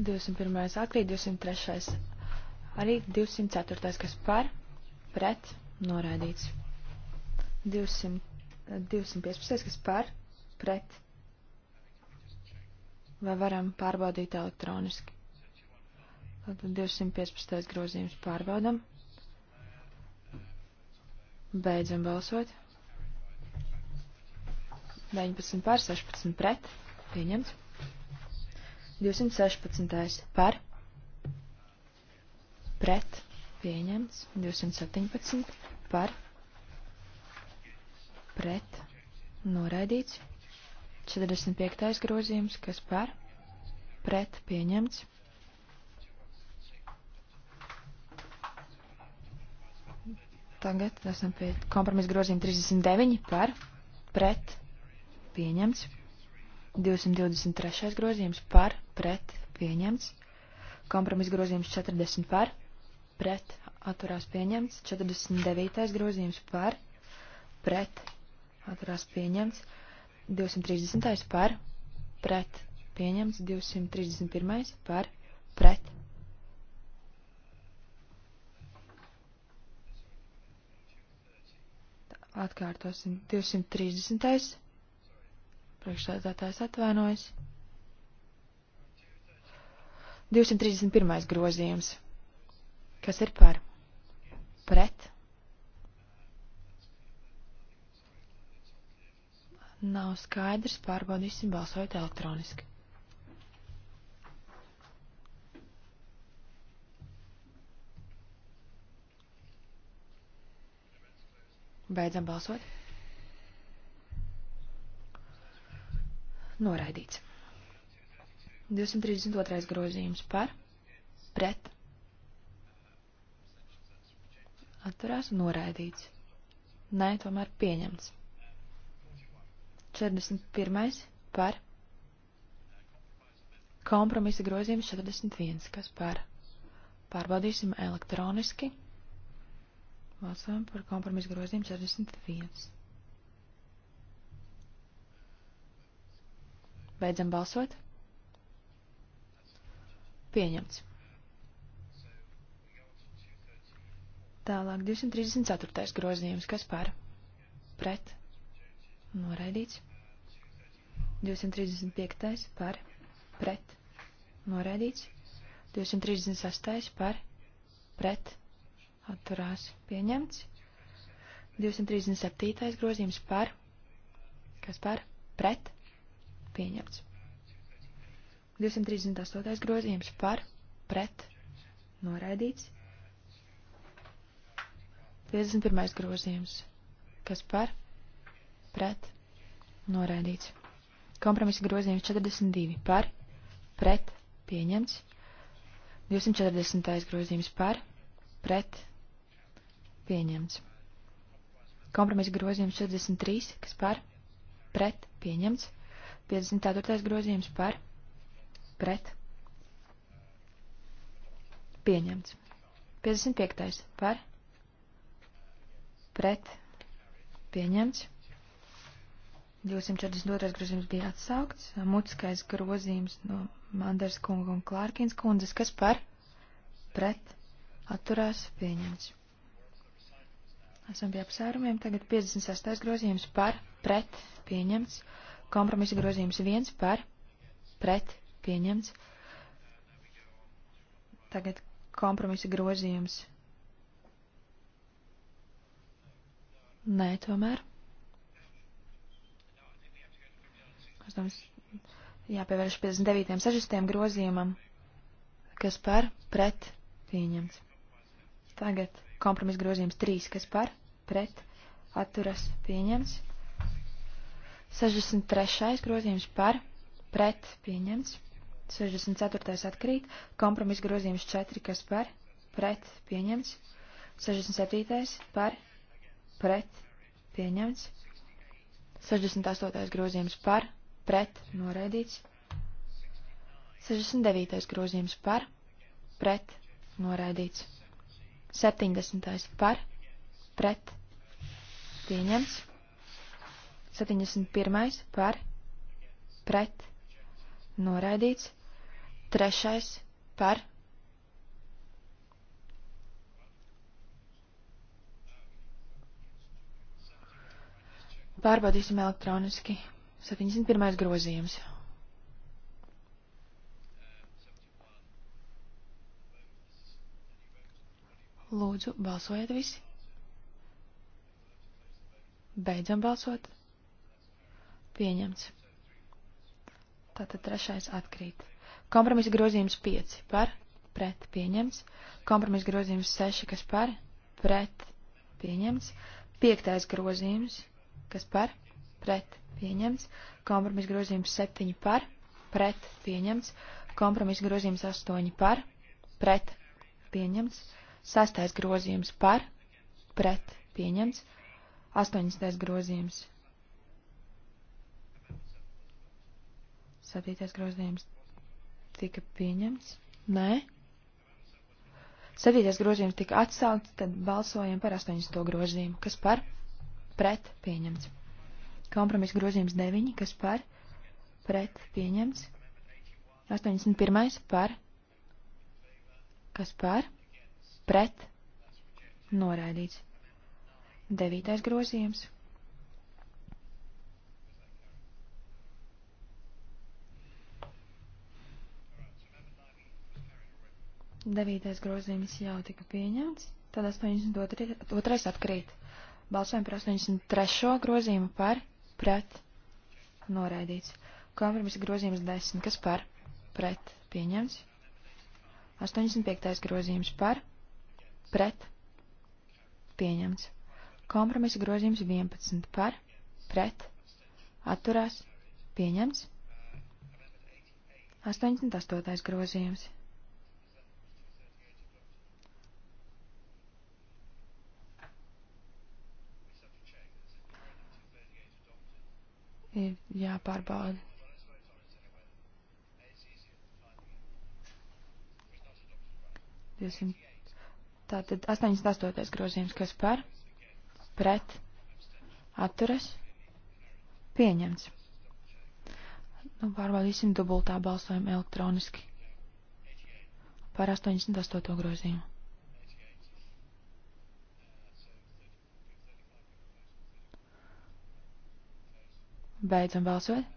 201. atkrīt, 203. arī 204. kas par, pret, noraidīts. 200, 215. kas par, pret. Vai varam pārbaudīt elektroniski? Tad 215. grozījums pārbaudam. Beidzam balsot. 19 pār 16 pret. Pieņemts. 216. par. Pret. Pieņemts. 217. par. Pret. Noraidīts. 45. grozījums, kas par. Pret. Pieņemts. Tagad esam pie kompromisa grozījuma 39 par pret pieņemts. 223. grozījums par pret pieņemts. Kompromisa grozījums 40 par pret atturās pieņemts. 49. grozījums par pret atturās pieņemts. 230. par pret pieņemts. 231. par pret Atkārtosim 230. Priekšsēdētājs atvainojas. 231. grozījums. Kas ir par? Pret? Nav skaidrs, pārbaudīsim balsojot elektroniski. Beidzam balsot. Noraidīts. 232. grozījums par, pret, atturās un noraidīts. Nē, tomēr pieņemts. 41. par, kompromisa grozījums 41. kas par. Pārbaudīsim elektroniski. Balsojam par kompromisu grozījumu 41. Beidzam balsot. Pieņemts. Tālāk 234. grozījums. Kas par? Pret. Noraidīts. 235. par. Pret. Noraidīts. 236. par. Pret atturās pieņemts. 237. grozījums par, kas par, pret, pieņemts. 238. grozījums par, pret, noraidīts. 51. grozījums, kas par, pret, noraidīts. Kompromisa grozījums 42 par, pret, pieņemts. 240. grozījums par, pret, pieņemts. Kompromisa grozījums 63, kas par, pret, pieņemts. 54. grozījums par, pret, pieņemts. 55. par, pret, pieņemts. 242. grozījums bija atsaukts, mutiskais grozījums no Manders kunga un Klārkins kundzes, kas par, pret, atturās, pieņemts. Esam pie apsvērumiem. Tagad 56. grozījums par, pret, pieņemts. Kompromisa grozījums 1 par, pret, pieņemts. Tagad kompromisa grozījums. Nē, tomēr. Es domāju, jāpievērš 59. 6. grozījumam, kas par, pret, pieņemts. Tagad Kompromis grozījums 3, kas par, pret, atturas pieņems. 63. grozījums par, pret, pieņems. 64. atkrīt. Kompromis grozījums 4, kas par, pret, pieņems. 67. par, pret, pieņemts. 68. grozījums par, pret, noraidīts. 69. grozījums par, pret, noraidīts. 70. par, pret, pieņemts. 71. par, pret, noraidīts. 3. par. Pārbaudīsim elektroniski. 71. grozījums. Lūdzu, balsojiet visi. Beidzam balsot. Pieņemts. Tātad trešais atkrīt. Kompromisa grozījums 5 par, pret, pieņemts. Kompromisa grozījums 6, kas par, pret, pieņemts. Piektais grozījums, kas par, pret, pieņemts. Kompromisa grozījums 7 par, pret, pieņemts. Kompromisa grozījums 8 par, pret, pieņemts. Sastais grozījums par, pret, pieņemts. Astoņastais grozījums. Septītais grozījums tika pieņemts. Nē. Septītais grozījums tika atsaukts, tad balsojam par astoņasto grozījumu. Kas par? Pret, pieņemts. Kompromis grozījums 9, kas par? Pret, pieņemts. 81. par? Kas par? pret, noraidīts. Devītais grozījums. Devītais grozījums jau tika pieņemts, tad 82. atkrīt. Balsojam par 83. grozījumu par, pret, noraidīts. Kompromisa grozījums 10, kas par, pret, pieņemts. 85. grozījums par, pret pret, pieņemts. Kompromisa grozījums 11 par, pret, atturās, pieņemts. 88. grozījums. ir jāpārbauda. Divsimt Tātad 88. grozījums, kas par, pret, atturas, pieņemts. Nu, pārbaudīsim dubultā balsojumu elektroniski par 88. grozījumu. Beidzam balsot.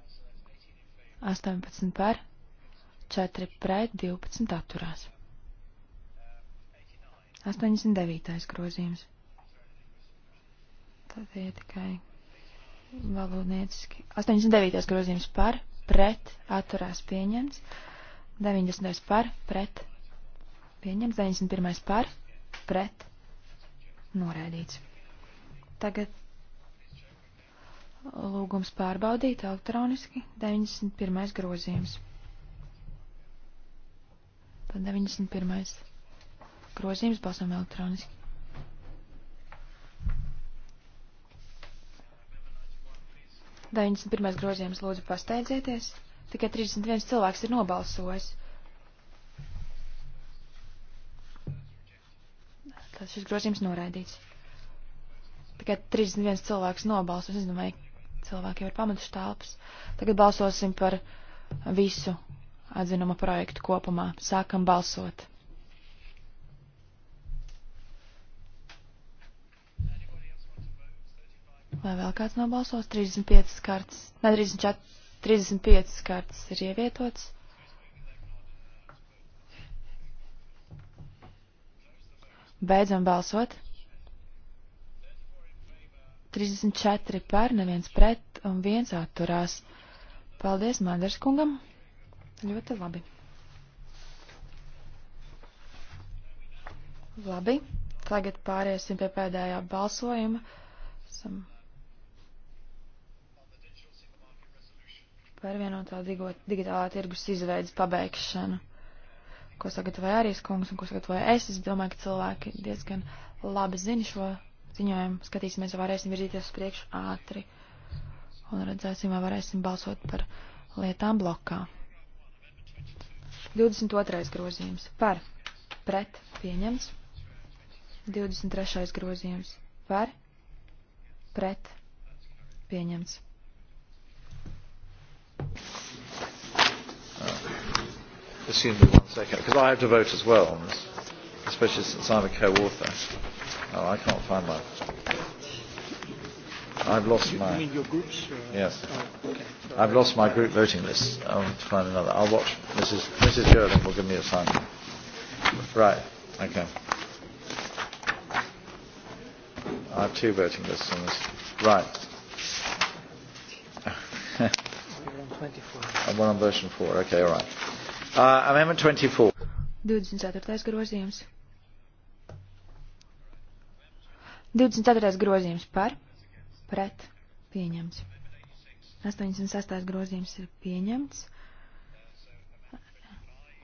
18 par, 4 pret, 12 atturās. 89. grozījums. Tad ir tikai valodnieciski. 89. grozījums par, pret, atturās pieņemts. 90. par, pret, pieņemts. 91. par, pret, noraidīts. Tagad lūgums pārbaudīt elektroniski 91. grozījums. Tad 91 grozījums, balsojam elektroniski. Deviņdesmit pirmais grozījums, lūdzu, pasteidzieties. Tikai 31 cilvēks ir nobalsojis. Tad šis grozījums noraidīts. Tikai 31 cilvēks nobalsos. Es domāju, cilvēki jau ir pametuši telpas. Tagad balsosim par visu atzinuma projektu kopumā. Sākam balsot. Vai vēl kāds nobalsos? 35 kartas, ne 34, 35 kartas ir ievietots. Beidzam balsot. 34 par, neviens pret un viens atturās. Paldies Manders kungam. Ļoti labi. Labi, tagad pāriesim pie pēdējā balsojuma. Esam par vienotā digitālā tirgus izveidas pabeigšanu, ko sagatavoja arī skungs un ko sagatavoja es. Es domāju, ka cilvēki diezgan labi zina šo ziņojumu. Skatīsimies, vai varēsim virzīties uz priekšu ātri un redzēsim, vai varēsim balsot par lietām blokā. 22. grozījums par pret pieņemts. 23. grozījums par pret pieņemts. assume me one second, because I have to vote as well on this, especially since I'm a co-author. Oh, I can't find mine. I've lost you, my. You mean your groups? Uh, yes. Oh, okay. Sorry. I've lost my group voting list. I'll have to find another. I'll watch. Mrs. Mrs. Gerling will give me a sign. Right. Okay. I have two voting lists on this. Right. I'm one on version four. Okay, all right. Uh, amendment 24. 24. grozījums. 24. grozījums par, pret, pieņemts. 86. grozījums ir pieņemts.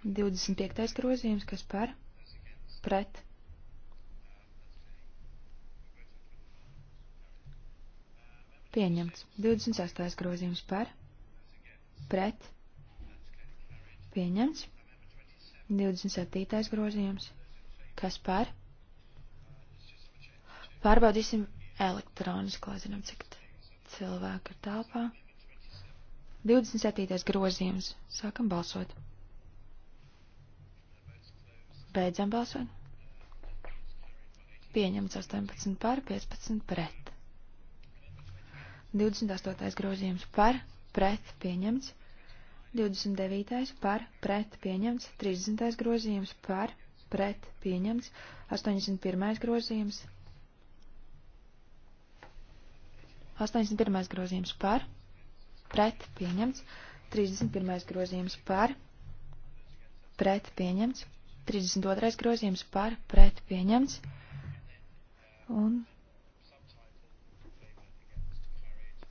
25. grozījums, kas par, pret. Pieņemts. 26. grozījums par, pret. Pieņemts. 27. grozījums. Kas par? Pārbaudīsim elektroniski, lai zinām, cik cilvēku ir telpā. 27. grozījums. Sākam balsot. Beidzam balsot. Pieņemts 18 par, 15 pret. 28. grozījums par, pret, pieņemts. 29. par pret pieņemts, 30. grozījums par pret pieņemts, 81. grozījums. 81. grozījums par pret pieņemts, 31. grozījums par pret pieņemts, 32. grozījums par pret pieņemts un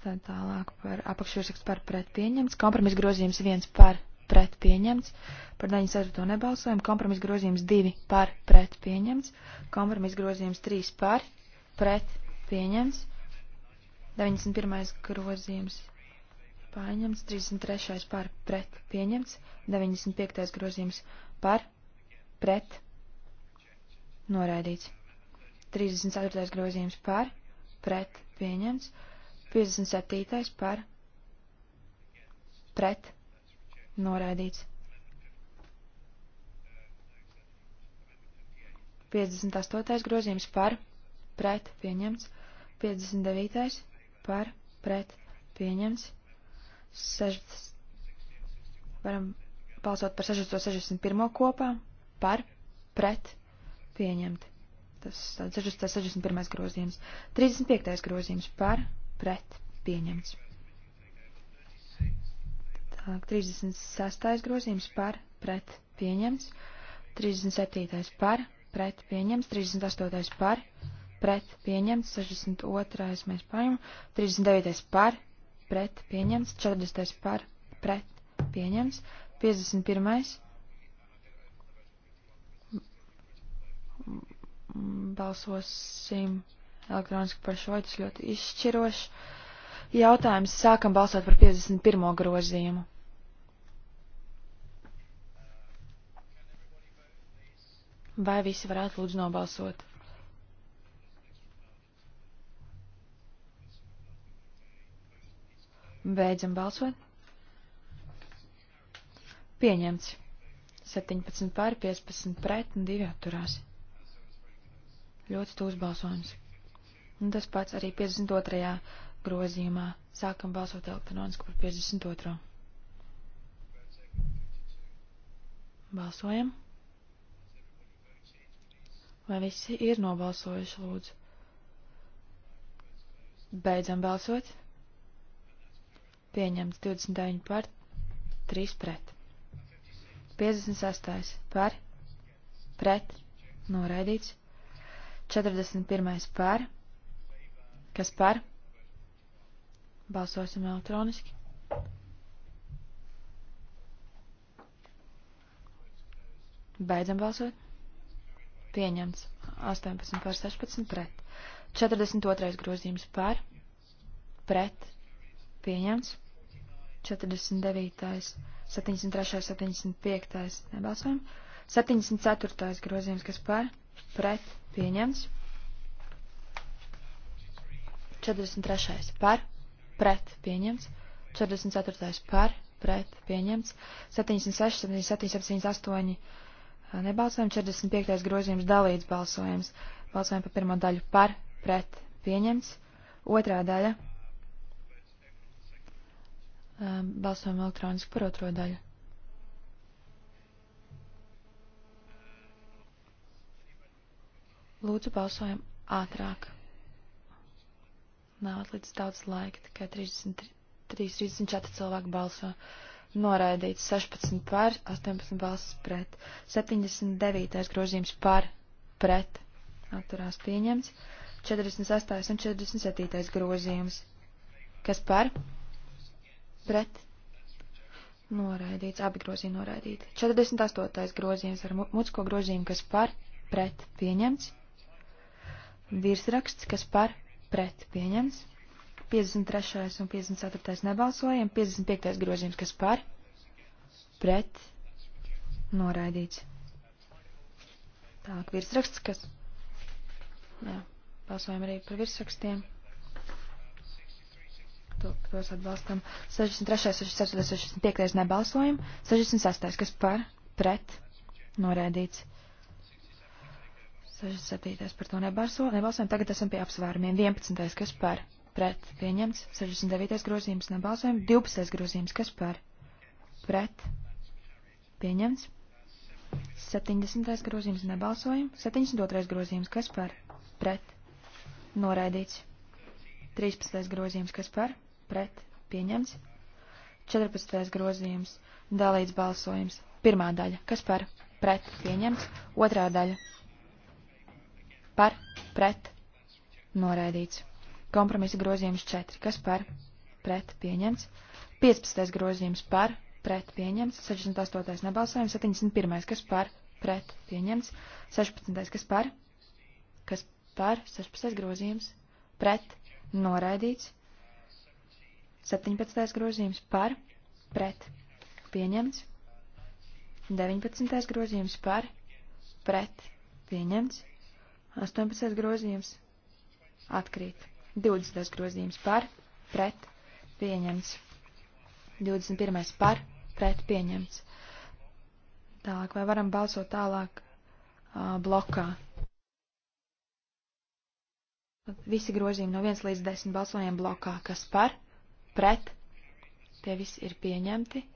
Tad tālāk par apakšvirsrakstu par pretpieņemts. Kompromis grozījums 1 par pretpieņemts. Par 94. nebalsojam. Kompromis grozījums 2 par pretpieņemts. Kompromis grozījums 3 par pretpieņemts. 91. grozījums pārņemts. 33. par pretpieņemts. 95. grozījums par pret noraidīts. 34. grozījums par pret pieņemts. 57. par pret noraidīts. 58. grozījums par pret pieņemts. 59. par pret pieņemts. 6. Varam balsot par 661. kopā par pret pieņemt. Tas 661. grozījums. 35. grozījums par pret pret pieņemts. Tālāk 36. grozījums par pret pieņemts, 37. par pret pieņemts, 38. par pret pieņemts, 62. mēs paņemam, 39. par pret pieņemts, 40. par pret pieņemts, 51. balsosim elektroniski par šo, tas ļoti izšķirošs jautājums. Sākam balsot par 51. grozījumu. Vai visi varētu lūdzu nobalsot? Beidzam balsot. Pieņemts. 17 pār 15 pret un 2 atturās. Ļoti tūs balsojums. Un tas pats arī 52. grozījumā. Sākam balsot elektroniski par 52. Balsojam. Vai visi ir nobalsojuši, lūdzu? Beidzam balsot. Pieņemts 29 par, 3 pret. 56. par, pret, noraidīts. 41. par, pret Kas par? Balsosim elektroniski. Beidzam balsot. Pieņemts. 18 pār 16 pret. 42. grozījums par. Pret. Pieņemts. 49. 73. 75. nebalsojam. 74. grozījums, kas par. Pret. Pieņemts. 43. par, pret, pieņemts. 44. par, pret, pieņemts. 76, 77, 78. Nebalsojam. 45. grozījums dalīts balsojums. Balsojam par pirmo daļu par, pret, pieņemts. Otrā daļa. Balsojam elektroniski par otro daļu. Lūdzu, balsojam ātrāk. Nav atlicis daudz laika, tikai 33, 34 cilvēki balso. Noraidīts 16 par, 18 balsis pret, 79. grozījums par, pret, atturās pieņemts, 48 un 47. grozījums. Kas par? Pret. Noraidīts, abi grozījumi noraidīti. 48. grozījums ar mucko grozījumu, kas par, pret, pieņemts. Virsraksts, kas par, pret pieņems. 53. un 54. nebalsojam. 55. grozījums, kas par, pret, noraidīts. Tālāk virsraksts, kas. Jā, balsojam arī par virsrakstiem. To, tos atbalstam. 63. 64. 65. nebalsojam. 66. kas par, pret, noraidīts. 67. par to nebarso, nebalsojam. Tagad esam pie apsvērumiem. 11. kas par? Pret. Pieņemts. 69. grozījums nebalsojam. 12. grozījums kas par? Pret. Pieņemts. 70. grozījums nebalsojam. 72. grozījums kas par? Pret. Noraidīts. 13. grozījums kas par? Pret. Pieņemts. 14. grozījums. Dalīts balsojums. Pirmā daļa. Kas par? Pret. Pieņemts. Otrā daļa par, pret, noraidīts. Kompromisa grozījums 4, kas par, pret, pieņemts. 15. grozījums par, pret, pieņemts. 68. nebalsojums, 71. kas par, pret, pieņemts. 16. kas par, kas par, 16. grozījums, pret, noraidīts. 17. grozījums par, pret, pieņemts. 19. grozījums par, pret, pieņemts. 18. grozījums atkrīt. 20. grozījums par, pret, pieņemts. 21. par, pret, pieņemts. Tālāk, vai varam balsot tālāk uh, blokā? Visi grozījumi no 1 līdz 10 balsojiem blokā, kas par, pret, tie visi ir pieņemti.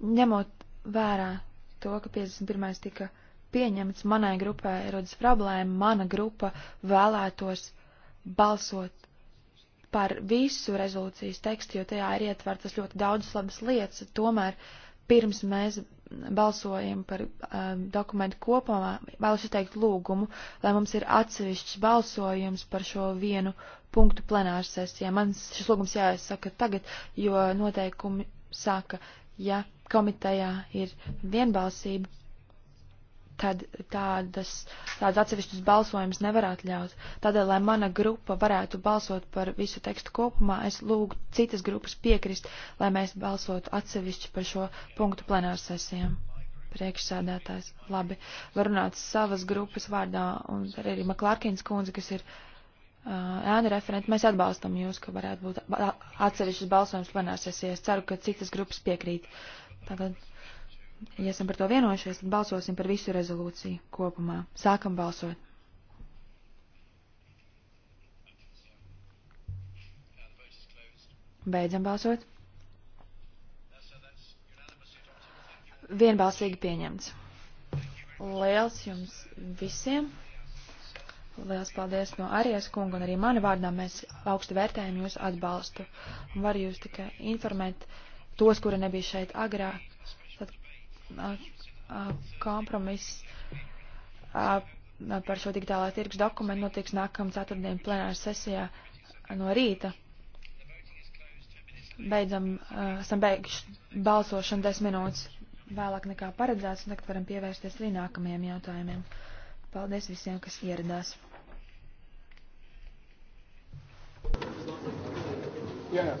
Ņemot vērā to, ka 51. tika pieņemts, manai grupai rodas problēma, mana grupa vēlētos balsot par visu rezolūcijas tekstu, jo tajā ir ietvertas ļoti daudzas labas lietas. Tomēr, pirms mēs balsojam par um, dokumentu kopumā, vēlos izteikt lūgumu, lai mums ir atsevišķs balsojums par šo vienu punktu plenāru sesijā. Man šis lūgums jāizsaka tagad, jo noteikumi saka, ja komitejā ir vienbalsība, tad tādas, tādas atsevišķas balsojumas nevar atļaut. Tādēļ, lai mana grupa varētu balsot par visu tekstu kopumā, es lūgu citas grupas piekrist, lai mēs balsotu atsevišķi par šo punktu plenāru sesijām. Priekšsēdētājs, labi, var runāt savas grupas vārdā, un arī Maklārkins kundze, kas ir uh, ēna referenti, mēs atbalstam jūs, ka varētu būt atsevišķas balsojums plenāru sesijā. Es ceru, ka citas grupas piekrīt. Uh, Tagad, ja esam par to vienojušies, tad balsosim par visu rezolūciju kopumā. Sākam balsot. Beidzam balsot. Vienbalsīgi pieņemts. Liels jums visiem! Liels paldies no Arijas kunga un arī mani vārdā. Mēs augstu vērtējam jūsu atbalstu. Un varu jūs tikai informēt, tos, kuri nebija šeit agrāk. Tad a, a, kompromiss a, par šo digitālā tirgus dokumentu notiks nākamā ceturtdiena plenāra sesijā no rīta. Beidzam, esam beiguši balsošanu desmit minūtes vēlāk nekā paredzēts, un tagad varam pievērsties arī nākamajiem jautājumiem. Paldies visiem, kas ieradās. Yeah.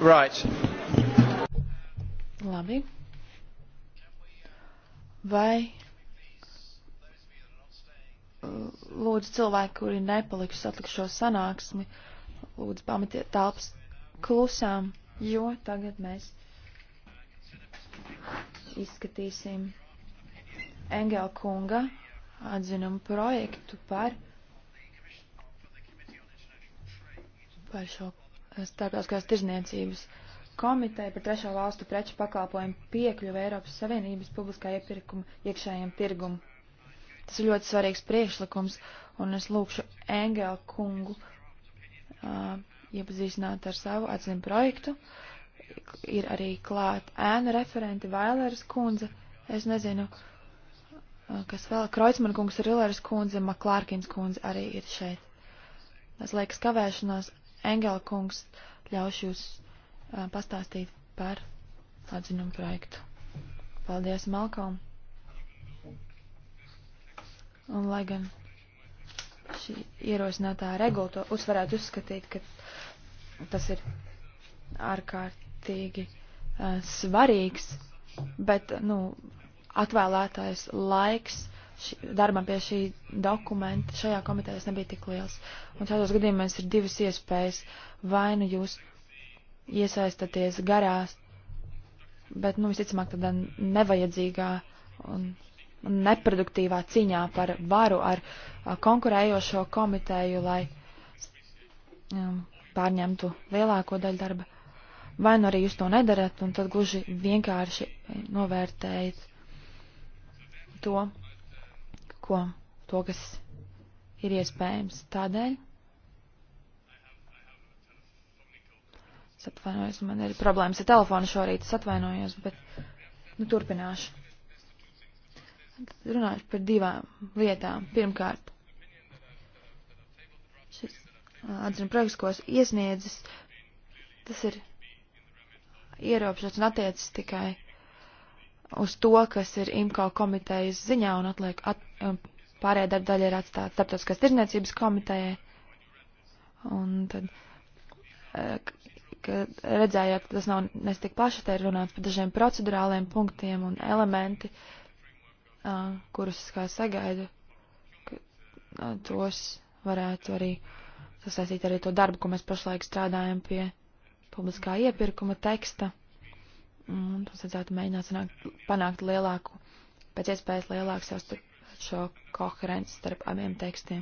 Right. Labi. Vai uh, lūdzu cilvēki, kuri nepaliks atlikt šo sanāksmi, lūdzu pamatiet telpas klusām, jo tagad mēs izskatīsim Engela kunga atzinumu projektu par, par šo starptautiskās tirzniecības komiteja par trešo valstu preču pakalpojumu piekļuvu Eiropas Savienības publiskā iepirkuma iekšējiem tirgumu. Tas ir ļoti svarīgs priekšlikums, un es lūkšu Engela kungu uh, iepazīstināt ar savu atzinu projektu. Ir arī klāt ēna referenti Vailers kundze. Es nezinu, uh, kas vēl. Kreutzmann kungs ir Rilleris kundze, Maklārkins kundze arī ir šeit. Tas liekas kavēšanās Engela kungs ļaušu jūs uh, pastāstīt par atzinumu projektu. Paldies, Malkom! Un lai gan šī ierosinātā regula to uzvarētu uzskatīt, ka tas ir ārkārtīgi uh, svarīgs, bet, nu, atvēlētais laiks uh, šī, darbam pie šī dokumenta šajā komitejas nebija tik liels. Un šādos gadījumos ir divas iespējas. Vai nu jūs iesaistaties garās, bet, nu, visticamāk, tādā nevajadzīgā un neproduktīvā ciņā par varu ar konkurējošo komiteju, lai um, pārņemtu lielāko daļu darba. Vai nu arī jūs to nedarat, un tad gluži vienkārši novērtējat to, ko, to, kas ir iespējams. Tādēļ es atvainojos, man ir problēmas ar telefonu šorīt, es atvainojos, bet nu, turpināšu. Runāšu par divām lietām. Pirmkārt, šis atzina projekts, ko esmu iesniedzis, tas ir ierobežots un attiecas tikai uz to, kas ir IMCO komitejas ziņā un atliek at, um, pārējā darba daļa ir atstāta starptautiskās tirzniecības komitejai. Un tad, eh, ka redzējāt, tas nav nes tik plaši, te ir runāts par dažiem procedurāliem punktiem un elementi, kurus es kā sagaidu, ka tos varētu arī sasaistīt arī to darbu, ko mēs pašlaik strādājam pie publiskā iepirkuma teksta. Mums vajadzētu mēģināt sanākt, panākt lielāku, pēc iespējas lielāku sastarpējušo koherenci starp abiem tekstiem.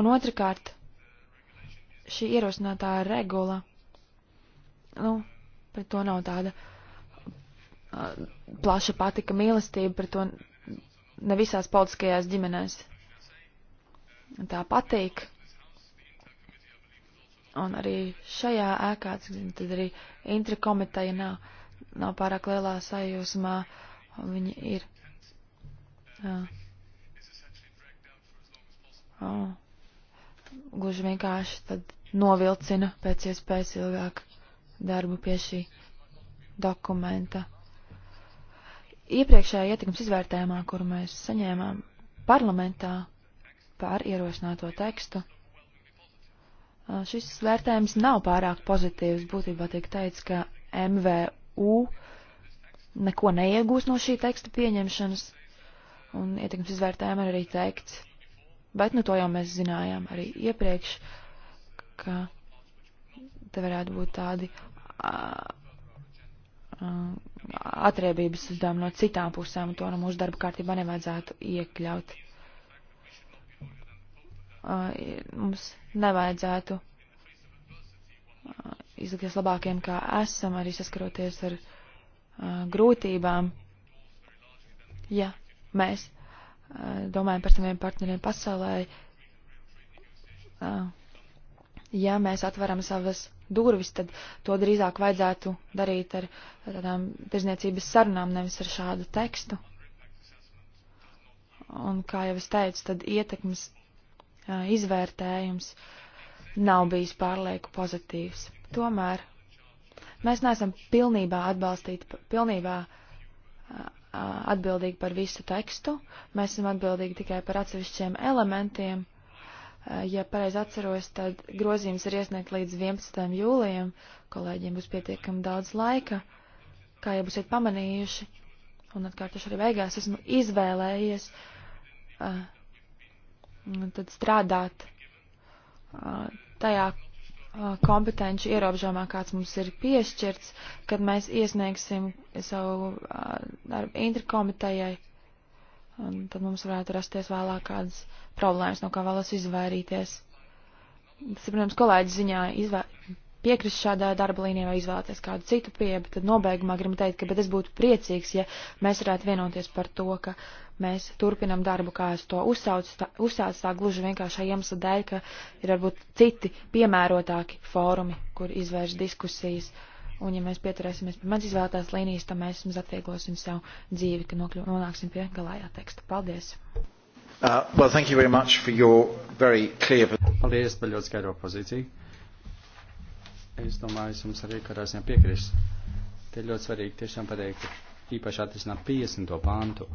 Un otrkārt, šī ierosinātā regula, nu, pret to nav tāda uh, plaša patika mīlestība, pret to ne visās politiskajās ģimenēs. Tā patīk. Un arī šajā ēkā, cik zinu, tad arī intrakomiteja nav nav pārāk lielā sajūsmā, viņi ir. Uh, uh, gluži vienkārši tad novilcina pēc iespējas ilgāk darbu pie šī dokumenta. Iepriekšējā ietekmes izvērtējumā, kuru mēs saņēmām parlamentā par ierosināto tekstu, šis vērtējums nav pārāk pozitīvs. Būtībā tiek teikts, ka MVU MVU neko neiegūs no šī teksta pieņemšanas, un ietekmes izvērtējumā arī teikts, bet nu to jau mēs zinājām arī iepriekš, ka te varētu būt tādi atriebības uzdevumi no citām pusēm, un to no mūsu darba kārtībā nevajadzētu iekļaut. A, mums nevajadzētu izlikties labākiem, kā esam, arī saskaroties ar uh, grūtībām. Ja mēs uh, domājam par saviem partneriem pasaulē, uh, ja mēs atveram savas durvis, tad to drīzāk vajadzētu darīt ar tādām tirzniecības sarunām, nevis ar šādu tekstu. Un, kā jau es teicu, tad ietekmes uh, izvērtējums uh, nav bijis pārlieku pozitīvs. Tomēr mēs neesam pilnībā atbalstīti, pilnībā atbildīgi par visu tekstu, mēs esam atbildīgi tikai par atsevišķiem elementiem. Ja pareizi atceros, tad grozījums ir iesniegt līdz 11. jūlijam, kolēģiem būs pietiekami daudz laika, kā jau būsiet pamanījuši, un atkārtoši arī beigās esmu izvēlējies tad strādāt tajā kompetenci ierobežojumā, kāds mums ir piešķirts, kad mēs iesniegsim savu darbu interkomitejai, un tad mums varētu rasties vēlāk kādas problēmas, no kā vēlas izvairīties. Tas ir, protams, kolēģi ziņā izvē piekrist šādai darba līnijai vai izvēlēties kādu citu pieeju, bet tad nobeigumā gribam teikt, ka es būtu priecīgs, ja mēs varētu vienoties par to, ka mēs turpinam darbu, kā es to uzsaucu, tā, uzsācu tā gluži vienkāršā iemesla dēļ, ka ir varbūt citi piemērotāki fórumi, kur izvērš diskusijas. Un ja mēs pieturēsimies pie manas izvēlētās līnijas, tad mēs mums atvieglosim savu dzīvi, ka nokļu, nonāksim pie galējā teksta. Paldies! Uh, well, thank you very much for your very clear... Paldies par ļoti skaidro pozīciju. Es domāju, es jums arī kādā ziņā piekrītu. Te ļoti svarīgi tiešām pateikt, īpaši atrisināt 50. pāntu.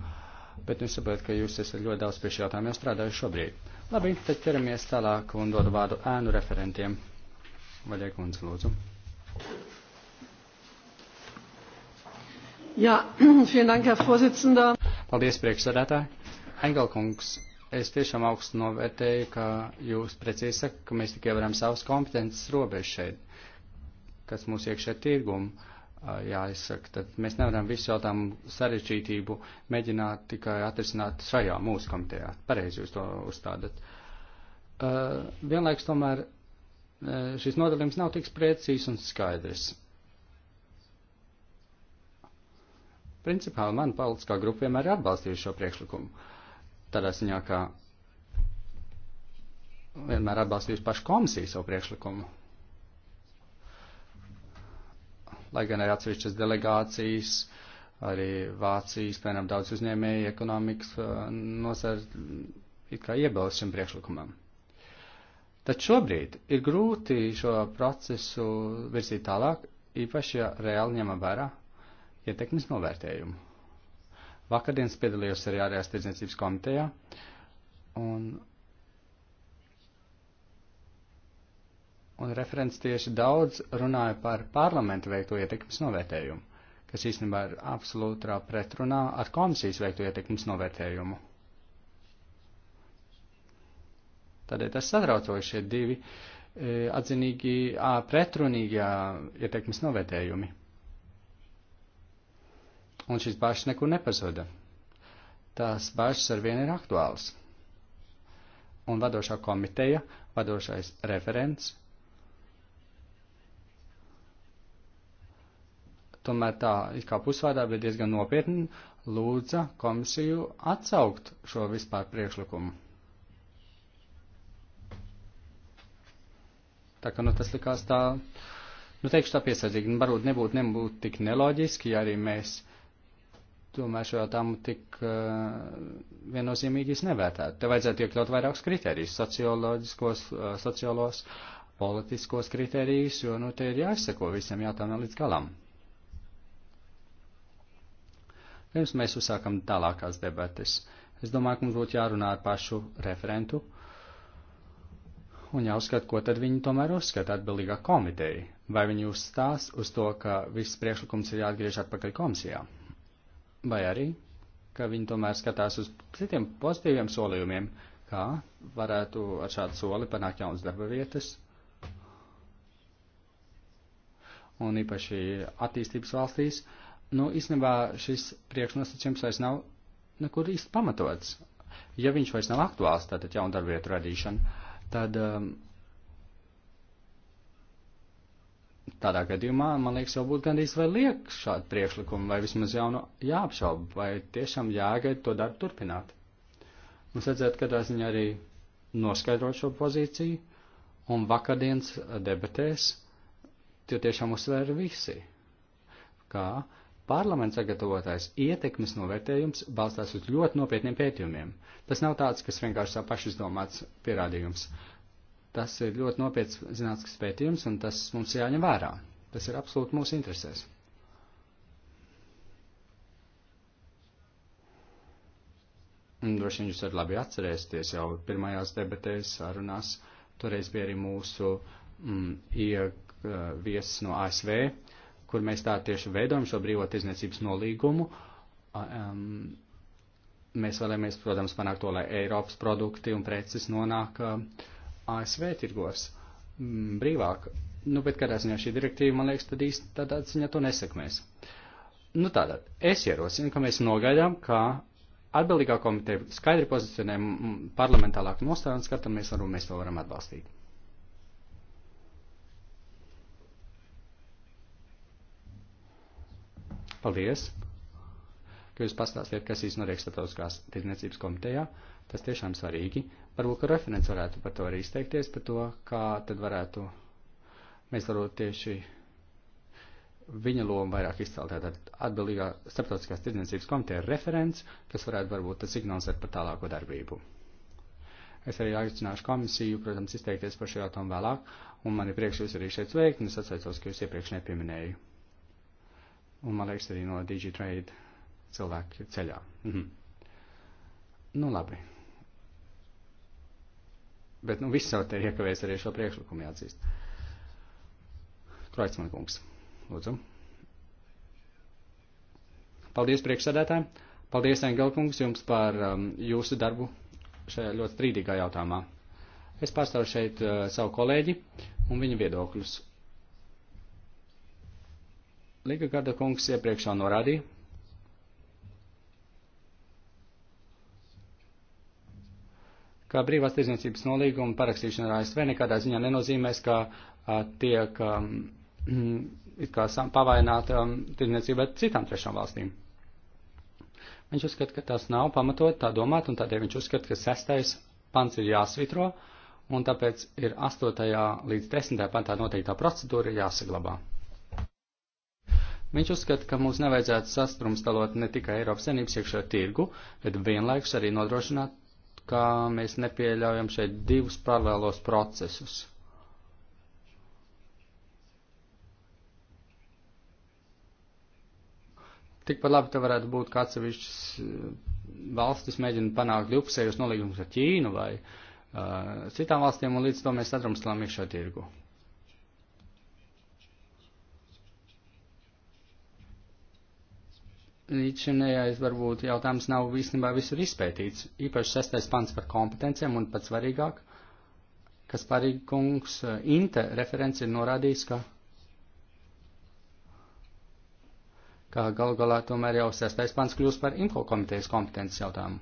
Bet es saprotu, ka jūs esat ļoti daudz pie šī jautājuma jau strādājuši šobrīd. Labi, tad ķeramies tālāk un dodu vārdu ēnu referentiem. Vaļai kundze, lūdzu. Jā, vielen dank, Herr Vorsitzender. Paldies, priekšsēdētāji. Engelkungs, es tiešām augstu novērtēju, ka jūs precīzi sakat, ka mēs tikai varam savas kompetences robežu šeit kas mūsu iekšē tirgumu jāizsaka. Tad mēs nevaram visu jautājumu sarežģītību mēģināt tikai atrisināt šajā mūsu komitejā. Pareizi jūs to uzstādat. Uh, vienlaiks tomēr šis nodalījums nav tik precīzs un skaidrs. Principāli man politiskā grupa vienmēr ir atbalstījusi šo priekšlikumu. Tādā ziņā, ka vienmēr atbalstījusi pašu komisiju savu priekšlikumu. lai gan ir atsevišķas delegācijas, arī Vācijas, piemēram, daudz uzņēmēji ekonomikas uh, nozara it kā iebilst šim priekšlikumam. Tad šobrīd ir grūti šo procesu virzīt tālāk, īpaši, ja reāli ņemam vērā ietekmes novērtējumu. Vakardienas piedalījos arī ārējās tirdzniecības komitejā, un un referents tieši daudz runāja par parlamentu veikto ietekmes novērtējumu, kas īstenībā ir absolūtā pretrunā ar komisijas veikto ietekmes novērtējumu. Tādēļ tas satraucoši šie divi e, atzinīgi ā, pretrunīgā ietekmes novērtējumi. Un šīs bažas nekur nepazuda. Tās bažas ar vienu ir aktuālas. Un vadošā komiteja, vadošais referents tomēr tā it kā pusvārdā, bet diezgan nopietni lūdza komisiju atsaukt šo vispār priekšlikumu. Tā kā nu, tas likās tā, nu teikšu tā piesardzīgi, nu, varbūt nebūtu nebūt tik neloģiski, ja arī mēs tomēr šo jautājumu tik uh, viennozīmīgi nevērtētu. Te vajadzētu iekļaut vairākus kritērijus, socioloģiskos, uh, sociālos, politiskos kritērijus, jo nu te ir jāizseko visam jautājumam līdz galam. Pirms mēs uzsākam tālākās debates, es domāju, ka mums būtu jārunā ar pašu referentu un jāuzskata, ko tad viņi tomēr uzskata atbildīgā komiteja. Vai viņi uzstās uz to, ka viss priekšlikums ir jāatgriež atpakaļ komisijā? Vai arī, ka viņi tomēr skatās uz citiem pozitīviem solījumiem, kā varētu ar šādu soli panākt jaunas darba vietas, un īpaši attīstības valstīs, uh, nu, īstenībā šis priekšnosacījums vairs nav nekur īsti pamatots. Ja viņš vairs nav aktuāls, tātad jaunu darbvietu radīšana, tad um, tādā gadījumā, man liekas, jau būtu gandrīz vai liek šādu priekšlikumu, vai vismaz jau nu jāapšauba, vai tiešām jāgaida to darbu turpināt. Mums vajadzētu katrā ziņā arī noskaidrot šo pozīciju, un vakardienas debatēs tie tiešām uzsvēra visi, kā Parlaments sagatavotais ietekmes novērtējums balstās uz ļoti nopietniem pētījumiem. Tas nav tāds, kas vienkārši tā pašizdomāts pierādījums. Tas ir ļoti nopietns zinātnisks pētījums, un tas mums jāņem vērā. Tas ir absolūti mūsu interesēs. Un droši vien jūs varat labi atcerēsties jau pirmajās debatēs, sarunās. Toreiz bija arī mūsu mm, ieviesis uh, no ASV, kur mēs tā tieši veidojam šo brīvo tirzniecības nolīgumu. Um, mēs vēlamies, protams, panākt to, lai Eiropas produkti un preces nonāk um, ASV tirgos um, brīvāk. Nu, bet kādā ziņā šī direktīva, man liekas, tad īsti tādā ziņā to nesekmēs. Nu, tādā, es ierosinu, ka mēs nogaidām, ka atbildīgā komiteja skaidri pozicionē parlamentālāku nostāju un skatāmies, varbūt mēs to varam atbalstīt. Paldies, ka jūs pastāstījāt, kas īsti notiek Startautiskās tirdzniecības komitejā. Tas tiešām svarīgi. Varbūt, ka referents varētu par to arī izteikties, par to, kā tad varētu mēs varbūt tieši viņa loma vairāk izcelt. Tātad atbildīgā starptautiskās tirdzniecības komiteja ir referents, kas varētu varbūt tad signalizēt par tālāko darbību. Es arī aicināšu komisiju, protams, izteikties par šo jautājumu vēlāk, un man ir prieks jūs arī šeit sveikt, un es atceros, ka jūs iepriekš nepieminēju un, man liekas, arī no DigiTrade cilvēki ceļā. Mhm. Nu, labi. Bet, nu, viss jau te ir iekavēs arī šo priekšlikumu jāatzīst. Kroicman kungs, lūdzu. Paldies priekšsēdētājiem. Paldies, Engelkungs, jums par um, jūsu darbu šajā ļoti strīdīgā jautājumā. Es pārstāvu šeit uh, savu kolēģi un viņa viedokļus. Līga gada kungs iepriekš jau norādīja. ka brīvās tirdzniecības nolīguma parakstīšana ar ASV nekādā ziņā nenozīmēs, ka a, tiek um, a, it kā pavaināta um, tirdzniecība ar citām trešām valstīm. Viņš uzskata, ka tas nav pamatot tā domāt, un tādēļ viņš uzskata, ka sestais pants ir jāsvitro, un tāpēc ir astotajā līdz desmitajā pantā noteiktā procedūra jāsaglabā. Viņš uzskata, ka mums nevajadzētu sastrumstalot ne tikai Eiropas Savienības iekšējo tirgu, bet vienlaikus arī nodrošināt, ka mēs nepieļaujam šeit divus paralēlos procesus. Tikpat labi te varētu būt, ka atsevišķas eh, valstis mēģina panākt divpusējos nolīgumus ar Ķīnu vai uh, citām valstīm, un līdz to mēs sadrumstalām iekšā tirgu. līdzinējais varbūt jautājums nav īstenībā visur izpētīts, īpaši sestais pants par kompetencijām un pats svarīgāk, kas parīgums eh, Inte referents ir norādījis, ka, ka gal galā tomēr jau sestais pants kļūst par info komitejas kompetences jautājumu.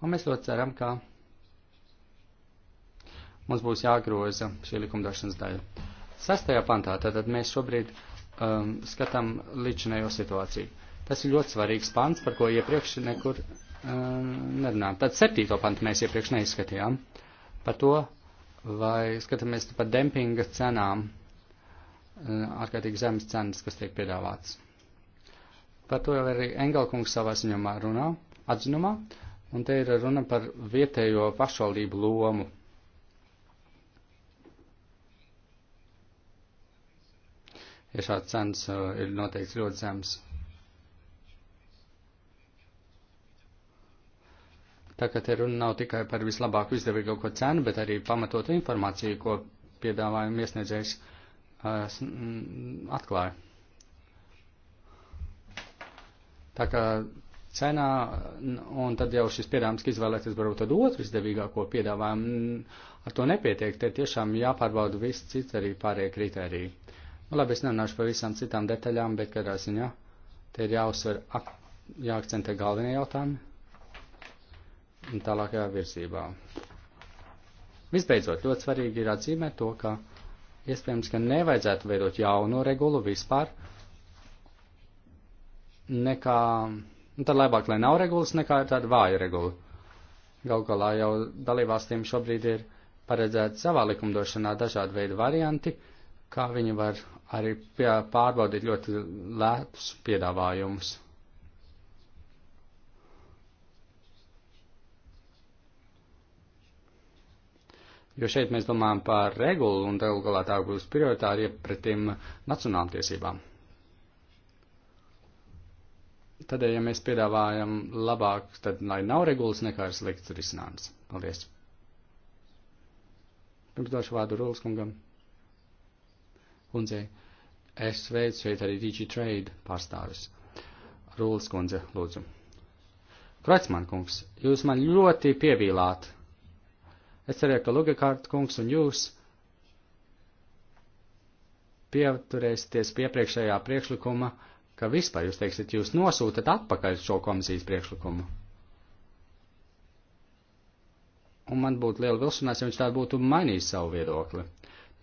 Un mēs ļoti ceram, ka mums būs jāgroza šī likumdošanas daļa. Sestajā pantā tātad mēs šobrīd um, skatām līdzinējo situāciju Tas ir ļoti svarīgs pants, par ko iepriekš nekur um, nerunājām. Tad septīto pantu mēs iepriekš neizskatījām. Par to, vai skatāmies par dempinga cenām, um, ārkārtīgi zemes cenas, kas tiek piedāvātas. Par to jau arī Engelkungs savā ziņumā runā, atzinumā, un te ir runa par vietējo pašvaldību lomu. Ja šāds cenas uh, ir noteikts ļoti zems, Tā kā te runa nav tikai par vislabāko izdevīgāko cenu, bet arī pamatotu informāciju, ko piedāvājuma iesniedzējs uh, mm, atklāja. Tā kā cenā, un tad jau šis piedāvājums, ka izvēlēties varbūt tad otru izdevīgāko piedāvājumu, ar to nepietiek, te tiešām jāpārbauda viss cits arī pārējie kriteriji. Nu, labi, es nerunāšu par visām citām detaļām, bet kādā ziņā te ir jāuzsver, jāakcentē galvenie jautājumi un tālākajā virzībā. Visbeidzot, ļoti svarīgi ir atzīmēt to, ka iespējams, ka nevajadzētu veidot jaunu regulu vispār, nekā, nu tad labāk, lai nav regulas, nekā ir tāda vāja regula. Galu galā jau dalībvalstīm šobrīd ir paredzēta savā likumdošanā dažādi veidi varianti, kā viņi var arī pie, pārbaudīt ļoti lētus piedāvājumus. Jo šeit mēs domājam par regulu un galu galā tā būs prioritāri pretim nacionālām tiesībām. Tādēļ, ja mēs piedāvājam labāk, tad lai nav regulas nekā ir slikts risinājums. Paldies. Pirms došu vārdu Rūlas kungam. Kundzei, es sveicu šeit arī DG Trade pārstāvis. Rūlas kundze, lūdzu. Kreutzmann kungs, jūs man ļoti pievīlāt Es cerēju, ka Lugakārt kungs un jūs pieturēsieties pie priekšējā priekšlikuma, ka vispār jūs teiksiet, jūs nosūtat atpakaļ šo komisijas priekšlikumu. Un man būtu liela vilšanās, ja viņš tā būtu mainījis savu viedokli.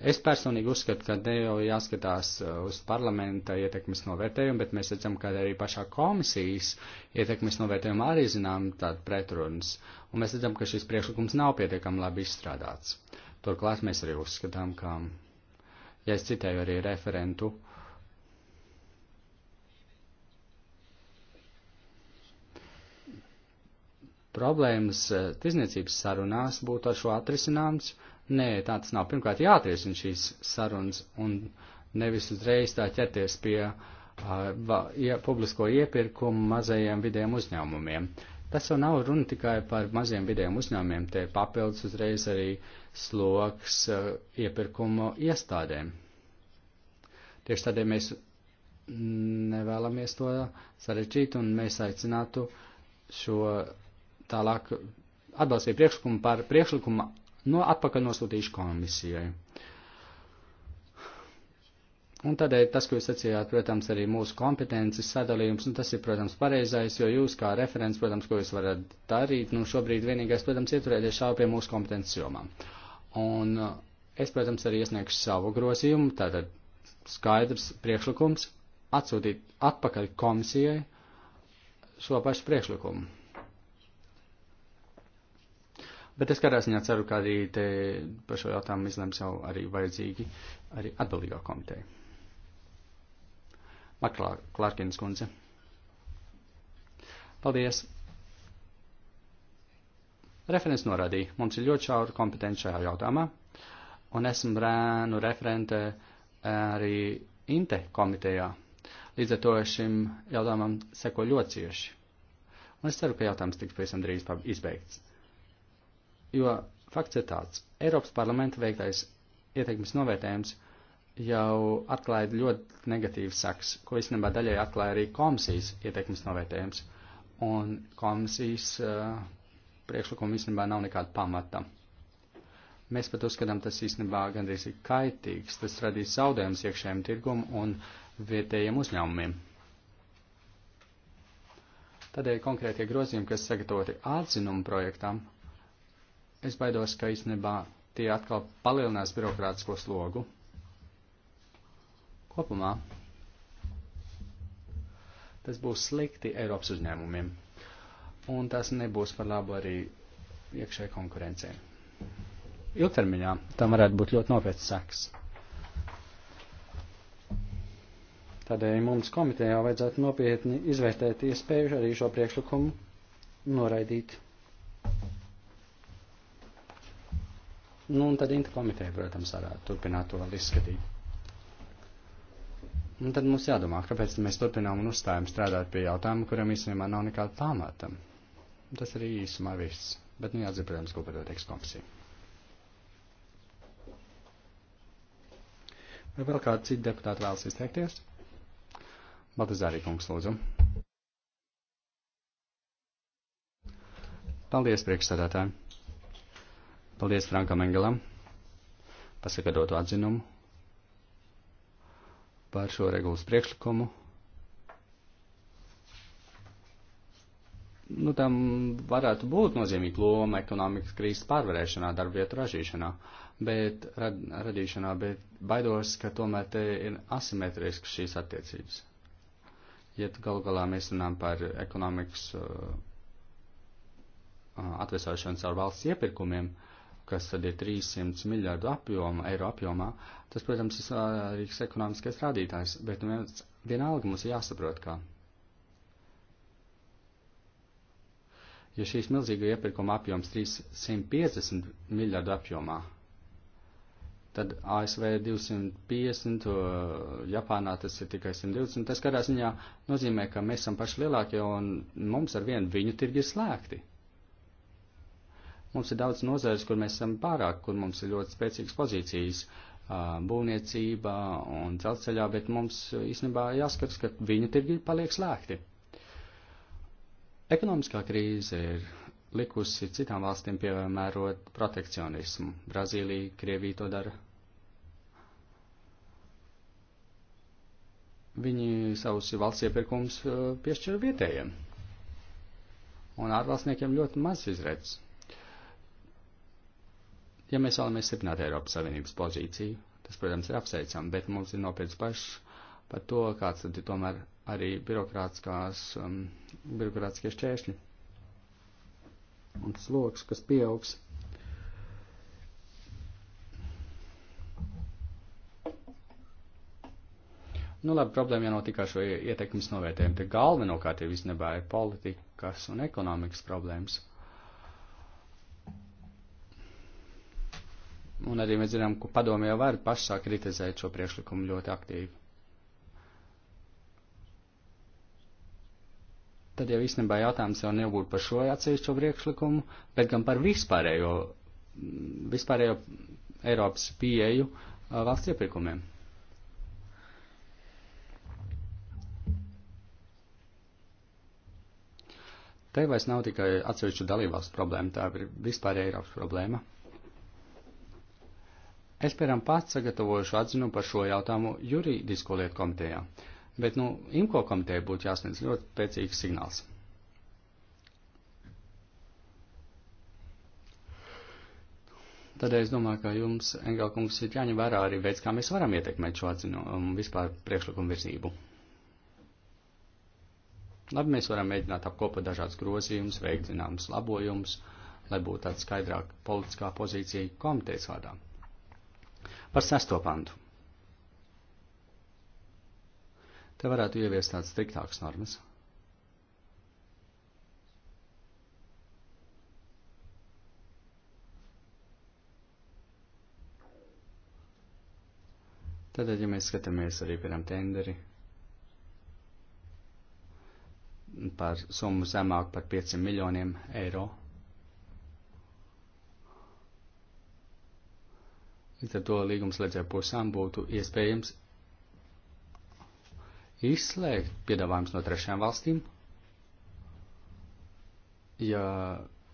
Es personīgi uzskatu, ka te jau jāskatās uh, uz parlamenta ietekmes novērtējumu, bet mēs redzam, ka arī pašā komisijas ietekmes novērtējumā arī zinām tādu pretrunas, un mēs redzam, ka šis priekšlikums nav pietiekami labi izstrādāts. Turklāt mēs arī uzskatām, ka, ja es citēju arī referentu, problēmas uh, tizniecības sarunās būtu ar šo atrisināms, uh, Nē, tā tas nav. Pirmkārt, jāatrisina šīs sarunas un nevis uzreiz tā ķerties pie uh, ie, publisko iepirkumu mazajiem vidiem uzņēmumiem. Tas jau nav runa tikai par maziem vidiem uzņēmumiem, te papildus uzreiz arī sloks uh, iepirkumu iestādēm. Tieši tādēļ mēs nevēlamies to sarežģīt un mēs aicinātu šo tālāk atbalstīt priekšlikumu par priekšlikuma no nu, atpakaļ nosūtīšu komisijai. Un tādēļ tas, ko jūs sacījāt, protams, arī mūsu kompetences sadalījums, un tas ir, protams, pareizais, jo jūs kā referents, protams, ko jūs varat darīt, nu šobrīd vienīgais, protams, ieturēties šā pie mūsu kompetences jomām. Un uh, es, protams, arī iesniegšu savu grozījumu, tātad skaidrs priekšlikums atsūtīt atpakaļ komisijai šo pašu priekšlikumu. Bet es kādā ziņā ceru, ka arī te par šo jautājumu izlems jau arī vajadzīgi arī atbildīgā komiteja. Maklā Klārkins kundze. Paldies! Referents norādīja, mums ir ļoti šaura kompetence šajā jautājumā, un esmu brēnu referente arī INTE komitejā. Līdz ar to šim jautājumam seko ļoti cieši. Un es ceru, ka jautājums tiks pavisam drīz izbeigts. Jo fakts ir tāds, Eiropas parlamenta veiktais ieteikums novērtējums jau atklāja ļoti negatīvas saks, ko īstenībā daļai atklāja arī komisijas ieteikums novērtējums. Un komisijas uh, priekšlikuma īstenībā nav nekāda pamata. Mēs pat uzskatām, tas īstenībā gandrīz ir kaitīgs, tas radīs zaudējumus iekšējiem tirgum un vietējiem uzņēmumiem. Tādēļ konkrētie grozījumi, kas sagatavoti atzinumu projektam, es baidos, ka īstenībā tie atkal palielinās birokrātisko slogu. Kopumā tas būs slikti Eiropas uzņēmumiem, un tas nebūs par labu arī iekšē konkurencei. Ilgtermiņā tam varētu būt ļoti nopietns seks. Tādēļ mums komitejā vajadzētu nopietni izvērtēt iespēju arī šo priekšlikumu noraidīt Nu, un tad Inta komiteja, protams, varētu turpināt to vēl izskatīt. Un tad mums jādomā, kāpēc mēs turpinām un uzstājam strādāt pie jautājuma, kuram īstenībā nav nekāda pamata. Tas arī īsumā viss. Bet, nu, jāatzīst, protams, ko padod ekskomsija. Vai vēl kāds cits deputāti vēlas izteikties? Baltazārī kungs, lūdzu. Paldies, priekšsādātāji. Paldies Frankam Engelam par sagatavotu atzinumu par šo regulas priekšlikumu. Nu, tam varētu būt nozīmīga loma ekonomikas krīzes pārvarēšanā, darbvietu ražīšanā, bet, rad, radīšanā, bet baidos, ka tomēr te ir asimetrisks šīs attiecības. Ja galu galā mēs runājam par ekonomikas uh, uh atvesošanos ar valsts iepirkumiem, uh, kas tad ir 300 miljardu apjoma, eiro apjomā, tas, protams, ir svarīgs ekonomiskais rādītājs, bet viens, vienalga mums jāsaprot, kā. Ja šīs milzīga iepirkuma apjoms 350 miljardu apjomā, tad ASV 250, Japānā tas ir tikai 120, tas kādā ziņā nozīmē, ka mēs esam paši lielākie un mums ar vienu viņu tirgi ir slēgti. Mums ir daudz nozares, kur mēs esam pārāk, kur mums ir ļoti spēcīgas pozīcijas būvniecībā un dzelzceļā, bet mums īstenībā jāskatās, ka viņu tirgi paliek slēgti. Ekonomiskā krīze ir likusi citām valstīm piemērot protekcionismu. Brazīlija, Krievija to dara. Viņi savus valsts iepirkumus piešķir vietējiem. Un ārvalstniekiem ļoti maz izredzes. Ja mēs vēlamies stiprināt Eiropas Savienības pozīciju, tas, protams, ir apsveicami, bet mums ir nopietns bažas par to, kāds tad ir tomēr arī birokrātiskās, um, birokrātiskie šķēršļi un sloks, kas pieaugs. Nu, labi, problēma jau nav tikai šo ietekmes novērtējumu, te galvenokārt ir visnebēr politikas un ekonomikas problēmas. Un arī mēs zinām, ka padomē jau var pašā kritizēt šo priekšlikumu ļoti aktīvi. Tad jau īstenībā jautājums jau nebūtu par šo atsevišķo priekšlikumu, bet gan par vispārējo, vispārējo Eiropas pieeju uh, valsts iepirkumiem. Te vairs nav tikai atsevišķu dalībvalstu problēma, tā ir vispār Eiropas problēma. Es, piemēram, pats sagatavojušu atzinu par šo jautājumu juridisko lietu komitejā, bet, nu, IMKO komitejai būtu jāsniedz ļoti spēcīgs signāls. Tādēļ es domāju, ka jums, Engelkungs, ir jāņem vērā arī veids, kā mēs varam ietekmēt šo atzinu un vispār priekšlikumu virzību. Labi, mēs varam mēģināt apkopot dažādas grozījumus, veikt zināmas labojumus, lai būtu tāda skaidrāka politiskā pozīcija komitejas vārdā. Par sesto pantu. Te varētu ieviest tādas striktākas normas. Tad, ja mēs skatāmies arī, piemēram, tenderi par summu zemāku par 5 miljoniem eiro, Līdz ar to līgumslēdzēju pusām būtu iespējams izslēgt piedāvājums no trešajām valstīm, ja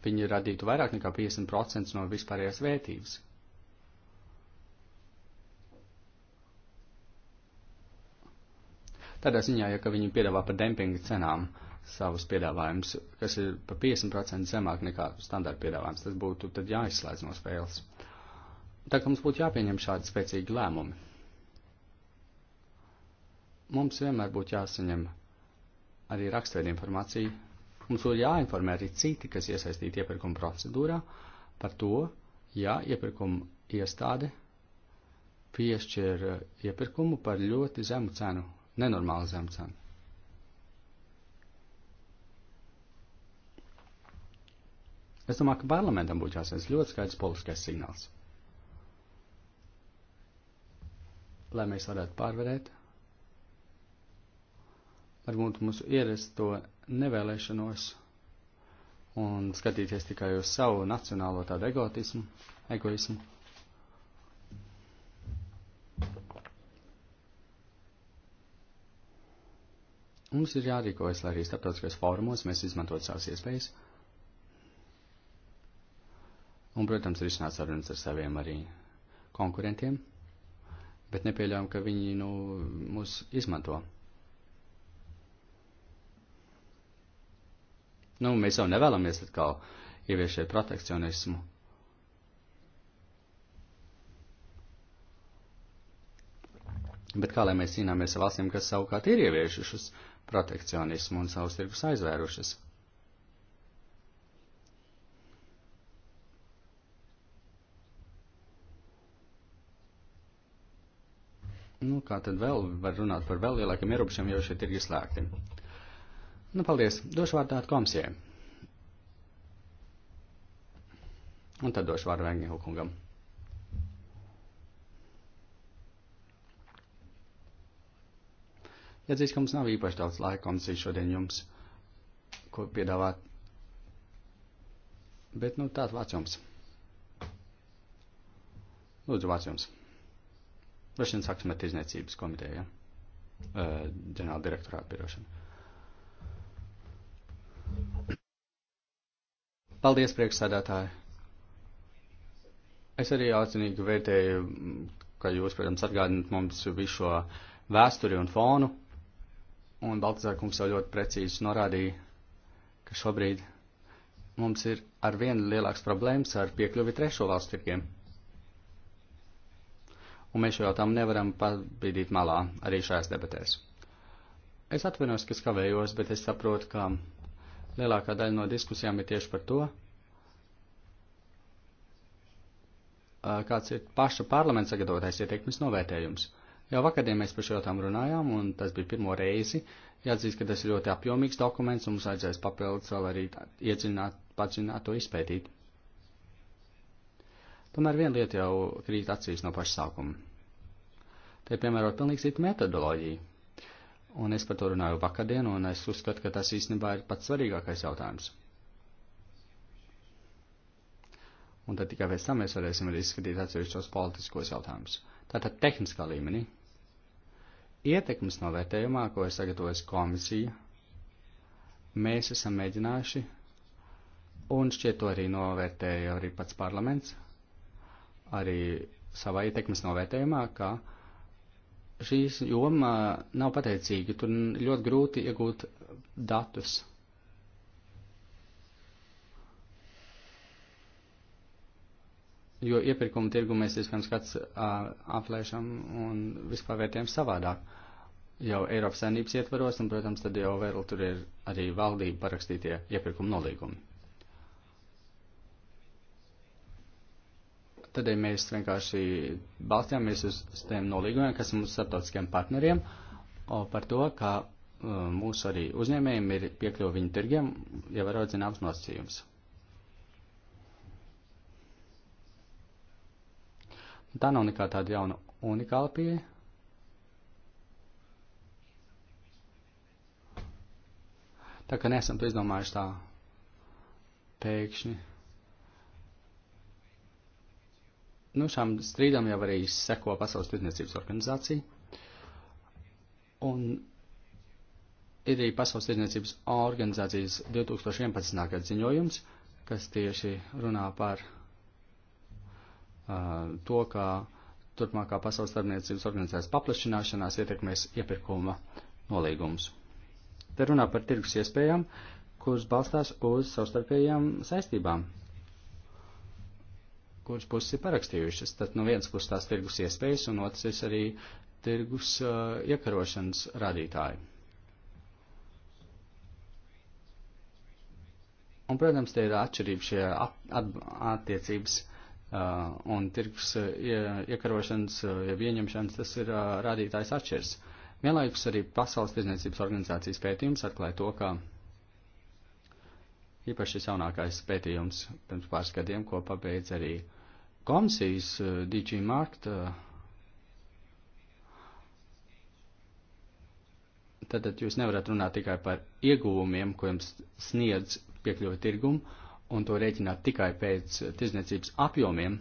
viņi radītu vairāk nekā 50% no vispārējās vērtības. Tādā ziņā, ja viņi piedāvā par dempinga cenām savus piedāvājumus, kas ir par 50% zemāk nekā standarta piedāvājums, tas būtu tad jāizslēdz no spēles. Tā kā mums būtu jāpieņem šādi spēcīgi lēmumi. Mums vienmēr būtu jāsaņem arī rakstveida informācija. Mums būtu jāinformē arī citi, kas iesaistīti iepirkuma procedūrā par to, ja iepirkuma iestāde piešķir iepirkumu par ļoti zemu cenu, nenormāli zemu cenu. Es domāju, ka parlamentam būtu jāsniedz ļoti skaidrs politiskais signāls. lai mēs varētu pārvarēt varbūt mūsu ierasto nevēlēšanos un skatīties tikai uz savu nacionālo tādu egotismu, egoismu. Mums ir jārīkojas, lai arī starptautiskajos fórumos mēs izmantot savas iespējas. Un, protams, risināt sarunas ar saviem arī konkurentiem bet nepieļaujam, ka viņi nu, mūs izmanto. Nu, mēs jau nevēlamies atkal ieviešēt protekcionismu. Bet kā lai mēs cīnāmies ar valstīm, kas savukārt ir ieviešušas protekcionismu un savus tirgus aizvērušas? Nu, kā tad vēl var runāt par vēl lielākiem ierobežiem, jo šie tirgi slēgti? Nu, paldies. Došu vārdu tātad komisijai. Un tad došu vārdu Vēngiņu kungam. Jāatzīst, ka mums nav īpaši daudz laika komisija šodien jums, ko piedāvāt. Bet, nu, tāds vārds jums. Lūdzu, vārds jums. Droši vien sāksim ar tirzniecības komiteju, ja? ģenerāla direktorāta birošanu. Paldies, priekšsēdētāji! Es arī atzinīgi vērtēju, ka jūs, protams, atgādinat mums visu šo vēsturi un fonu, un Baltazāra kungs jau ļoti precīzi norādīja, ka šobrīd mums ir ar vienu lielāks problēmas ar piekļuvi trešo valstu tirgiem un mēs šo jautājumu nevaram pabīdīt malā arī šajās debatēs. Es atvainojos, ka skavējos, bet es saprotu, ka lielākā daļa no diskusijām ir tieši par to, kāds ir paša parlamenta sagatavotais ieteikums novērtējums. Jau vakardien mēs par šo jautājumu runājām, un tas bija pirmo reizi. Jāatzīst, ka tas ir ļoti apjomīgs dokuments, un mums vajadzēs papildus vēl arī iedzināt, padzināt to izpētīt. Tomēr viena lieta jau krīt acīs no paša sākuma. Te piemērot pilnīgi citu metodoloģiju. Un es par to runāju vakardien, un es uzskatu, ka tas īstenībā ir pats svarīgākais jautājums. Un tad tikai pēc tam mēs varēsim arī izskatīt atsevišķos politiskos jautājumus. Tātad tehniskā līmenī. Ietekmes novērtējumā, ko ir sagatavojis komisija, mēs esam mēģinājuši, un šķiet to arī novērtēja arī pats parlaments, arī savā ietekmes novērtējumā, ka šīs joma nav pateicīga, tur ļoti grūti iegūt datus. Jo iepirkuma tirgu mēs diezgan skats aplēšam un vispār vērtējam savādāk. Jau Eiropas saimnības ietvaros, un, protams, tad jau vēl tur ir arī valdība parakstītie iepirkuma nolīgumi. Tādēļ mēs vienkārši balstījāmies uz tiem nolīgumiem, kas mums starptautiskiem partneriem, par to, ka mūsu arī uzņēmējiem ir piekļuva viņu tirgiem, ievērot zināms nosacījums. Tā nav nekā tāda jauna unikāla pieeja. Tā kā nesam to izdomājuši tā pēkšņi. Nu, šām strīdām jau arī seko Pasaules tirdzniecības organizācija. Un ir arī Pasaules tirdzniecības organizācijas 2011. gada ziņojums, kas tieši runā par uh, to, ka turpmākā Pasaules tirdzniecības organizācijas paplašināšanās ietekmēs iepirkuma nolīgumus. Te runā par tirgus iespējām, kuras balstās uz savstarpējām saistībām kuras puses ir parakstījušas. Tad no nu, vienas puses tās tirgus iespējas, un otrs ir arī tirgus uh, iekarošanas radītāji. Un, protams, te ir atšķirība šie attiecības uh, un tirgus uh, iekarošanas, uh, ieņemšanas, tas ir uh, rādītājs atšķirs. Vienlaikus arī Pasaules tirdzniecības organizācijas pētījums atklāja to, ka īpaši šis jaunākais pētījums pirms pāris gadiem, ko pabeidz arī uh, komisijas eh, DG Markt. Tātad eh, jūs nevarat runāt tikai par ieguvumiem, ko jums sniedz piekļuvi tirgumu, un to rēķināt tikai pēc tirdzniecības apjomiem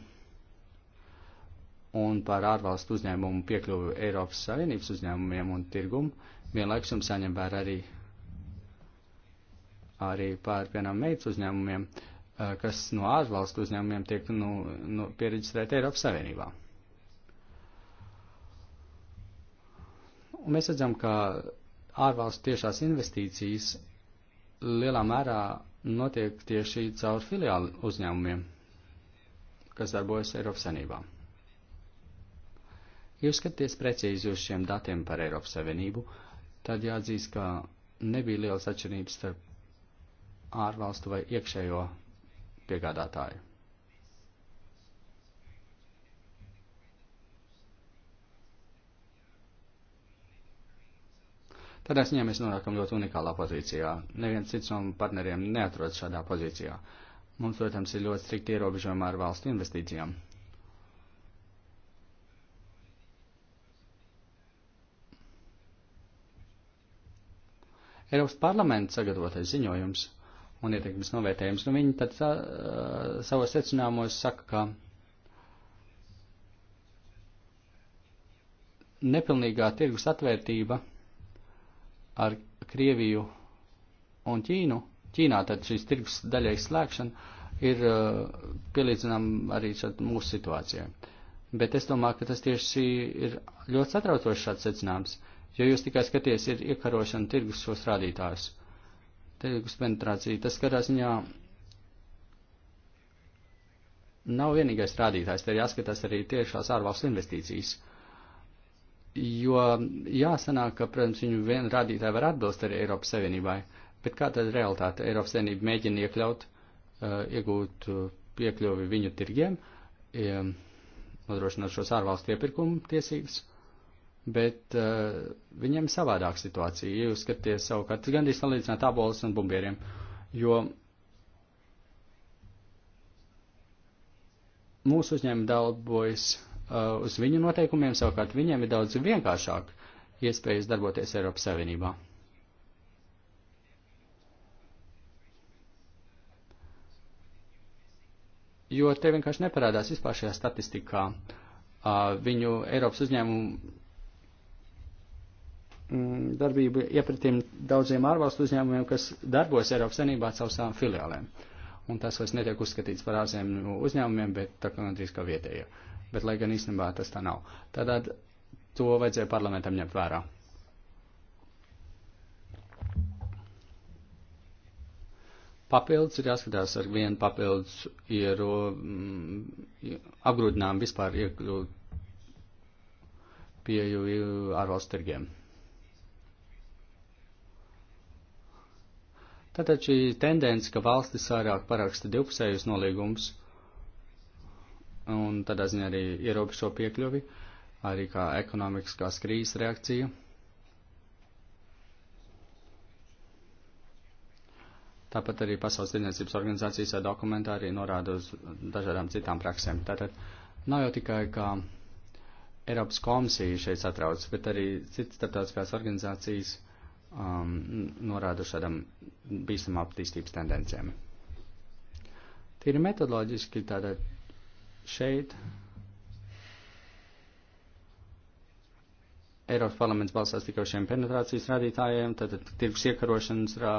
un par ārvalstu uzņēmumu piekļuvu Eiropas Savienības uzņēmumiem un tirgumu. Vienlaikus jums saņem vērā arī, arī par, piemēram, meitas uzņēmumiem. Uh, Eh, kas no ārvalstu uzņēmumiem tiek nu, nu, pieregistrēti Eiropas Savienībā. Un mēs redzam, ka ārvalstu tiešās investīcijas lielā mērā notiek tieši caur filiālu uzņēmumiem, kas darbojas Eiropas Savienībā. Ja skaties precīzi uz šiem datiem par Eiropas Savienību, tad jāatzīst, ka nebija liels atšķirības starp ārvalstu vai iekšējo piegādātāju. Tādā ziņā mēs nonākam ļoti unikālā pozīcijā. Neviens cits no partneriem neatrodas šādā pozīcijā. Mums, protams, ir ļoti strikti ierobežojumi ar valstu investīcijām. Eiropas parlamenta sagatavotais ziņojums un ietekmes novērtējums. Nu, viņi tad uh, savos secinājumos saka, ka nepilnīgā tirgus atvērtība ar Krieviju un Ķīnu, Ķīnā tad šīs tirgus daļai slēgšana, ir uh, pielīdzinām arī mūsu situācijai. Bet es domāju, ka tas tieši ir ļoti satraucošs šāds secinājums, jo jūs tikai skaties, ir iekarošana tirgus šos rādītājus. Uh, tirgus penetrācija. Tas kādā ziņā nav vienīgais rādītājs, te ir jāskatās arī tiešās ārvalstu investīcijas. Jo jāsanāk, ka, protams, viņu vien rādītāji var atbilst arī Eiropas Savienībai, bet kā tad realitāte Eiropas Savienība mēģina iekļaut, uh, iegūt uh, piekļuvi viņu tirgiem, um, nodrošināt šos ārvalstu iepirkumu tiesības? bet uh, viņiem savādāk situācija. Ja jūs skaties savukārt gandrīz salīdzināt abolis un bumbieriem, jo mūsu uzņēmumi darbojas uh, uz viņu noteikumiem, savukārt viņiem ir daudz vienkāršāk iespējas darboties Eiropas Savienībā. Jo te vienkārši neparādās vispār šajā statistikā uh, viņu Eiropas uzņēmumu Mm, darbību iepratīm daudziem ārvalstu uzņēmumiem, kas darbos Eiropas Savienībā caur savām filiālēm. Un tas vairs netiek uzskatīts par ārzemju uzņēmumiem, bet tā kā drīz kā vietējie. Bet, lai gan īstenībā tas tā nav. Tātad to vajadzēja parlamentam ņemt vērā. Papildus ir jāskatās ar vienu papildus ir mm, apgrūdinājumu vispār iekļūt pieju ārvalstu tirgiem. Tātad šī tendence, ka valstis vairāk paraksta divpusējus nolīgumus un tādā ziņā arī ierobežo piekļuvi, arī kā ekonomiskās krīzes reakcija. Tāpat arī Pasaules tirdzniecības organizācijas dokumentā arī norāda uz dažādām citām praksēm. Tātad nav jau tikai, ka Eiropas komisija šeit satrauc, bet arī citas starptautiskās organizācijas um, norāda šādam bīstam attīstības tendencēm. Tīri metodoloģiski tātad šeit Eiropas parlaments balstās tikai uz šiem penetrācijas rādītājiem, tad tirgus iekarošanas rā,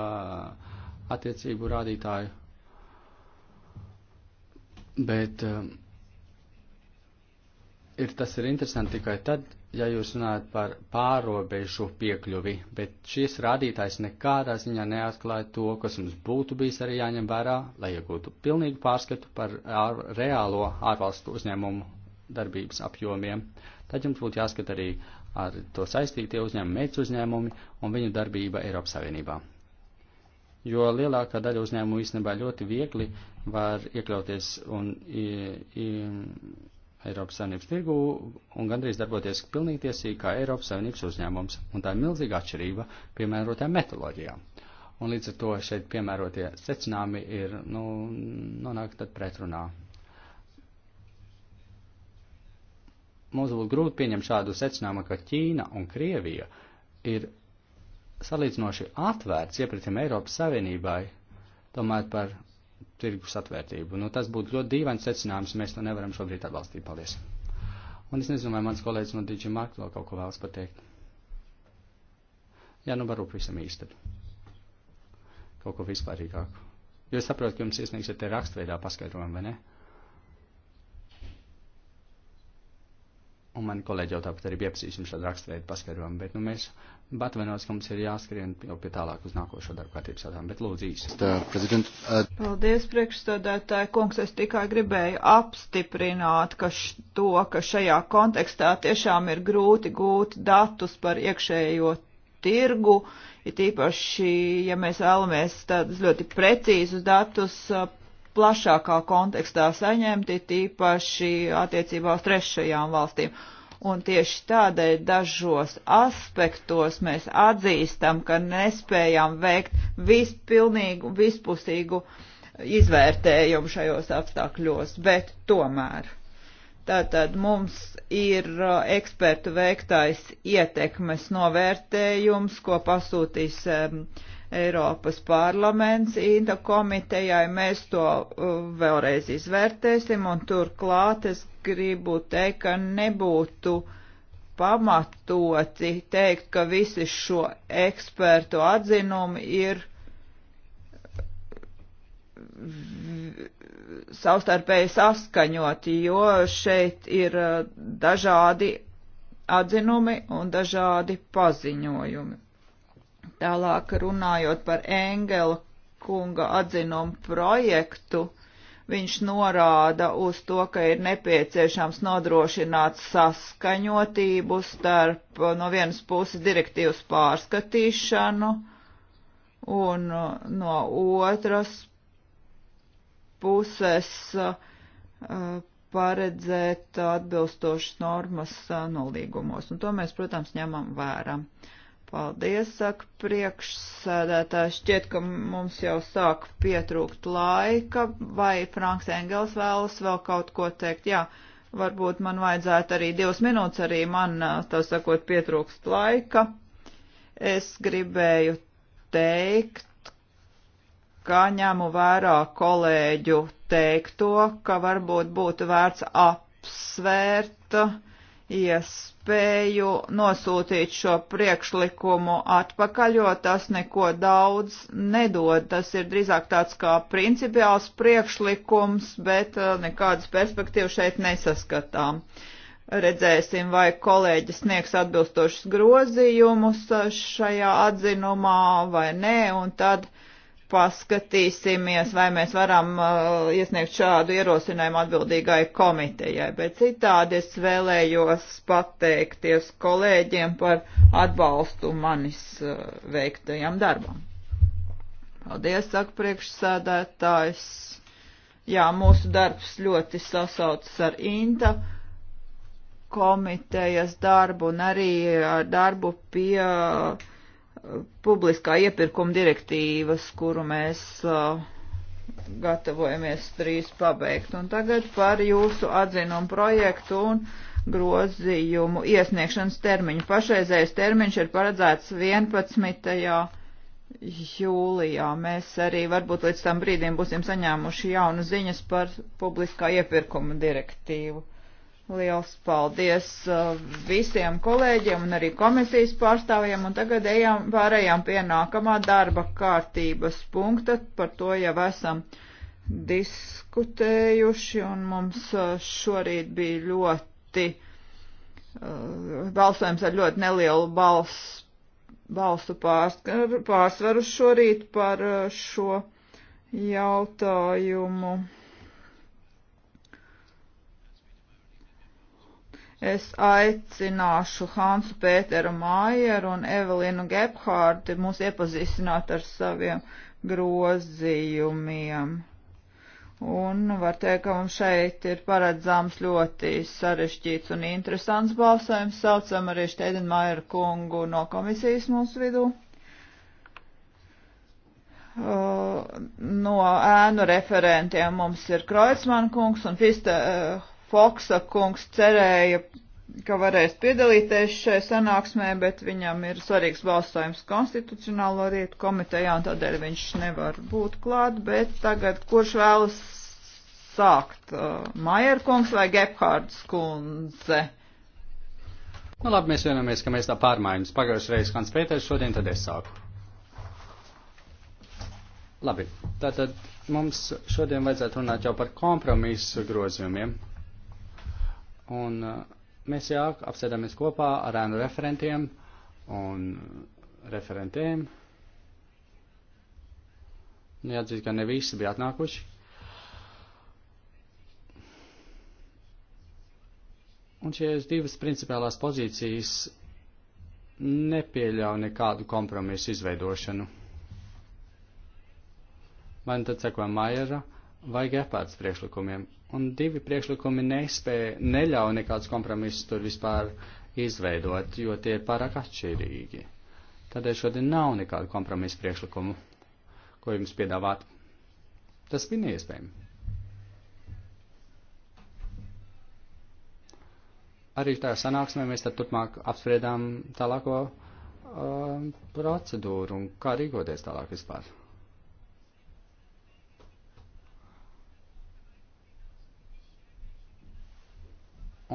attiecību rādītāju. Bet um, ir, tas ir interesanti tikai tad, ja jūs runājat par pārobežu piekļuvi, bet šis rādītājs nekādā ziņā neatklāja to, kas mums būtu bijis arī jāņem vērā, lai iegūtu pilnīgu pārskatu par ār, reālo ārvalstu uzņēmumu darbības apjomiem. Tad jums būtu jāskat arī ar to saistītie uzņēmumi, meitas uzņēmumi un viņu darbība Eiropas Savienībā. Jo lielākā daļa uzņēmumu īstenībā ļoti viegli var iekļauties un. I, i, Eiropas Savienības tirgu un gandrīz darboties pilnīgtiesīgi kā Eiropas Savienības uzņēmums, un tā ir milzīga atšķirība piemērotām metoloģijām. Un līdz ar to šeit piemērotie secinājumi ir, nu, nonāk tad pretrunā. Mums būtu grūti pieņemt šādu secinājumu, ka Ķīna un Krievija ir salīdzinoši atvērts iepratiem Eiropas Savienībai, tomēr par tirgus atvērtību. Nu, tas būtu ļoti dīvains secinājums, mēs to nevaram šobrīd atbalstīt. Paldies! Un es nezinu, vai mans kolēģis no Digi Mark vēl kaut ko vēlas pateikt. Jā, nu varu pavisam īsti. Kaut ko vispārīgāku. Jo es saprotu, ka jums iesniegsiet te rakstveidā paskaidrojumu, vai ne? Un man kolēģi jau tāpat arī pieprasīs jums šādu rakstveidu paskaidrojumu, bet nu mēs Bet vienos, ka mums ir jāskrien jau pie tālāk uz nākošo darbu kārtības jautājumu, bet lūdzu īsi. Uh, Paldies, priekšstādātāji kungs, es tikai gribēju apstiprināt, ka š, to, ka šajā kontekstā tiešām ir grūti gūt datus par iekšējo tirgu, ir tīpaši, ja mēs vēlamies tādus ļoti precīzus datus uh, plašākā kontekstā saņemt, ir tīpaši attiecībā uz trešajām valstīm Un tieši tādēļ dažos aspektos mēs atzīstam, ka nespējām veikt vispilnīgu, vispusīgu izvērtējumu šajos apstākļos, bet tomēr. Tātad mums ir uh, ekspertu veiktais ietekmes novērtējums, ko pasūtīs um, Eiropas parlaments Inta komitejai. Mēs to uh, vēlreiz izvērtēsim un turklāt es gribu teikt, ka nebūtu pamatoti teikt, ka visi šo ekspertu atzinumi ir savstarpēji saskaņoti, jo šeit ir uh, dažādi atzinumi un dažādi paziņojumi. Tālāk runājot par Engela kunga atzinumu projektu, viņš norāda uz to, ka ir nepieciešams nodrošināt saskaņotību starp no vienas puses direktīvas pārskatīšanu un no otras puses paredzēt atbilstošas normas nolīgumos. Un to mēs, protams, ņemam vērā. Uh, Paldies, saka priekšsēdētājs. Šķiet, ka mums jau sāk pietrūkt laika, vai Franks Engels vēlas vēl kaut ko teikt. Jā, varbūt man vajadzētu arī divas minūtes, arī man, tā sakot, pietrūkst laika. Es gribēju teikt, kā ņemu vērā kolēģu teikto, ka varbūt būtu vērts apsvērt iespēju nosūtīt šo priekšlikumu atpakaļ, jo tas neko daudz nedod. Tas ir drīzāk tāds kā principiāls priekšlikums, bet uh, nekādas perspektīvas šeit nesaskatām. Redzēsim, vai kolēģis sniegs atbilstošus grozījumus uh, šajā atzinumā vai nē, un tad uh, paskatīsimies, vai mēs varam uh, iesniegt šādu ierosinājumu atbildīgai komitejai, bet citādi es vēlējos pateikties kolēģiem par atbalstu manis uh, veiktajam darbam. Paldies, saka priekšsēdētājs. Jā, mūsu darbs ļoti sasaucas ar Inta komitejas darbu un arī ar darbu pie uh, publiskā iepirkuma direktīvas, kuru mēs uh, gatavojamies drīz pabeigt. Un tagad par jūsu atzinumu projektu un grozījumu iesniegšanas termiņu. Pašreizējais termiņš ir paredzēts 11. jūlijā. Mēs arī varbūt līdz tam brīdim būsim saņēmuši jaunu ziņas par publiskā iepirkuma direktīvu. Liels paldies uh, visiem kolēģiem un arī komisijas pārstāvjiem. Un tagad ejam, pārējām pie nākamā darba kārtības punkta. Par to jau esam diskutējuši un mums uh, šorīt bija ļoti uh, balsojums ar ļoti nelielu balsu, balsu pārsvaru šorīt par šo jautājumu. Es aicināšu Hansu Pēteru Mājeru un Evelinu Gebhārdi mūs iepazīstināt ar saviem grozījumiem. Un var teikt, ka mums šeit ir paredzams ļoti sarežģīts un interesants balsojums. Saucam arī Šteidenmaieru kungu no komisijas mūsu vidū. Uh, no ēnu referentiem mums ir Kreutzmann kungs un Fista uh, Foksa kungs cerēja, ka varēs piedalīties šajā sanāksmē, bet viņam ir svarīgs balsojums konstitucionālo rietu komitejā, un tādēļ viņš nevar būt klāt, bet tagad kurš vēlas sākt? Uh, Maier kungs vai Gebhards kundze? Nu labi, mēs vienojamies, ka mēs tā pārmaiņas. Pagājušajā reizē Hans Pēters, šodien tad es sāku. Labi, tātad mums šodien vajadzētu runāt jau par kompromisu grozījumiem. Un uh, mēs jā, apsēdamies kopā ar ēnu referentiem un referentēm. Jāatzīst, ka ne visi bija atnākuši. Un šīs divas principālās pozīcijas nepieļauj nekādu kompromisu izveidošanu. Man nu tad sekoja Maira vajag apēc priekšlikumiem, un divi priekšlikumi nespēja, neļauj nekādus kompromisus tur vispār izveidot, jo tie ir pārāk atšķirīgi. Tādēļ šodien nav nekādu kompromisu priekšlikumu, ko jums piedāvāt. Tas bija neiespējami. Arī tajā sanāksmē mēs tad turpmāk apspriedām tālāko uh, procedūru un kā rīkoties tālāk vispār.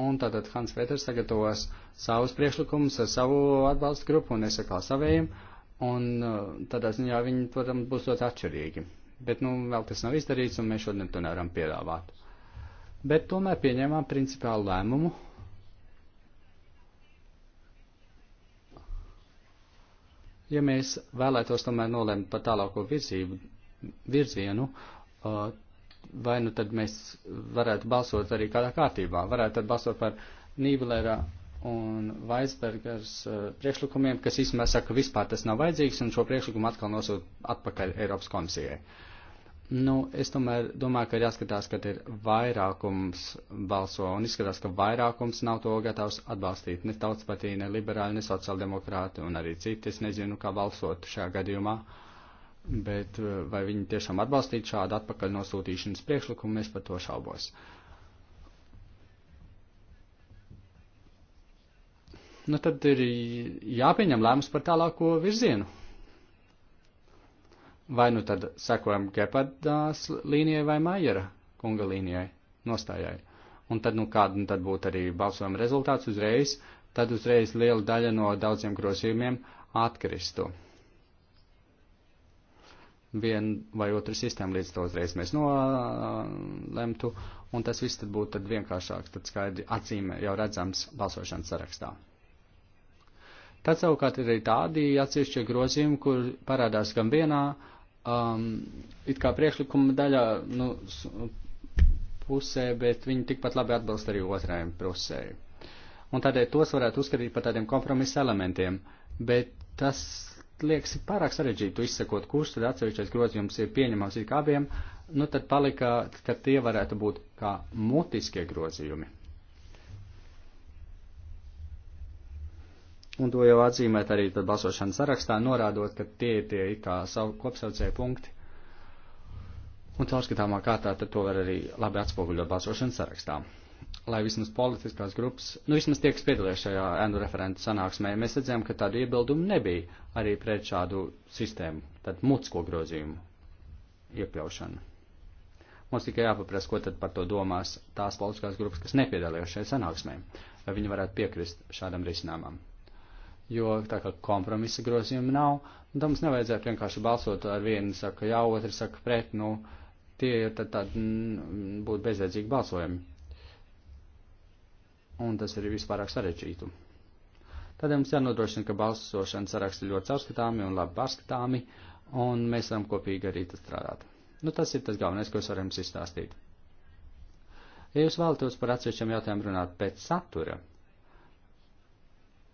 Un tātad Hans Veters sagatavos savus priekšlikumus ar savu atbalstu grupu un es atkal savējiem. Un uh, tādā ziņā viņi, protams, būs ļoti atšķirīgi. Bet, nu, vēl tas nav izdarīts un mēs šodien to nevaram piedāvāt. Bet tomēr pieņēmām principālu lēmumu ja mēs vēlētos tomēr nolemt par tālāko virzību, virzienu, uh, vai nu tad mēs varētu balsot arī kādā kārtībā, varētu tad balsot par Nībelera un Vaisbergers eh, priekšlikumiem, kas īstenībā saka, ka vispār tas nav vajadzīgs un šo priekšlikumu atkal nosūt atpakaļ Eiropas komisijai. Nu, es tomēr domāju, ka ir jāskatās, ka ir vairākums balso un izskatās, ka vairākums nav to gatavs atbalstīt. Ne tautspatīja, ne liberāļi, ne sociāldemokrāti un arī citi. Es nezinu, kā balsot šajā gadījumā. Uh, bet eh, vai viņi tiešām atbalstītu šādu atpakaļ nosūtīšanas priekšlikumu, es par to šaubos. Nu, tad ir jāpieņem lēmums par tālāko virzienu. Vai nu tad sekojam Gepardās līnijai vai Maiera kunga līnijai nostājai. Un tad, nu, kāda nu, tad būtu arī balsojuma rezultāts uzreiz, tad uzreiz liela daļa no daudziem grozījumiem atkristu vien vai otru sistēmu, līdz to uzreiz mēs nolemtu, un tas viss tad būtu tad vienkāršāks, tad skaidri acīm jau redzams balsošanas sarakstā. Tad savukārt ir arī tādi atsevišķie grozījumi, kur parādās gan vienā, um, it kā priekšlikuma daļā, nu, pusē, bet viņi tikpat labi atbalsta arī otrajam pusē. Un tādēļ tos varētu uzskatīt par tādiem kompromisa elementiem, bet tas liekas pārāk sarežģīti izsekot, kurš tad atsevišķais grozījums ir pieņemams ik abiem, nu tad palika, ka tie varētu būt kā mutiskie grozījumi. Un to jau atzīmēt arī tad balsošanas sarakstā, norādot, ka tie ir tie kā savu kopsaucēju punkti. Un caurskatāmā kārtā tad to var arī labi atspoguļot balsošanas sarakstā lai vismaz politiskās grupas, nu vismaz tie, kas piedalījās šajā ēnu referentu sanāksmē, mēs redzējām, ka tādu iebildumu nebija arī pret šādu sistēmu, tad mutisko grozījumu iekļaušanu. Mums tikai jāpaprast, ko tad par to domās tās politiskās grupas, kas nepiedalījās šajā sanāksmē, vai viņi varētu piekrist šādam risinājumam. Jo tā kā kompromisa grozījuma nav, tad mums nevajadzētu vienkārši balsot ar vienu saka jā, otru saka pret, nu tie ir tad, tad mm, būtu bezvērdzīgi balsojumi un tas ir vispārāk sarežģītu. Tad mums jānodrošina, ka balsošanas saraksti ļoti caurskatāmi un labi pārskatāmi, un mēs varam kopīgi arī strādāt. Nu, tas ir tas galvenais, ko es varu jums izstāstīt. Ja jūs vēlaties par atsevišķiem jautājumiem runāt pēc satura,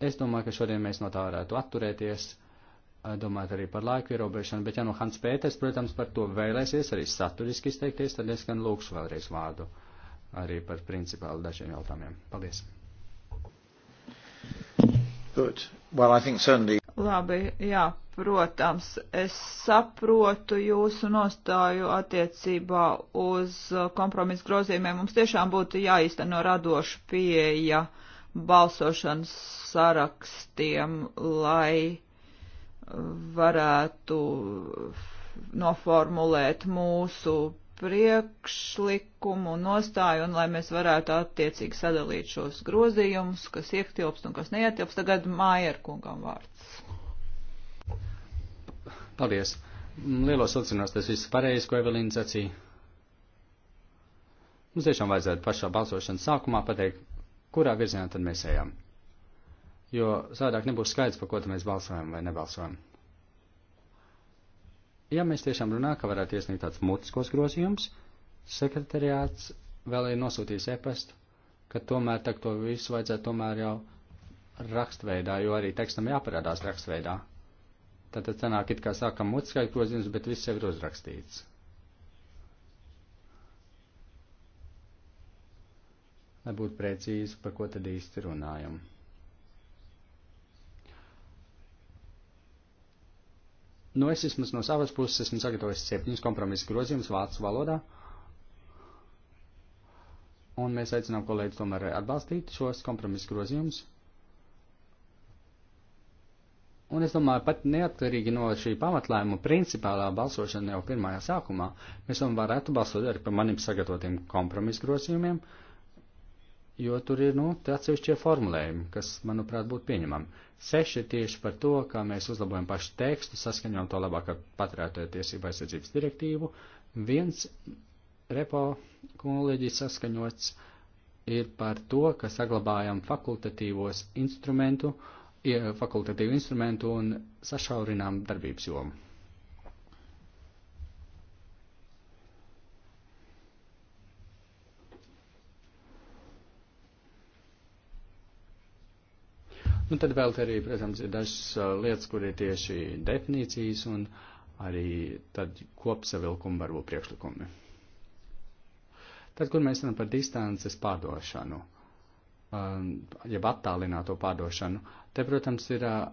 es domāju, ka šodien mēs no tā varētu atturēties, eh, domāt arī par laiku ierobežošanu, bet ja no nu Hans Pēters, protams, par to vēlēsies arī saturiski izteikties, tad es gan lūkšu vēlreiz vārdu. Uh, arī par principāli dažiem jautājumiem. Paldies! Good. Well, I think certainly... Labi, jā, protams, es saprotu jūsu nostāju attiecībā uz kompromisu grozījumiem. Mums tiešām būtu jāizteno radoša pieeja balsošanas sarakstiem, lai varētu noformulēt mūsu priekšlikumu un nostāju, un lai mēs varētu attiecīgi sadalīt šos grozījumus, kas ietilpst un kas neietilpst. Tagad Mājerkungam vārds. Paldies. Lielos atcinos tas viss pareizi, ko Evelīna sacīja. Mums tiešām vajadzētu pašā balsošanas sākumā pateikt, kurā virzienā tad mēs ejam. Jo sādāk nebūs skaidrs, par ko tad mēs balsojam vai nebalsojam ja mēs tiešām runā, ka varētu iesniegt tāds mutiskos grozījums, sekretariāts vēl ir nosūtījis epastu, ka tomēr tak to visu vajadzētu tomēr jau rakstveidā, jo arī tekstam jāparādās rakstveidā. Tātad sanāk it kā sākam mutiskais grozījums, bet viss jau ir uzrakstīts. Lai būtu precīzi, par ko tad īsti runājam. Nu, es vismaz no savas puses esmu sagatavojis septiņus kompromisu grozījumus vācu valodā. Un mēs aicinām kolēģi tomēr atbalstīt šos kompromisu grozījumus. Un es domāju, pat neatkarīgi no šī pamatlēmuma principālā balsošana jau pirmajā sākumā, mēs tomēr varētu balsot arī par manim sagatavotiem kompromisu grozījumiem. Uh, jo tur ir, nu, te atsevišķie formulējumi, kas, manuprāt, būtu pieņemami. Seši tieši par to, kā mēs uzlabojam pašu tekstu, saskaņojam to labāk ar paturētāju tiesību aizsardzības direktīvu. Viens repo kolēģis saskaņots ir par to, ka saglabājam fakultatīvos instrumentu, fakultatīvu instrumentu un sašaurinām darbības jomu. Nu, tad vēl te arī, protams, ir dažas lietas, kur ir tieši definīcijas un arī tad kopsavilkuma varbūt priekšlikumi. Tad, kur mēs runājam par distances pārdošanu, um, jeb attālināto pārdošanu, te, protams, ir uh,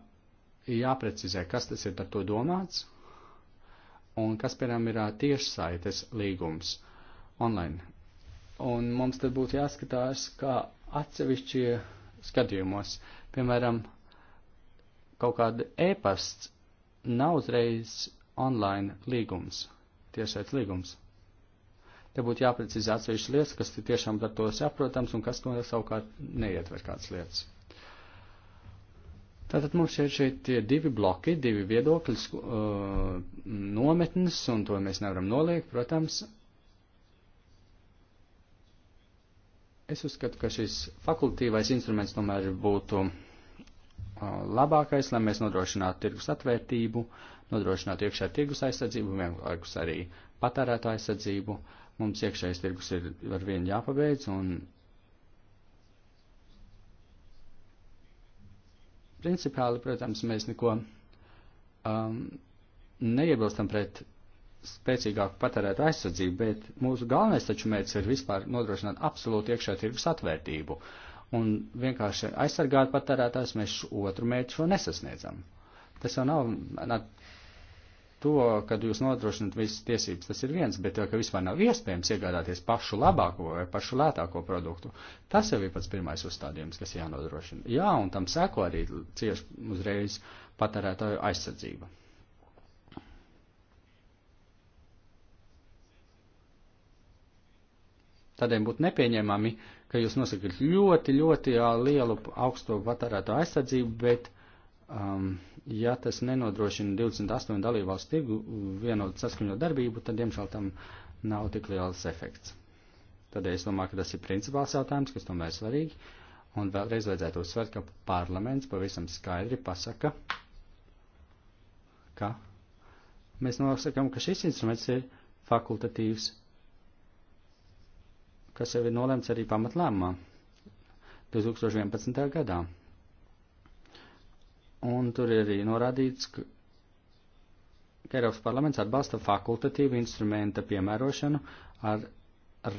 jāprecizē, kas tas ir par to domāts un kas, piemēram, ir uh, tiešsaites līgums online. Un mums tad būtu jāskatās, kā atsevišķie skatījumos. Piemēram, kaut kāda e-pasts nav uzreiz online līgums, tiešais līgums. Te būtu jāprecizē atsevišķas lietas, kas ir tiešām par to saprotams un kas to savukārt neietver kādas lietas. Tātad mums ir šeit tie divi bloki, divi viedokļi, uh, nometnes, un to mēs nevaram noliegt, protams, Es uzskatu, ka šis fakultīvais instruments tomēr būtu uh, labākais, lai mēs nodrošinātu tirgus atvērtību, nodrošinātu iekšā tirgus aizsardzību, vienlaikus arī patērētā aizsardzību. Mums iekšējais tirgus ir ar vienu jāpabeidz un principiāli, protams, mēs neko um, neiebilstam pret spēcīgāku patērētu aizsardzību, bet mūsu galvenais taču mērķis ir vispār nodrošināt absolūtu iekšā tirgus atvērtību. Un vienkārši aizsargāt patērētājs mēs otru mērķu šo nesasniedzam. Tas jau nav nā, to, ka jūs nodrošinat visas tiesības, tas ir viens, bet to, ka vispār nav iespējams iegādāties pašu labāko vai pašu lētāko produktu, tas jau ir pats pirmais uzstādījums, kas jānodrošina. Jā, un tam seko arī cieši uzreiz patērētāju aizsardzība. Tādēļ būtu nepieņemami, ka jūs nosakat ļoti, ļoti jā, lielu augsto patērēto aizsardzību, bet, um, ja tas nenodrošina 28 dalībvalstu tirgu vienotu saskaņot darbību, tad, diemžēl, tam nav tik liels efekts. Tādēļ es domāju, ka tas ir principāls jautājums, kas tomēr ir svarīgi, un vēlreiz vajadzētu uzsvērt, ka parlaments pavisam skaidri pasaka, ka mēs nosakam, ka šis instruments ir fakultatīvs kas jau ir nolemts arī pamatlēmumā 2011. gadā. Un tur ir arī norādīts, ka Eiropas parlaments atbalsta fakultatīvu instrumenta piemērošanu ar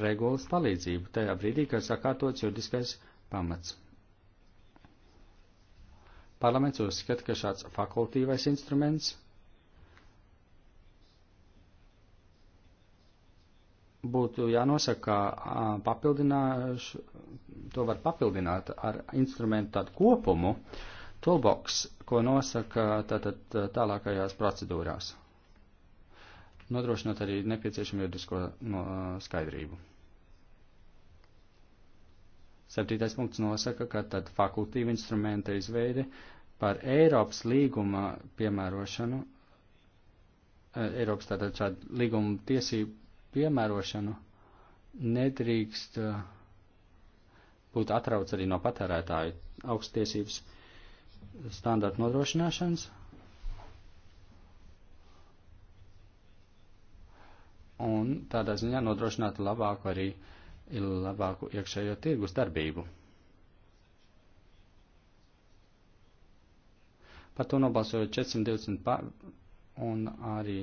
regulas palīdzību, tajā brīdī, kad sakārtots juridiskais pamats. Parlaments uzskata, ka šāds fakultīvais instruments būtu jānosaka, ka papildināš, to var papildināt ar instrumentu tādu kopumu, toolbox, ko nosaka tātad tā, tālākajās procedūrās. Nodrošinot arī nepieciešamu juridisko no, skaidrību. Septītais punkts nosaka, ka tad fakultīva instrumenta izveide par Eiropas līguma piemērošanu, Eiropas tātad šādu līguma tiesību piemērošanu nedrīkst uh, būt atrauc arī no patērētāju augsttiesības standartu nodrošināšanas. Un tādā ziņā nodrošināt labāku arī labāku iekšējo tirgus darbību. Par to nobalsoja 420 pār un arī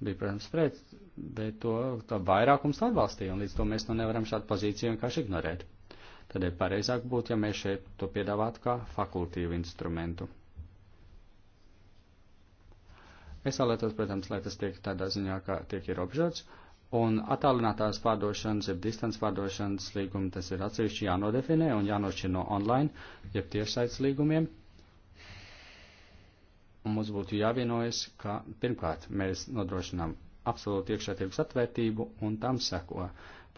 bija, protams, pret, bet to, to vairākums atbalstīja, un līdz to mēs nu nevaram šādu pozīciju vienkārši ignorēt. Tādēļ pareizāk būtu, ja mēs šeit to piedāvātu kā fakultīvu instrumentu. Es vēlētos, protams, lai tas tiek tādā ziņā, ka tiek ierobežots, un attālinātās pārdošanas, jeb distance pārdošanas līgumi, tas ir atsevišķi jānodefinē un jānošķir no online, jeb tiešsaits līgumiem. Un mums būtu jāvienojas, ka pirmkārt mēs nodrošinām absolūtu iekšā tirgus atvērtību un tam seko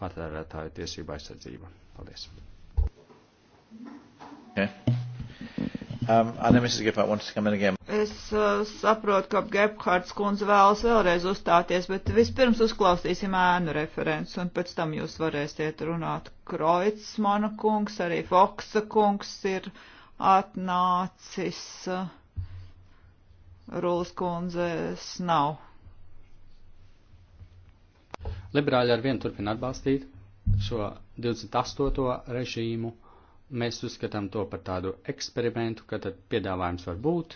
patērētāju tiesība aizsardzība. Paldies. Okay. Um, es uh, saprotu, ka Gebhards kundze vēlas vēlreiz uzstāties, bet vispirms uzklausīsim ēnu referents un pēc tam jūs varēsiet runāt. Kroits, mana kungs, arī Foksa kungs ir atnācis. Uh, Rūlas kundzes nav. Liberāļi ar vienu turpina atbalstīt šo 28. režīmu. Mēs uzskatām to par tādu eksperimentu, ka tad piedāvājums var būt.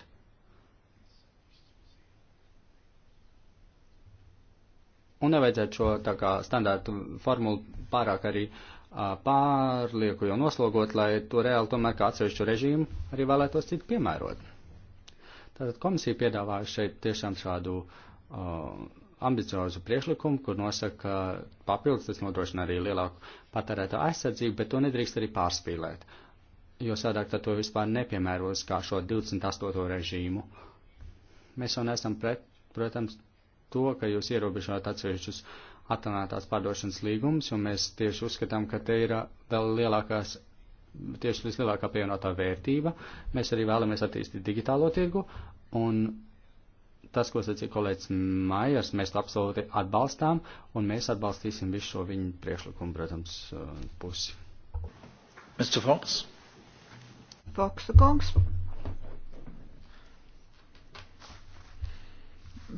Un nevajadzētu šo tā kā standārtu formulu pārāk arī pārlieku jau noslogot, lai to reāli tomēr kā atsevišķu režīmu arī vēlētos citu piemērot. Tātad komisija piedāvāja šeit tiešām šādu uh, ambiciozu priekšlikumu, kur nosaka, ka papildus tas nodrošina arī lielāku patērēto aizsardzību, bet to nedrīkst arī pārspīlēt, jo sādāk tad to vispār nepiemēros kā šo 28. režīmu. Mēs jau neesam pret, protams, to, ka jūs ierobežojat atsevišķus atrunātās pārdošanas līgumus, jo mēs tieši uzskatām, ka te ir uh, vēl lielākās tieši vislielākā pievienotā vērtība. Mēs arī vēlamies attīstīt digitālo tirgu, un tas, ko sacīja kolēģis Maijers, mēs to absolūti atbalstām, un mēs atbalstīsim visu šo viņu priekšlikumu, protams, uh, pusi. Mr. Fox? Foksa kungs.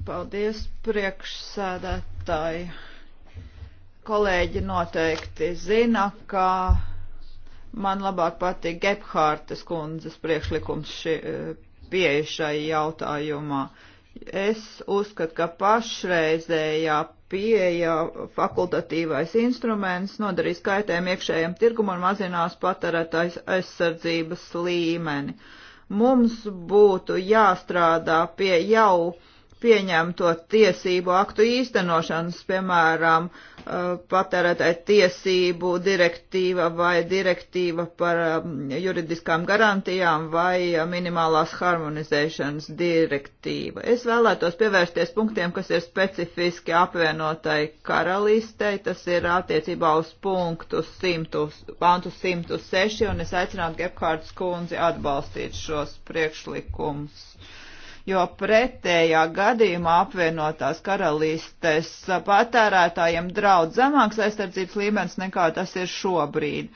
Paldies priekšsēdētāji. Kolēģi noteikti zina, ka Man labāk patīk Gebhārtas kundzes priekšlikums ši, e, pieeja šai jautājumā. Es uzskatu, ka pašreizējā pieeja fakultatīvais instruments nodarīs kaitējumu iekšējiem tirgumam un mazinās patērētājs aizsardzības līmeni. Mums būtu jāstrādā pie jau pieņemto tiesību aktu īstenošanas, piemēram, uh, Eh, patērētāju tiesību direktīva vai direktīva par eh, juridiskām garantijām vai eh, minimālās harmonizēšanas direktīva. Es vēlētos pievērsties punktiem, kas ir specifiski apvienotai karalistei. Tas ir attiecībā uz punktu 100, pantu 106, un es aicinātu Gepkārtas kundzi atbalstīt šos priekšlikumus jo pretējā gadījumā apvienotās karalistes patērētājiem draudz zemāks aizsardzības līmenis nekā tas ir šobrīd.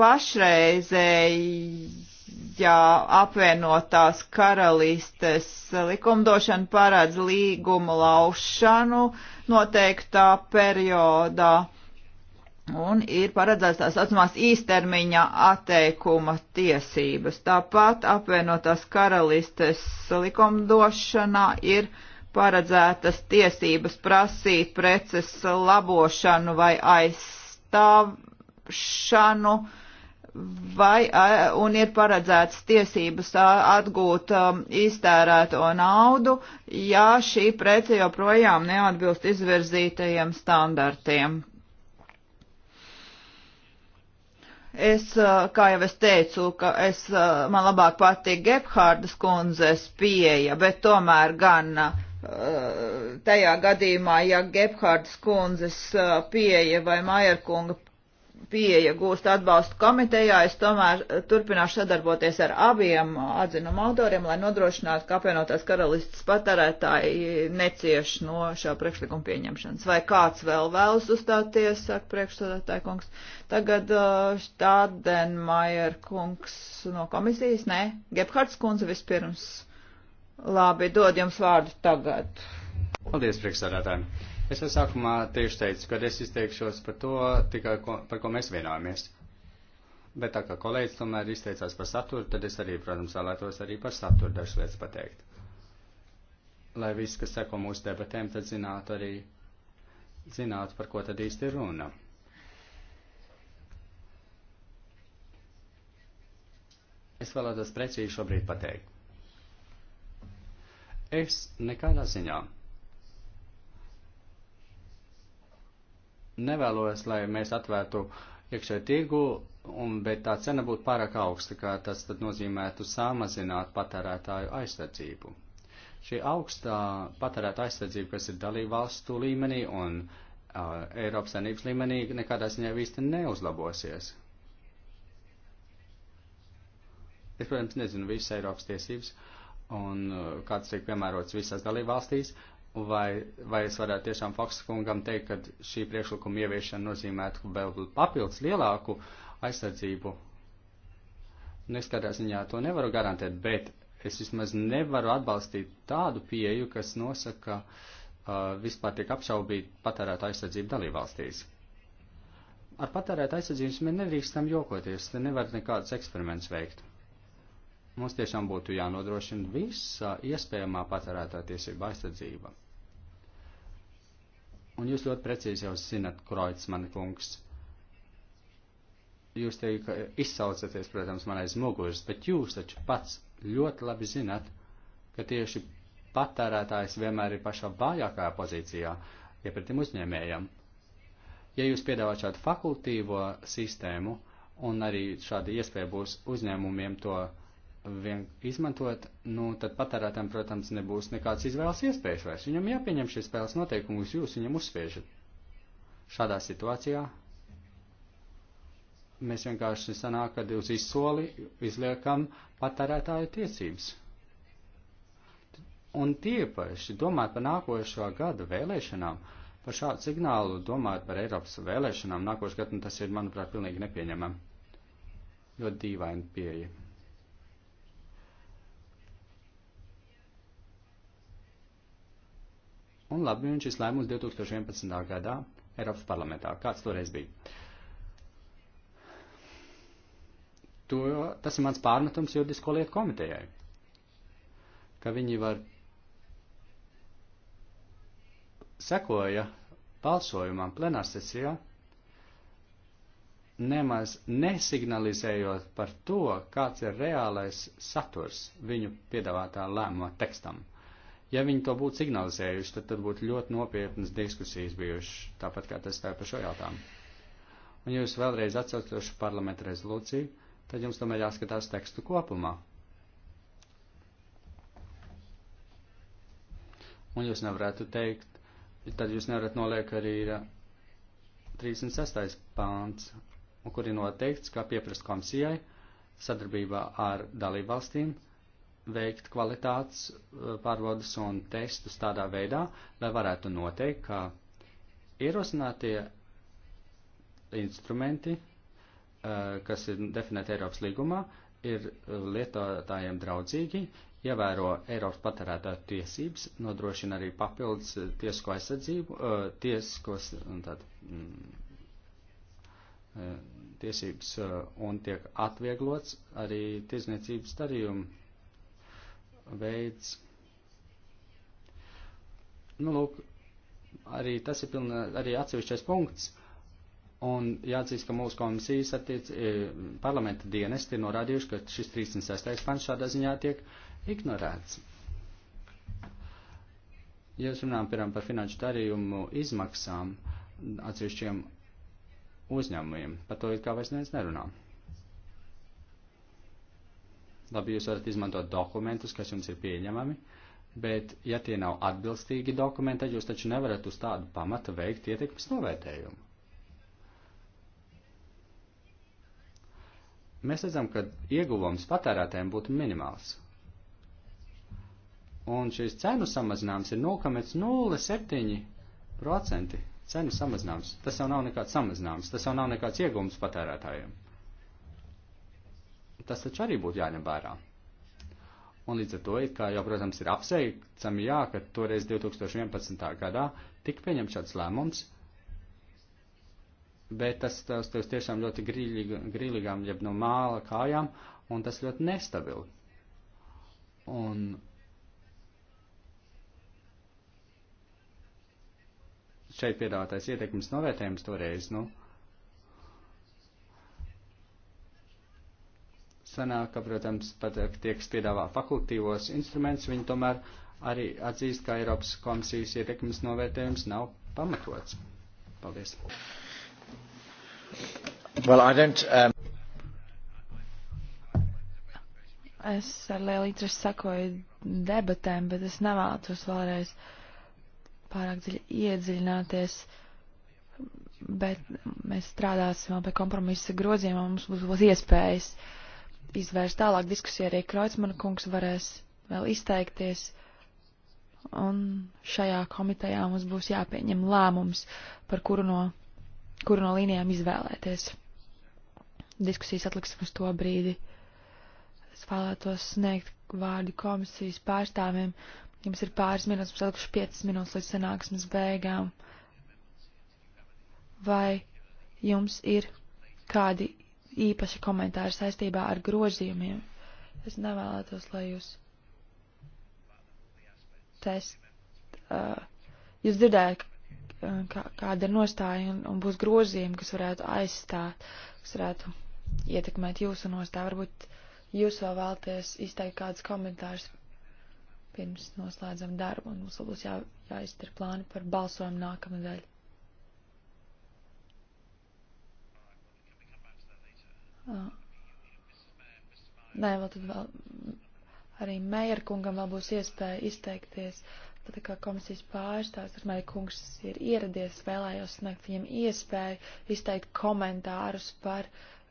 Pašreizējā apvienotās karalistes likumdošana parādz līgumu laušanu noteiktā periodā Un ir paredzēts tās atzumās īstermiņa atteikuma tiesības. Tāpat apvienotās karalistes likumdošanā ir paredzētas tiesības prasīt preces labošanu vai aizstāvšanu, vai, eh, un ir paredzētas tiesības atgūt um, iztērēto naudu, ja šī prece joprojām neatbilst izvirzītajiem standartiem Es, kā jau es teicu, ka es, man labāk patīk Gebhārdas kundzes pieeja, bet tomēr gan tajā gadījumā, ja Gebhārdas kundzes pieeja vai Majerkunga pieeja gūst atbalstu komitejā, es tomēr turpināšu sadarboties ar abiem atzinumu autoriem, lai nodrošinātu, ka apvienotās karalistas patērētāji necieš no šā priekšlikuma pieņemšanas. Vai kāds vēl vēlas uzstāties, saka priekšstādātāja kungs. Tagad uh, Štādenmajer kungs no komisijas, nē, Gebhards kundze vispirms. Labi, dod jums vārdu tagad. Paldies, priekšstādātāji. Es jau sākumā tieši teicu, ka es izteikšos par to, tikai ko, par ko mēs vienojamies. Bet tā kā kolēģis tomēr izteicās par saturu, tad es arī, protams, vēlētos arī par saturu dažas lietas pateikt. Lai viss, kas seko mūsu debatēm, tad zinātu arī, zinātu, par ko tad īsti ir runa. Es vēlētos precīzi šobrīd pateikt. Es nekādā ziņā nevēlos, lai mēs atvērtu iekšēju tirgu, un, bet tā cena būtu pārāk augsta, kā tas tad nozīmētu samazināt patērētāju aizsardzību. Šī augstā patērēta aizsardzība, kas ir dalība valstu līmenī un uh, Eiropas saimnības līmenī, nekādā ziņā īsti neuzlabosies. Es, protams, nezinu visas Eiropas tiesības un uh, kāds tiek piemērots visās dalība valstīs, uh, vai, vai es varētu tiešām Faksa kungam teikt, ka šī priekšlikuma ieviešana nozīmētu vēl papildus lielāku aizsardzību. Nu, es kādā ziņā to nevaru garantēt, bet es vismaz nevaru atbalstīt tādu pieeju, kas nosaka, ka uh, vispār tiek apšaubīta patērēta aizsardzība dalībvalstīs. Ar patērēta aizsardzību mēs nedrīkstam jokoties, te nevar nekādus eksperimentus veikt. Mums tiešām būtu jānodrošina visa iespējamā patērētā tiesība aizsardzība. Un jūs ļoti precīzi jau zinat, Kroits, man kungs. Jūs te izsaucaties, protams, man aiz muguras, bet jūs taču pats ļoti labi zinat, ka tieši patērētājs vienmēr ir pašā vājākā pozīcijā, ja pretim uzņēmējam. Ja jūs piedāvājat šādu fakultīvo sistēmu, un arī šāda iespēja būs uzņēmumiem to vien izmantot, nu, tad patērētājiem, protams, nebūs nekādas izvēles iespējas vairs. Viņam jāpieņem šīs spēles noteikumus, jūs viņam uzspiežat. Šādā situācijā mēs vienkārši sanāk, kad uz izsoli izliekam patērētāju tiesības. Un tiepaši domāt par nākošo gadu vēlēšanām, par šādu signālu domāt par Eiropas vēlēšanām nākošajā gadā, nu, tas ir, manuprāt, pilnīgi nepieņemam. Ļoti dīvaini pieeja. Un labi, un šis lēmums 2011. gadā Eiropas parlamentā. Kāds toreiz bija? To, tas ir mans pārmetums juridisko lietu komitejai, ka viņi var sekoja balsojumam plenārsesijā, nemaz nesignalizējot par to, kāds ir reālais saturs viņu piedāvātā lēmuma tekstam. Ja viņi to būtu signalizējuši, tad, tad būtu ļoti nopietnas diskusijas bijušas, tāpat kā tas tā par šo jautājumu. Un, ja jūs vēlreiz atcaucošu parlamentu rezolūciju, tad jums tomēr jāskatās tekstu kopumā. Un jūs nevarētu teikt, tad jūs nevarat noliek arī 36. Uh, pāns, kur ir noteikts, kā pieprasa komisijai sadarbībā ar dalībvalstīm veikt kvalitātes eh, pārbaudas un testus tādā veidā, lai varētu noteikt, ka ierosinātie instrumenti, eh, kas ir definēti Eiropas līgumā, ir lietotājiem draudzīgi, ievēro Eiropas patērētāju tiesības, nodrošina arī papildus eh, tiesko aizsardzību, tieskos, tad, mm, tiesības un tiek atvieglots arī tiesniecības darījumu veids. Nu, lūk, arī tas ir pilnā, arī atsevišķais punkts. Un jāatzīst, ka mūsu komisijas attiec, e, parlamenta dienesti ir norādījuši, ka šis 36. pants šādā ziņā tiek ignorēts. Ja mēs runājam piemēram par finanšu darījumu izmaksām atsevišķiem uzņēmumiem, par to it kā vairs neviens nerunā. Labi, jūs varat izmantot dokumentus, kas jums ir pieņemami, bet ja tie nav atbilstīgi dokumenti, tad jūs taču nevarat uz tādu pamatu veikt ietekmes novērtējumu. Mēs redzam, ka ieguvums patērētājiem būtu minimāls. Un šīs cenu samazinājums ir 0,07% cenu samazinājums. Tas jau nav nekāds samazinājums, tas jau nav nekāds ieguvums patērētājiem. Tas taču arī būtu jāņem vērā. Un līdz ar to, kā jau, protams, ir apsveicami, jā, ka toreiz 2011. gadā tika pieņemts šāds lēmums, bet tas tas tev tiešām ļoti grīlīgām, jeb no māla kājām, un tas ļoti nestabili. Un šeit piedāvātais ietekmes novērtējums toreiz, nu, sanāk, ka, protams, pat eh, tieks piedāvā fakultīvos instruments, viņi tomēr arī atzīst, ka Eiropas komisijas ietekmes novērtējums nav pamatots. Paldies. Well, I don't, um... Es ar lielu interesi sakoju debatēm, bet es nevēlētos vēlreiz pārāk dziļi iedziļināties. Bet mēs strādāsim vēl pie kompromisa grozījumiem, mums būs, būs iespējas uh, izvērst tālāk diskusiju, arī Kreutzmana kungs varēs vēl izteikties. Un šajā komitejā mums būs jāpieņem lēmums, par kuru no, kuru no līnijām izvēlēties. Diskusijas atliksim uz to brīdi. Es vēlētos sniegt vārdu komisijas pārstāvjiem. Jums ir pāris minūtes, mums atlikuši piecas minūtes līdz sanāksmes beigām. Vai jums ir kādi īpaši komentāri saistībā ar grozījumiem. Es nevēlētos, lai jūs test, uh, jūs dzirdējat, uh, kā, kāda ir nostāja un, un būs grozījumi, kas varētu aizstāt, kas varētu ietekmēt jūsu nostāju. Varbūt jūs vēl vēlties izteikt kādus komentārus pirms noslēdzam darbu un mums vēl būs jā, jāiztara plāni par balsojumu nākamnedēļ. Nē, vēl tad vēl arī Meijera kungam vēl būs iespēja izteikties. Tad, kā komisijas pārstāvs ar Meijera kungs ir ieradies, vēlējos sniegt viņam iespēju izteikt komentārus par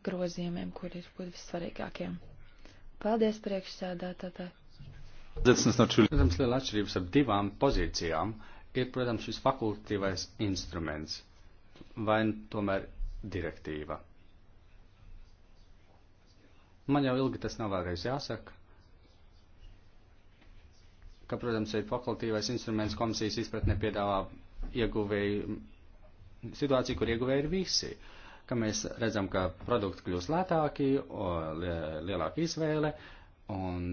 grozījumiem, kuri ir būt vissvarīgākiem. Paldies priekšsēdētāji. Protams, liela atšķirības ar divām pozīcijām ir, protams, šis fakultīvais instruments vai nu tomēr direktīva. Man jau ilgi tas nav vēlreiz jāsaka, ka, protams, ir fakultīvais instruments komisijas izpratne piedāvā ieguvēju situāciju, kur ieguvēji ir visi, ka mēs redzam, ka produkti kļūst lētāki, lielāka izvēle, un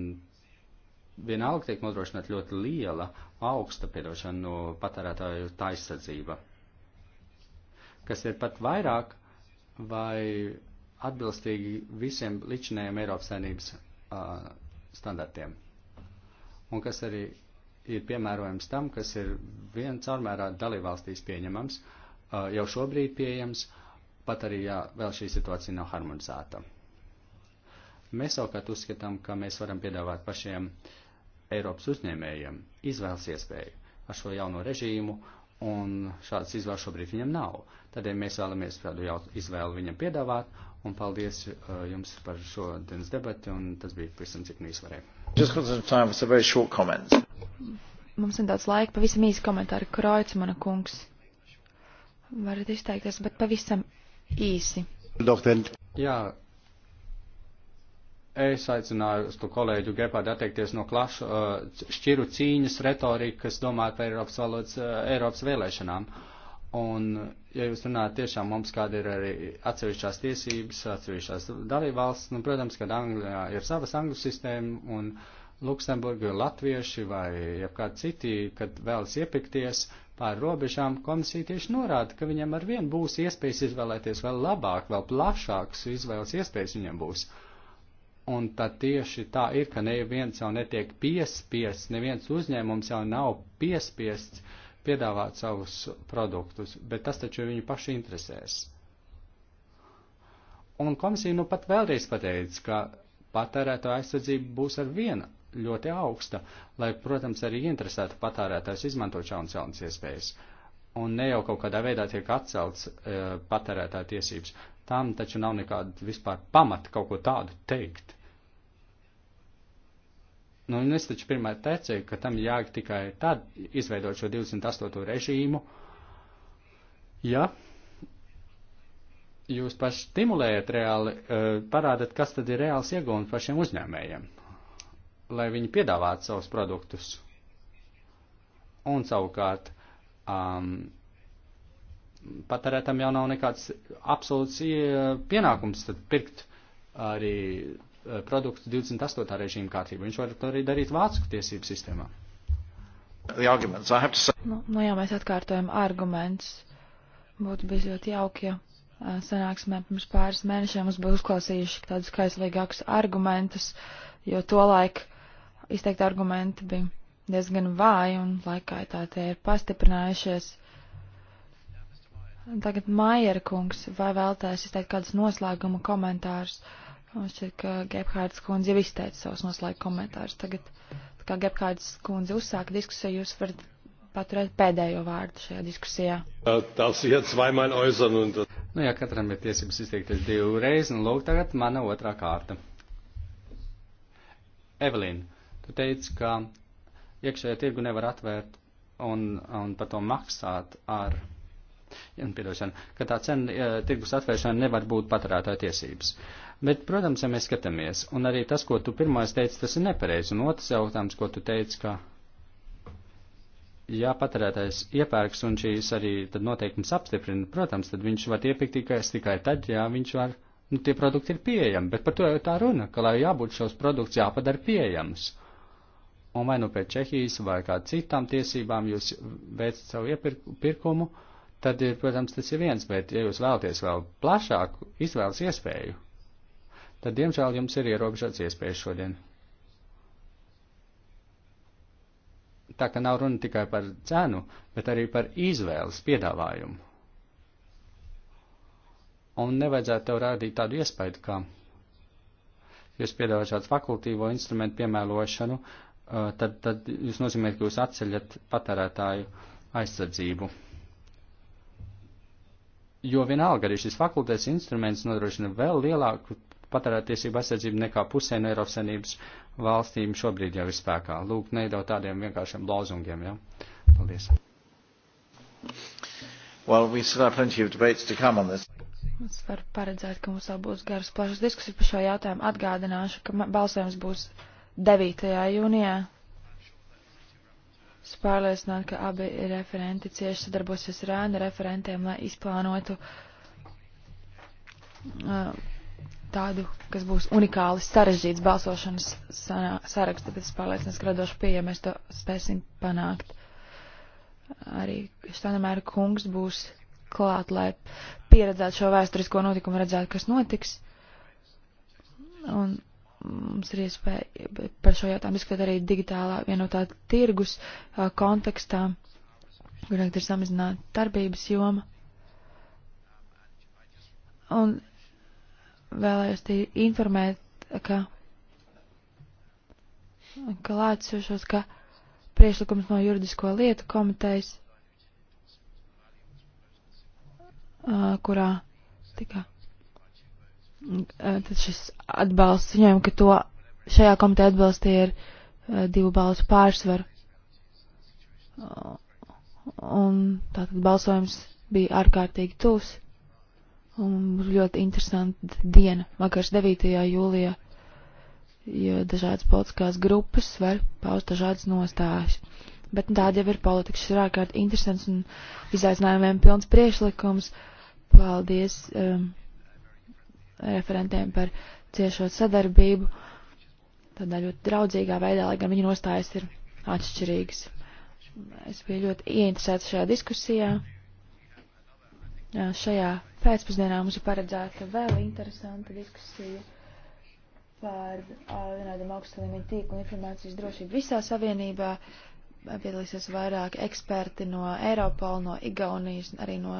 vienalga tiek nodrošināt ļoti liela, augsta piedošana no patērētāju taisardzība, kas ir pat vairāk vai atbilstīgi visiem ličinējiem Eiropas saimnības uh, standartiem. Un kas arī ir piemērojams tam, kas ir vien caurmērā dalībvalstīs pieņemams, uh, jau šobrīd pieejams, pat arī, ja vēl šī situācija nav harmonizēta. Mēs savukārt uzskatām, ka mēs varam piedāvāt pašiem Eiropas uzņēmējiem izvēles iespēju ar šo jauno režīmu, un šādas izvēles šobrīd viņam nav. Tādēļ mēs vēlamies kādu izvēlu viņam piedāvāt, Un paldies uh, jums par šo dienas debati, un tas bija pavisam cik mēs varējām. Mums ir daudz laika, pavisam īsi komentāri. Kroits, mana kungs, varat izteikties, bet pavisam īsi. Doktor. Jā, es aicināju uz to kolēģu Gepārdu atteikties no klašu uh, šķiru cīņas retorikas, domāt par Eiropas valodas, uh, Eiropas vēlēšanām. Uh, Un, ja jūs runājat, tiešām mums kāda ir arī atsevišķās tiesības, atsevišķās dalībvalsts, nu, protams, kad Anglijā ir savas angļu sistēma un Luksemburgi ir latvieši vai jebkādi citi, kad vēlas iepikties pār robežām, komisija tieši norāda, ka viņam ar vien būs iespējas izvēlēties vēl labāk, vēl plašāks izvēles iespējas viņam būs. Un tad tieši tā ir, ka neviens jau netiek piespiests, neviens uzņēmums jau nav piespiests piedāvāt savus produktus, bet tas taču ir viņu pašu interesēs. Un komisija nu pat vēlreiz pateica, ka patērēto aizsardzība būs ar vienu ļoti augsta, lai, protams, arī interesētu patērētājs izmantot šādas jaunas iespējas. Un ne jau kaut kādā veidā tiek atcelts e, patērētāja tiesības. Tām taču nav nekāda vispār pamata kaut ko tādu teikt. Nu, un es taču pirmā teicu, ka tam jāg tikai tad izveidot šo 28. režīmu, ja jūs paši stimulējat reāli, e, parādat, kas tad ir reāls iegūms pašiem uzņēmējiem, lai viņi piedāvātu savus produktus. Un savukārt, um, patērētam jau nav nekāds absolūts e, pienākums tad pirkt arī Eh, produktu 28. režīma kārtību. Viņš var to arī darīt vācu tiesību sistēmā. Nu, nu jā, mēs atkārtojam argumentus. Būtu bijis ļoti jauki, ja eh, sanāksmē pirms pāris mēnešiem mums būtu uzklausījuši tādus kaislīgākus argumentus, jo tolaik izteikti argumenti bija diezgan vāji un laikā tā tie ir pastiprinājušies. Tagad Maier kungs, vai vēlties izteikt kādus noslēguma komentārus? Uh, Man šķiet, ka Gebhārds kundze jau izteica savus noslēguma komentārus. Tagad, kā Gebhārds kundze uzsāka diskusiju, jūs varat paturēt pēdējo vārdu šajā diskusijā. Tas ir svaimaini oizan un tad. Nu jā, katram ir tiesības izteikties divreiz, un lūk, tagad mana otrā kārta. Evelīna, tu teici, ka iekšējā tirgu nevar atvērt un, un par to maksāt ar. Ja, piedošana, ka tā cena tirgus atvēršana nevar būt paturētāja tiesības. Uh, Bet, protams, ja mēs skatāmies, un arī tas, ko tu pirmais teici, tas ir nepareizi, un otrs jautājums, ko tu teici, ka ja patērētājs iepērks un šīs arī tad noteikums apstiprina, protams, tad viņš var iepirkt tikai, tikai tad, ja viņš var, nu, tie produkti ir pieejami, bet par to jau tā runa, ka lai jābūt šos produkts jāpadara pieejams. Un vai nu pēc Čehijas vai kā citām tiesībām jūs veicat savu iepirkumu, iepirk tad, ir, protams, tas ir viens, bet ja jūs vēlaties vēl plašāku izvēles iespēju, tad, diemžēl, jums ir ierobežots iespējas šodien. Tā ka nav runa tikai par cenu, bet arī par izvēles piedāvājumu. Un nevajadzētu tev rādīt tādu iespēju, ka jūs piedāvājat šādu fakultīvo instrumentu piemērošanu, uh, tad, tad jūs nozīmē, ka jūs atceļat patērētāju aizsardzību. Jo vienalga arī šis fakultēs instruments nodrošina vēl lielāku patērētiesību aizsardzība nekā pusē no Eiropas Savienības valstīm šobrīd jau ir spēkā. Lūk, neidot tādiem vienkāršiem lozungiem. Ja? Paldies. Well, we still have plenty of debates to come on this. Mums var paredzēt, ka mums vēl būs garas plašas diskusijas par šo jautājumu. Atgādināšu, ka balsojums būs 9. jūnijā. Es pārliecinātu, ka abi referenti cieši sadarbosies ar ēnu referentiem, lai izplānotu uh, tādu, kas būs unikāli sarežģīts balsošanas saraksts, tāpēc es pārliecinos, ka radoši pieeja mēs to spēsim panākt. Arī Štanemēra kungs būs klāt, lai pieredzētu šo vēsturisko notikumu, redzētu, kas notiks. Un mums ir iespēja par šo jautājumu diskutēt arī digitālā vienotā tirgus kontekstā, kur ir samazināta darbības joma. Un vēlējos te informēt, ka klātsošos, ka priešlikums no juridisko lietu komitejas, kurā tika tad šis atbalsts viņiem, ka to šajā komitē atbalstīja ar divu balsu pārsvaru. Un tātad balsojums bija ārkārtīgi tūs. Un būs ļoti interesanti diena, vakars 9. jūlijā, jo dažādas politiskās grupas var paust dažādas nostājas. Bet nu, tāda jau ir politika. Šis ir ārkārtīgi interesants un izaicinājumiem pilns priešlikums. Paldies um, referentiem par ciešot sadarbību. Tādā ļoti draudzīgā veidā, lai gan viņu nostājas ir atšķirīgas. Es biju ļoti ieinteresēts šajā diskusijā. Mm. Šajā pēcpusdienā mums ir paredzēta vēl interesanta diskusija par vienādiem augsta līmeņa tīklu un informācijas drošību visā savienībā. Piedalīsies vairāki eksperti no Eiropola, no Igaunijas, arī no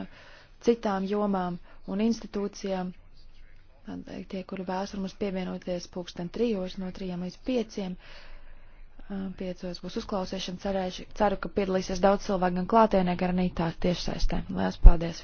citām jomām un institūcijām. Tie, kuri vēlas, var mums pievienoties pulksten trijos, no trijiem līdz pieciem. Uh, Piecos būs uzklausīšana. Cerēšu, ceru, ka piedalīsies daudz cilvēku gan klātienē, gan arī tā tiešsaistē. Lielas paldies!